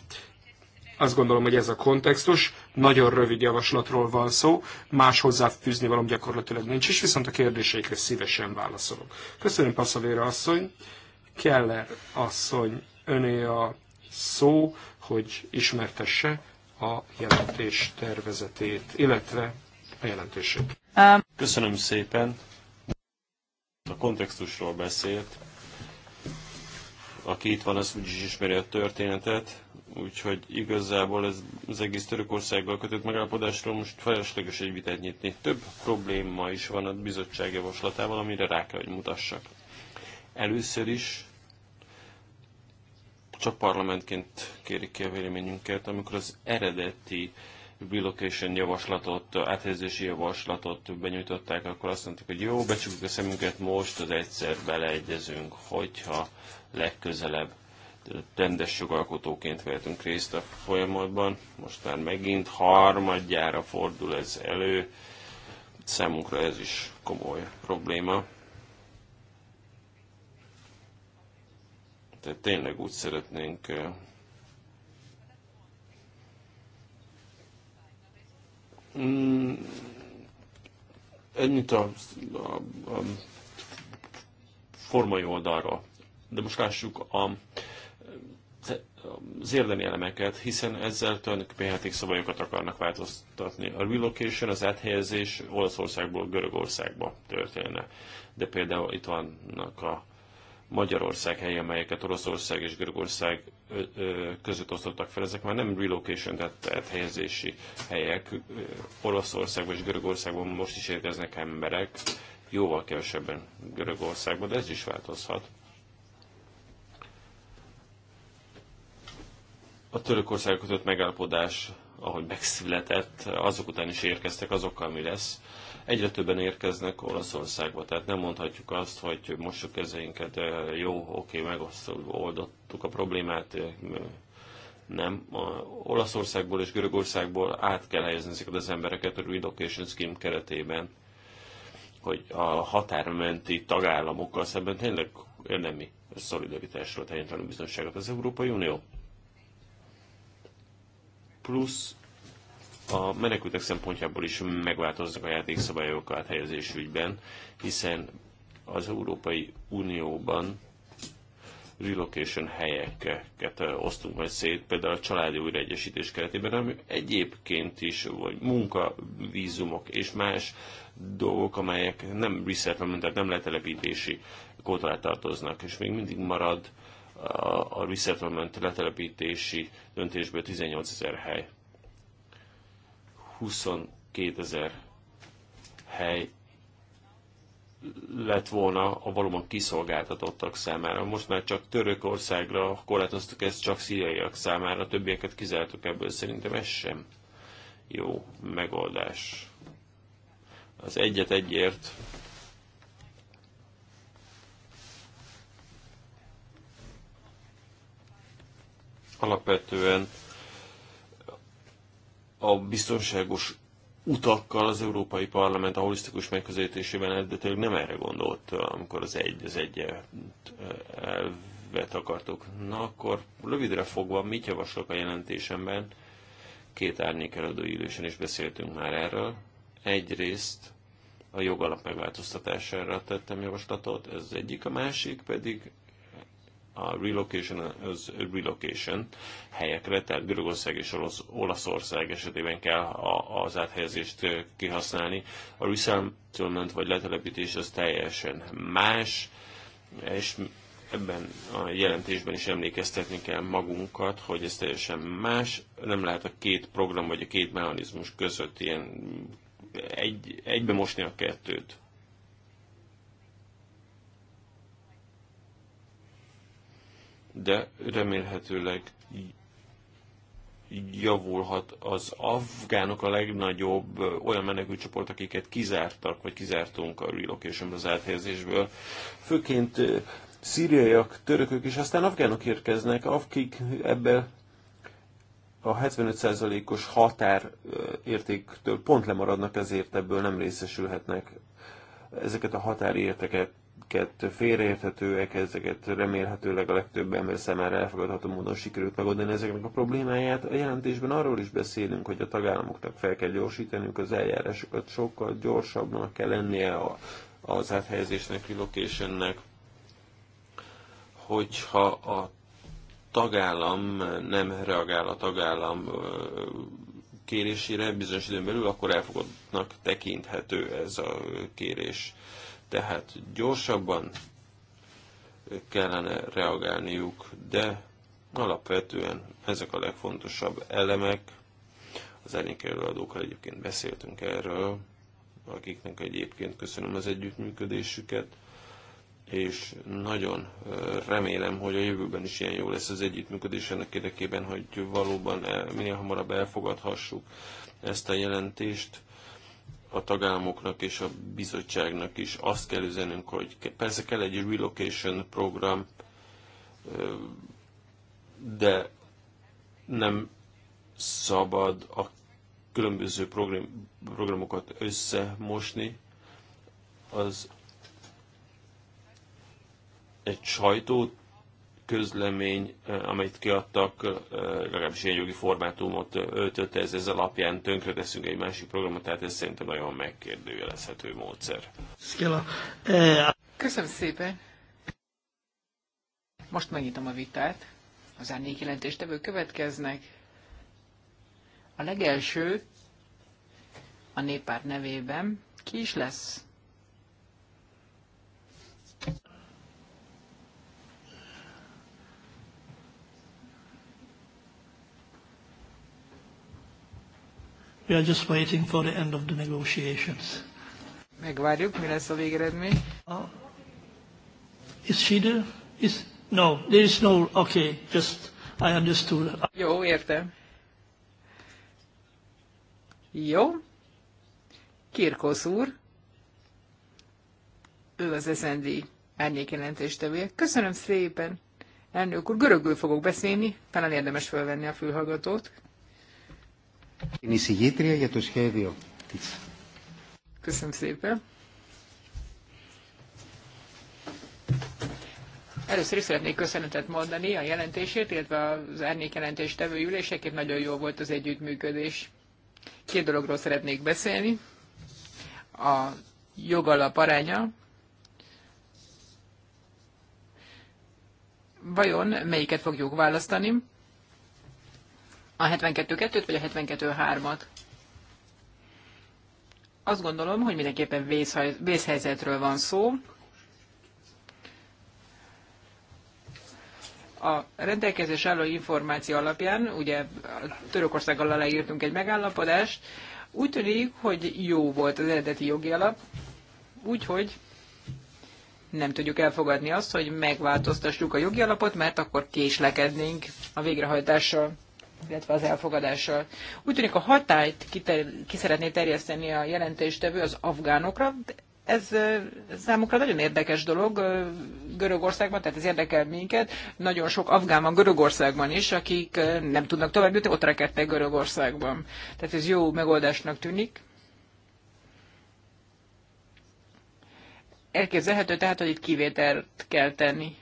Azt gondolom, hogy ez a kontextus. Nagyon rövid javaslatról van szó, más hozzáfűzni valam gyakorlatilag nincs, és viszont a kérdéseikre szívesen válaszolok. Köszönöm, Passzavéra asszony. Keller asszony, öné a szó, hogy ismertesse a jelentés tervezetét, illetve a jelentőség. Um, Köszönöm szépen. A kontextusról beszélt. Aki itt van, az úgyis ismeri a történetet, úgyhogy igazából ez az egész Törökországgal kötött megállapodásról most felesleges egy vitát nyitni. Több probléma is van a bizottság javaslatával, amire rá kell, hogy mutassak. Először is csak parlamentként kérik ki a véleményünket, amikor az eredeti uh, relocation javaslatot, áthelyezési javaslatot benyújtották, akkor azt mondták, hogy jó, becsukjuk a szemünket most, az egyszer beleegyezünk, hogyha legközelebb rendes jogalkotóként vehetünk részt a folyamatban. Most már megint harmadjára fordul ez elő. Számunkra ez is komoly probléma. Tehát tényleg úgy szeretnénk Mm, ennyit a, a, a formai oldalról. De most lássuk a, az érdemi elemeket, hiszen ezzel tulajdonképpen játék szabályokat akarnak változtatni. A relocation, az áthelyezés Olaszországból Görögországba történne. De például itt vannak a Magyarország helyi, amelyeket Oroszország és Görögország között osztottak fel, ezek már nem relocation, tehát áthelyezési helyek. Oroszországban és Görögországban most is érkeznek emberek, jóval kevesebben Görögországban, de ez is változhat. A Törökország között megállapodás, ahogy megszületett, azok után is érkeztek, azokkal mi lesz. Egyre többen érkeznek Olaszországba, tehát nem mondhatjuk azt, hogy mossuk kezeinket, jó, oké, megosztjuk, oldottuk a problémát, nem. A Olaszországból és Görögországból át kell helyezni ezeket az embereket a Relocation Scheme keretében, hogy a határmenti tagállamokkal szemben tényleg érdemi szolidaritásról tegyen tanúbiztonságot az Európai Unió. Plusz a menekültek szempontjából is megváltoznak a játékszabályok áthelyezés ügyben, hiszen az Európai Unióban relocation helyeket osztunk majd szét, például a családi újraegyesítés keretében, ami egyébként is, vagy munkavízumok és más dolgok, amelyek nem resettlement, tehát nem letelepítési kótalát tartoznak, és még mindig marad a, a resettlement letelepítési döntésből 18 ezer hely. 22 ezer hely lett volna a valóban kiszolgáltatottak számára. Most már csak Törökországra korlátoztuk ezt csak szíriaiak számára, többieket kizártuk ebből, szerintem ez sem jó megoldás. Az egyet egyért alapvetően a biztonságos utakkal az Európai Parlament a holisztikus megközelítésében eredetileg nem erre gondolt, amikor az egy az egy elvet akartuk. Na akkor rövidre fogva, mit javaslok a jelentésemben? Két árnyék ülésen is beszéltünk már erről. Egyrészt a jogalap megváltoztatására tettem javaslatot, ez az egyik, a másik pedig a relocation az relocation helyekre, tehát Görögország és Olasz, Olaszország esetében kell a, az áthelyezést kihasználni. A resettlement vagy letelepítés az teljesen más, és ebben a jelentésben is emlékeztetni kell magunkat, hogy ez teljesen más, nem lehet a két program vagy a két mechanizmus között ilyen egy, egybe mosni a kettőt. de remélhetőleg javulhat. Az afgánok a legnagyobb olyan menekültcsoport, akiket kizártak, vagy kizártunk a relocation az áthelyezésből. Főként szíriaiak, törökök, és aztán afgánok érkeznek, akik ebbe a 75%-os határértéktől pont lemaradnak, ezért ebből nem részesülhetnek ezeket a érteket amiket félreérthetőek, ezeket remélhetőleg a legtöbb ember számára elfogadható módon sikerült megoldani ezeknek a problémáját. A jelentésben arról is beszélünk, hogy a tagállamoknak fel kell gyorsítaniuk az eljárásokat, sokkal gyorsabbnak kell lennie a, az áthelyezésnek, relocationnek, hogyha a tagállam nem reagál a tagállam kérésére bizonyos időn belül, akkor elfogadnak tekinthető ez a kérés. Tehát gyorsabban kellene reagálniuk, de alapvetően ezek a legfontosabb elemek. Az előadókkal egyébként beszéltünk erről, akiknek egyébként köszönöm az együttműködésüket, és nagyon remélem, hogy a jövőben is ilyen jó lesz az együttműködés ennek érdekében, hogy valóban minél hamarabb elfogadhassuk ezt a jelentést a tagállamoknak és a bizottságnak is azt kell üzenünk, hogy persze kell egy relocation program, de nem szabad a különböző program, programokat összemosni. Az egy sajtót közlemény, amelyet kiadtak, legalábbis ilyen jogi formátumot öltötte, ez, ez alapján tönkreteszünk egy másik programot, tehát ez szerintem nagyon megkérdőjelezhető módszer. E, Köszönöm szépen! Most megnyitom a vitát. Az árnyék jelentéstevők következnek. A legelső a néppárt nevében ki is lesz? We are just waiting for the end of the negotiations. Megvárjuk, mi lesz a végeredmény. Uh, is she there? Is, no, there is no, okay, just I understood. Jó, értem. Jó. Kirkosz úr. Ő az SND árnyékjelentéstevője. Köszönöm szépen. Elnök úr, görögül fogok beszélni, talán érdemes felvenni a fülhallgatót. Köszönöm szépen. Először is szeretnék köszönetet mondani a jelentésért, illetve az árnyék jelentés tevő ülésekért nagyon jó volt az együttműködés. Két dologról szeretnék beszélni. A jogalap aránya, vajon melyiket fogjuk választani a 72-2-t vagy a 72-3-at? Azt gondolom, hogy mindenképpen vészhelyzetről van szó. A rendelkezés álló információ alapján, ugye Törökországgal aláírtunk egy megállapodást, úgy tűnik, hogy jó volt az eredeti jogi alap, úgyhogy nem tudjuk elfogadni azt, hogy megváltoztassuk a jogi alapot, mert akkor késlekednénk a végrehajtással illetve az elfogadással. Úgy tűnik a hatályt ki szeretné terjeszteni a jelentéstevő az afgánokra, ez számukra nagyon érdekes dolog Görögországban, tehát ez érdekel minket. Nagyon sok afgán van Görögországban is, akik nem tudnak tovább jutni, ott rekedtek Görögországban. Tehát ez jó megoldásnak tűnik. Elképzelhető tehát, hogy itt kivételt kell tenni.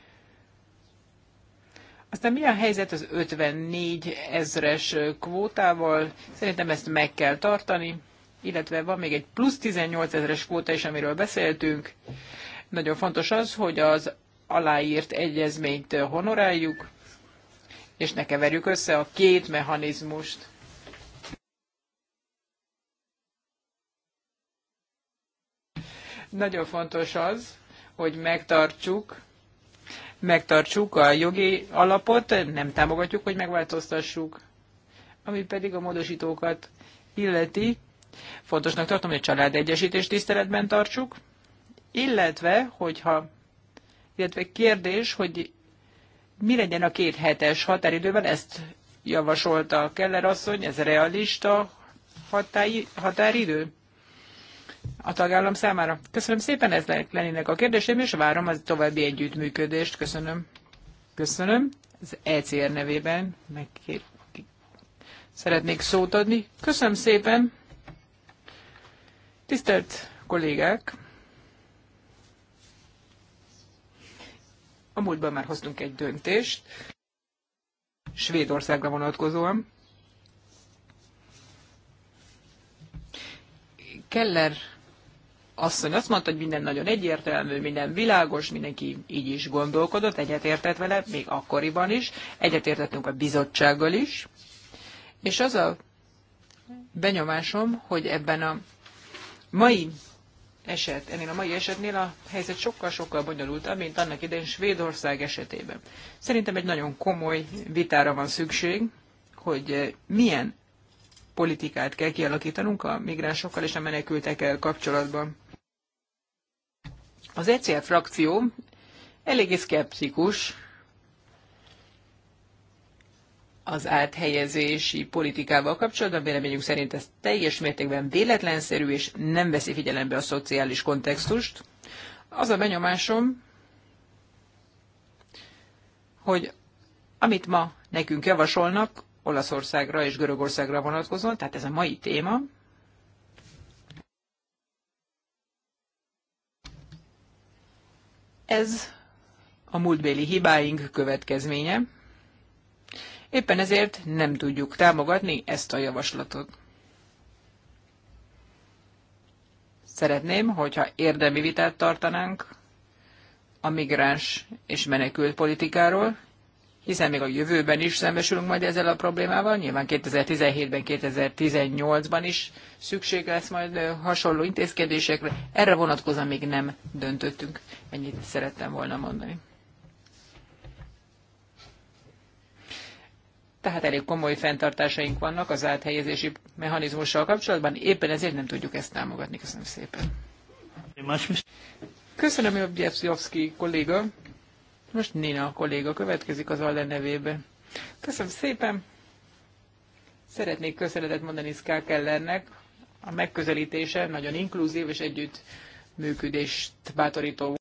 Aztán mi a helyzet az 54 ezres kvótával? Szerintem ezt meg kell tartani, illetve van még egy plusz 18 ezres kvóta is, amiről beszéltünk. Nagyon fontos az, hogy az aláírt egyezményt honoráljuk, és ne keverjük össze a két mechanizmust. Nagyon fontos az, hogy megtartsuk megtartsuk a jogi alapot, nem támogatjuk, hogy megváltoztassuk. Ami pedig a módosítókat illeti, fontosnak tartom, hogy a családegyesítést tiszteletben tartsuk, illetve, hogyha, illetve kérdés, hogy mi legyen a két hetes határidőben, ezt javasolta Keller asszony, ez realista határi, határidő? a tagállam számára. Köszönöm szépen, ez lennének a kérdéseim, és várom az további együttműködést. Köszönöm. Köszönöm. Az ECR nevében megkér... szeretnék szót adni. Köszönöm szépen. Tisztelt kollégák! A múltban már hoztunk egy döntést, Svédországra vonatkozóan. Keller asszony azt mondta, hogy minden nagyon egyértelmű, minden világos, mindenki így is gondolkodott, egyetértett vele, még akkoriban is, egyetértettünk a bizottsággal is, és az a benyomásom, hogy ebben a mai eset, ennél a mai esetnél a helyzet sokkal-sokkal bonyolultabb, mint annak idején Svédország esetében. Szerintem egy nagyon komoly vitára van szükség, hogy milyen politikát kell kialakítanunk a migránsokkal és a menekültekkel kapcsolatban. Az ECR frakció eléggé szkeptikus az áthelyezési politikával kapcsolatban. Véleményünk szerint ez teljes mértékben véletlenszerű, és nem veszi figyelembe a szociális kontextust. Az a benyomásom, hogy amit ma nekünk javasolnak, Olaszországra és Görögországra vonatkozóan, tehát ez a mai téma, Ez a múltbéli hibáink következménye. Éppen ezért nem tudjuk támogatni ezt a javaslatot. Szeretném, hogyha érdemi vitát tartanánk a migráns és menekült politikáról, hiszen még a jövőben is szembesülünk majd ezzel a problémával, nyilván 2017-ben, 2018-ban is szükség lesz majd hasonló intézkedésekre. Erre vonatkozóan még nem döntöttünk. Ennyit szerettem volna mondani. Tehát elég komoly fenntartásaink vannak az áthelyezési mechanizmussal kapcsolatban, éppen ezért nem tudjuk ezt támogatni. Köszönöm szépen. Köszönöm, Jobjevski kolléga. Most Nina a kolléga következik az Alde nevébe. Köszönöm szépen! Szeretnék köszönetet mondani Skák ellennek. A megközelítése nagyon inkluzív és együtt működést bátorító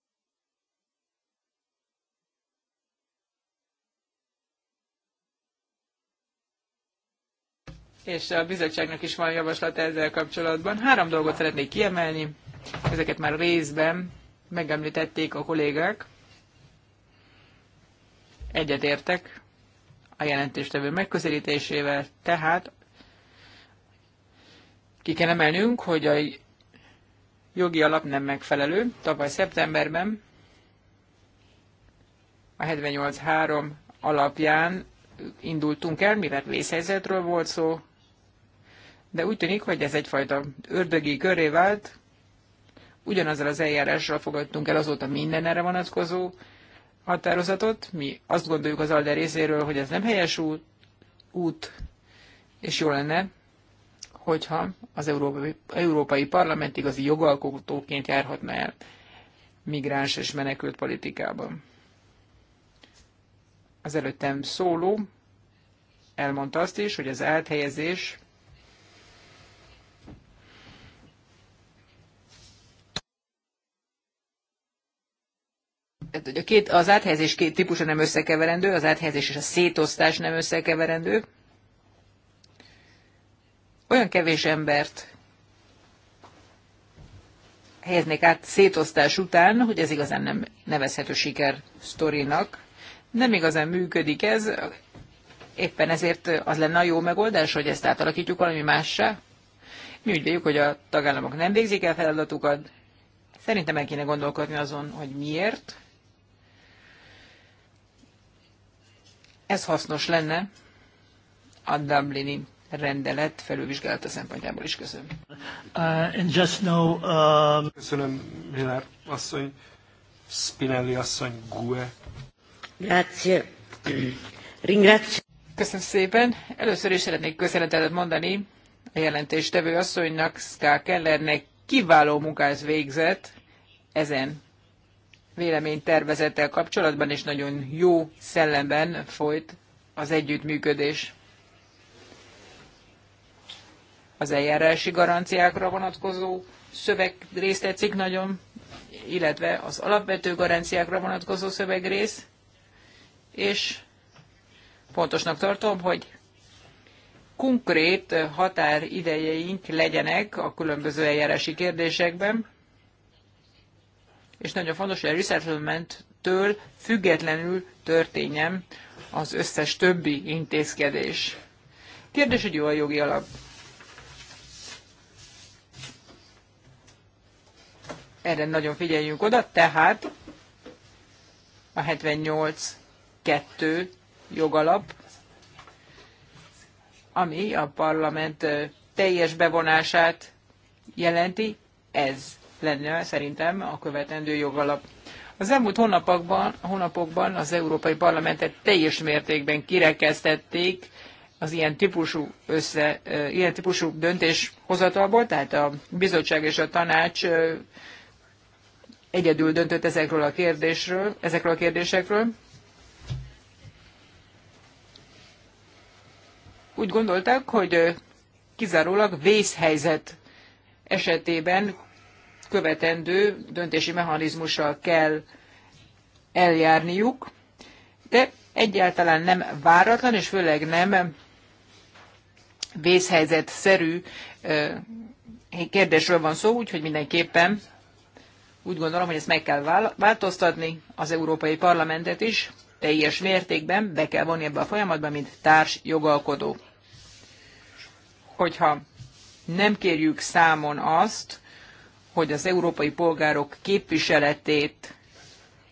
és a bizottságnak is van javaslat ezzel kapcsolatban. Három dolgot szeretnék kiemelni, ezeket már részben megemlítették a kollégák. Egyetértek a jelentéstevő megközelítésével, tehát ki kell emelnünk, hogy a jogi alap nem megfelelő. Tavaly szeptemberben a 78.3 alapján indultunk el, mivel vészhelyzetről volt szó, de úgy tűnik, hogy ez egyfajta ördögi köré vált. Ugyanazzal az eljárással fogadtunk el azóta minden erre vonatkozó határozatot. Mi azt gondoljuk az ALDE részéről, hogy ez nem helyes út, út és jó lenne, hogyha az Európai, Európai Parlament igazi jogalkotóként járhatna el migráns és menekült politikában. Az előttem szóló elmondta azt is, hogy az áthelyezés a két, az áthelyezés két típusa nem összekeverendő, az áthelyezés és a szétosztás nem összekeverendő. Olyan kevés embert helyeznék át szétosztás után, hogy ez igazán nem nevezhető siker sztorinak. Nem igazán működik ez, éppen ezért az lenne a jó megoldás, hogy ezt átalakítjuk valami mássá. Mi úgy vagyunk, hogy a tagállamok nem végzik el feladatukat, Szerintem el kéne gondolkodni azon, hogy miért. Ez hasznos lenne a Dublini rendelet felülvizsgálata szempontjából is köszönöm. Uh, and just now, uh... Um, köszönöm, Miller asszony, Spinelli asszony, Gue. Grazie. Ringrazio. Köszönöm szépen. Először is szeretnék köszönetet mondani a jelentéstevő asszonynak, Ská Kellernek kiváló munkát végzett ezen véleménytervezettel kapcsolatban, és nagyon jó szellemben folyt az együttműködés. Az eljárási garanciákra vonatkozó szöveg részt tetszik nagyon, illetve az alapvető garanciákra vonatkozó szövegrész, és fontosnak tartom, hogy konkrét határidejeink legyenek a különböző eljárási kérdésekben, és nagyon fontos, hogy a resettlement-től függetlenül történjen az összes többi intézkedés. Kérdés, hogy jó a jogi alap. Erre nagyon figyeljünk oda, tehát a 78.2 jogalap, ami a parlament teljes bevonását jelenti, ez lenne szerintem a követendő jogalap. Az elmúlt hónapokban, hónapokban az Európai Parlamentet teljes mértékben kirekeztették az ilyen típusú, össze, ilyen típusú döntéshozatalból, tehát a bizottság és a tanács egyedül döntött ezekről a kérdésről, ezekről a kérdésekről. Úgy gondolták, hogy kizárólag vészhelyzet esetében követendő döntési mechanizmussal kell eljárniuk, de egyáltalán nem váratlan, és főleg nem vészhelyzetszerű kérdésről van szó, úgyhogy mindenképpen úgy gondolom, hogy ezt meg kell változtatni, az Európai Parlamentet is teljes mértékben be kell vonni ebbe a folyamatba, mint társ jogalkodó. Hogyha nem kérjük számon azt, hogy az európai polgárok képviseletét,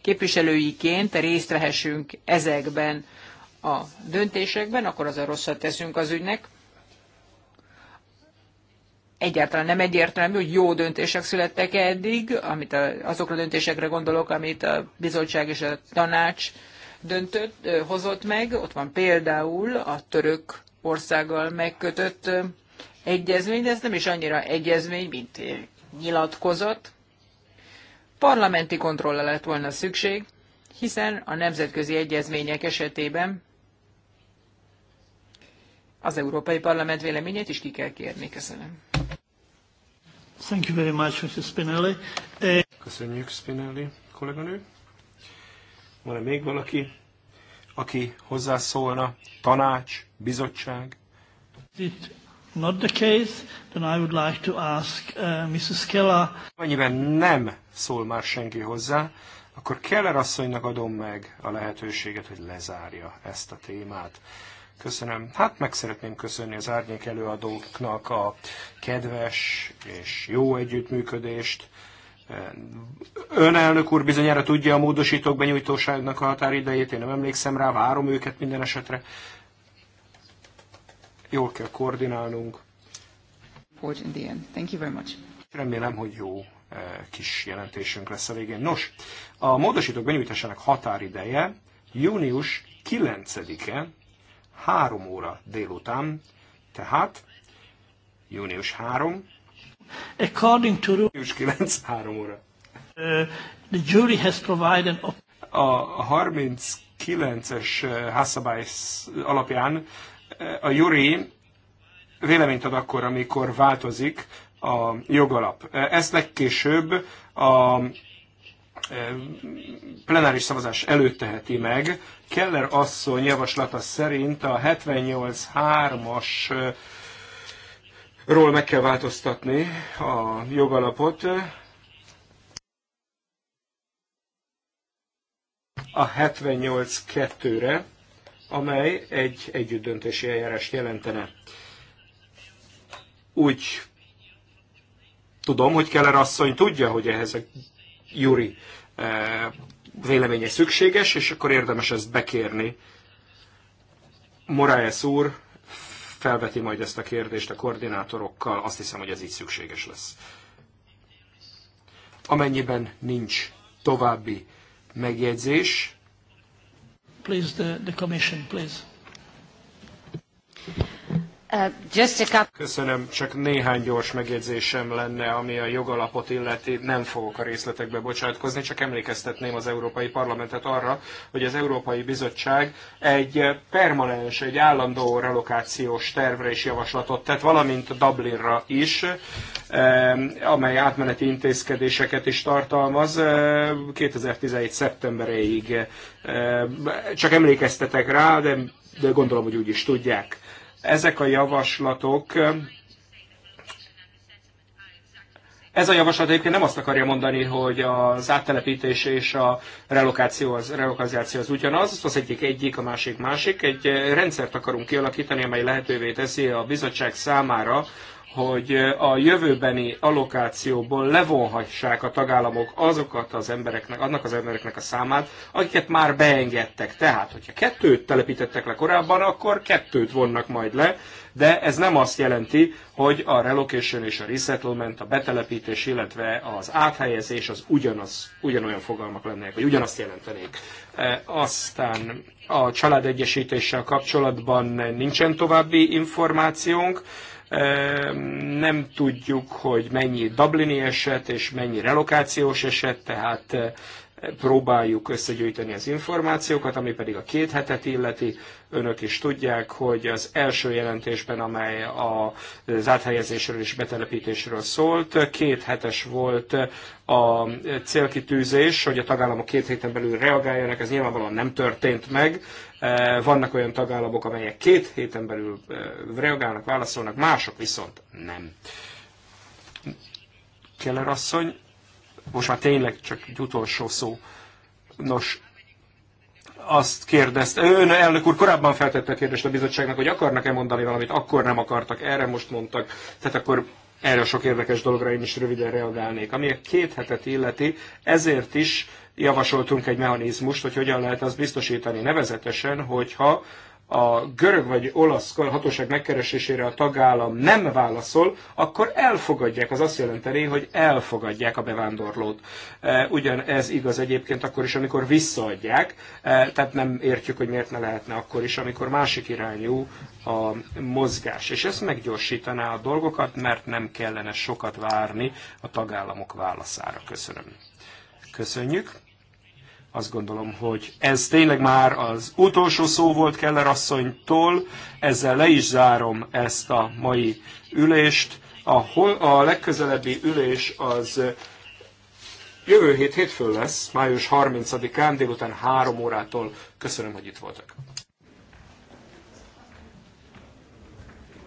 képviselőiként részt vehessünk ezekben a döntésekben, akkor az a rosszat teszünk az ügynek. Egyáltalán nem egyértelmű, hogy jó döntések születtek -e eddig, amit a, azokra a döntésekre gondolok, amit a bizottság és a tanács döntött, hozott meg. Ott van például a török országgal megkötött egyezmény, de ez nem is annyira egyezmény, mint nyilatkozott, parlamenti kontrollra lett volna szükség, hiszen a nemzetközi egyezmények esetében az Európai Parlament véleményét is ki kell kérni. Köszönöm. Thank you very much, Mr. Spinelli. Eh, Köszönjük, Spinelli kolléganő. Van-e még valaki, aki hozzászólna? Tanács, bizottság? Itt not the case, then I would like to ask uh, Mrs. Keller. Annyiben nem szól már senki hozzá, akkor Keller asszonynak adom meg a lehetőséget, hogy lezárja ezt a témát. Köszönöm. Hát meg szeretném köszönni az árnyék előadóknak a kedves és jó együttműködést. Ön elnök úr bizonyára tudja a módosítók benyújtóságnak a határidejét, én nem emlékszem rá, várom őket minden esetre jól kell koordinálnunk. Remélem, hogy jó eh, kis jelentésünk lesz a végén. Nos, a módosítók benyújtásának határideje június 9-e, 3 óra délután, tehát június 3. According to június 9, 3 óra. Uh, the jury has provided a 39-es eh, házszabály alapján a Juri véleményt ad akkor, amikor változik a jogalap. Ezt legkésőbb a e, plenáris szavazás előtt teheti meg. Keller asszony javaslata szerint a 78.3-as e, ról meg kell változtatni a jogalapot. A 78.2-re amely egy együttdöntési eljárást jelentene. Úgy tudom, hogy Keller asszony tudja, hogy ehhez a Juri eh, véleménye szükséges, és akkor érdemes ezt bekérni. Moraes úr felveti majd ezt a kérdést a koordinátorokkal, azt hiszem, hogy ez így szükséges lesz. Amennyiben nincs további megjegyzés, please, the, the Commission, please. Uh, Köszönöm, csak néhány gyors megjegyzésem lenne, ami a jogalapot illeti. Nem fogok a részletekbe bocsátkozni, csak emlékeztetném az Európai Parlamentet arra, hogy az Európai Bizottság egy permanens, egy állandó relokációs tervre is javaslatot tett, valamint Dublinra is, um, amely átmeneti intézkedéseket is tartalmaz 2017. Uh, szeptemberéig. Uh, csak emlékeztetek rá, de, de gondolom, hogy úgy is tudják ezek a javaslatok ez a javaslat egyébként nem azt akarja mondani, hogy az áttelepítés és a relokáció az, relokáció az ugyanaz, az egyik egyik, a másik másik. Egy rendszert akarunk kialakítani, amely lehetővé teszi a bizottság számára hogy a jövőbeni allokációból levonhassák a tagállamok azokat az embereknek, annak az embereknek a számát, akiket már beengedtek. Tehát, hogyha kettőt telepítettek le korábban, akkor kettőt vonnak majd le, de ez nem azt jelenti, hogy a relocation és a resettlement, a betelepítés, illetve az áthelyezés az ugyanaz, ugyanolyan fogalmak lennének, vagy ugyanazt jelentenék. Aztán a családegyesítéssel kapcsolatban nincsen további információnk nem tudjuk, hogy mennyi Dublini eset és mennyi relokációs eset, tehát próbáljuk összegyűjteni az információkat, ami pedig a két hetet illeti. Önök is tudják, hogy az első jelentésben, amely az áthelyezésről és betelepítésről szólt, két hetes volt a célkitűzés, hogy a tagállamok két héten belül reagáljanak, ez nyilvánvalóan nem történt meg, Eh, vannak olyan tagállamok, amelyek két héten belül eh, reagálnak, válaszolnak, mások viszont nem. Keller asszony, most már tényleg csak egy utolsó szó. Nos, azt kérdezte, ön elnök úr korábban feltette a kérdést a bizottságnak, hogy akarnak-e mondani valamit, akkor nem akartak, erre most mondtak, tehát akkor erre sok érdekes dologra én is röviden reagálnék. Ami a két hetet illeti, ezért is javasoltunk egy mechanizmust, hogy hogyan lehet azt biztosítani nevezetesen, hogyha a görög vagy olasz hatóság megkeresésére a tagállam nem válaszol, akkor elfogadják, az azt jelenteni, hogy elfogadják a bevándorlót. E, ugyan ez igaz egyébként akkor is, amikor visszaadják, e, tehát nem értjük, hogy miért ne lehetne akkor is, amikor másik irányú a mozgás. És ez meggyorsítaná a dolgokat, mert nem kellene sokat várni a tagállamok válaszára. Köszönöm. Köszönjük. Azt gondolom, hogy ez tényleg már az utolsó szó volt Keller asszonytól, ezzel le is zárom ezt a mai ülést. A, hol, a legközelebbi ülés az jövő hét hétfőn lesz, május 30-án délután 3 órától. Köszönöm, hogy itt voltak.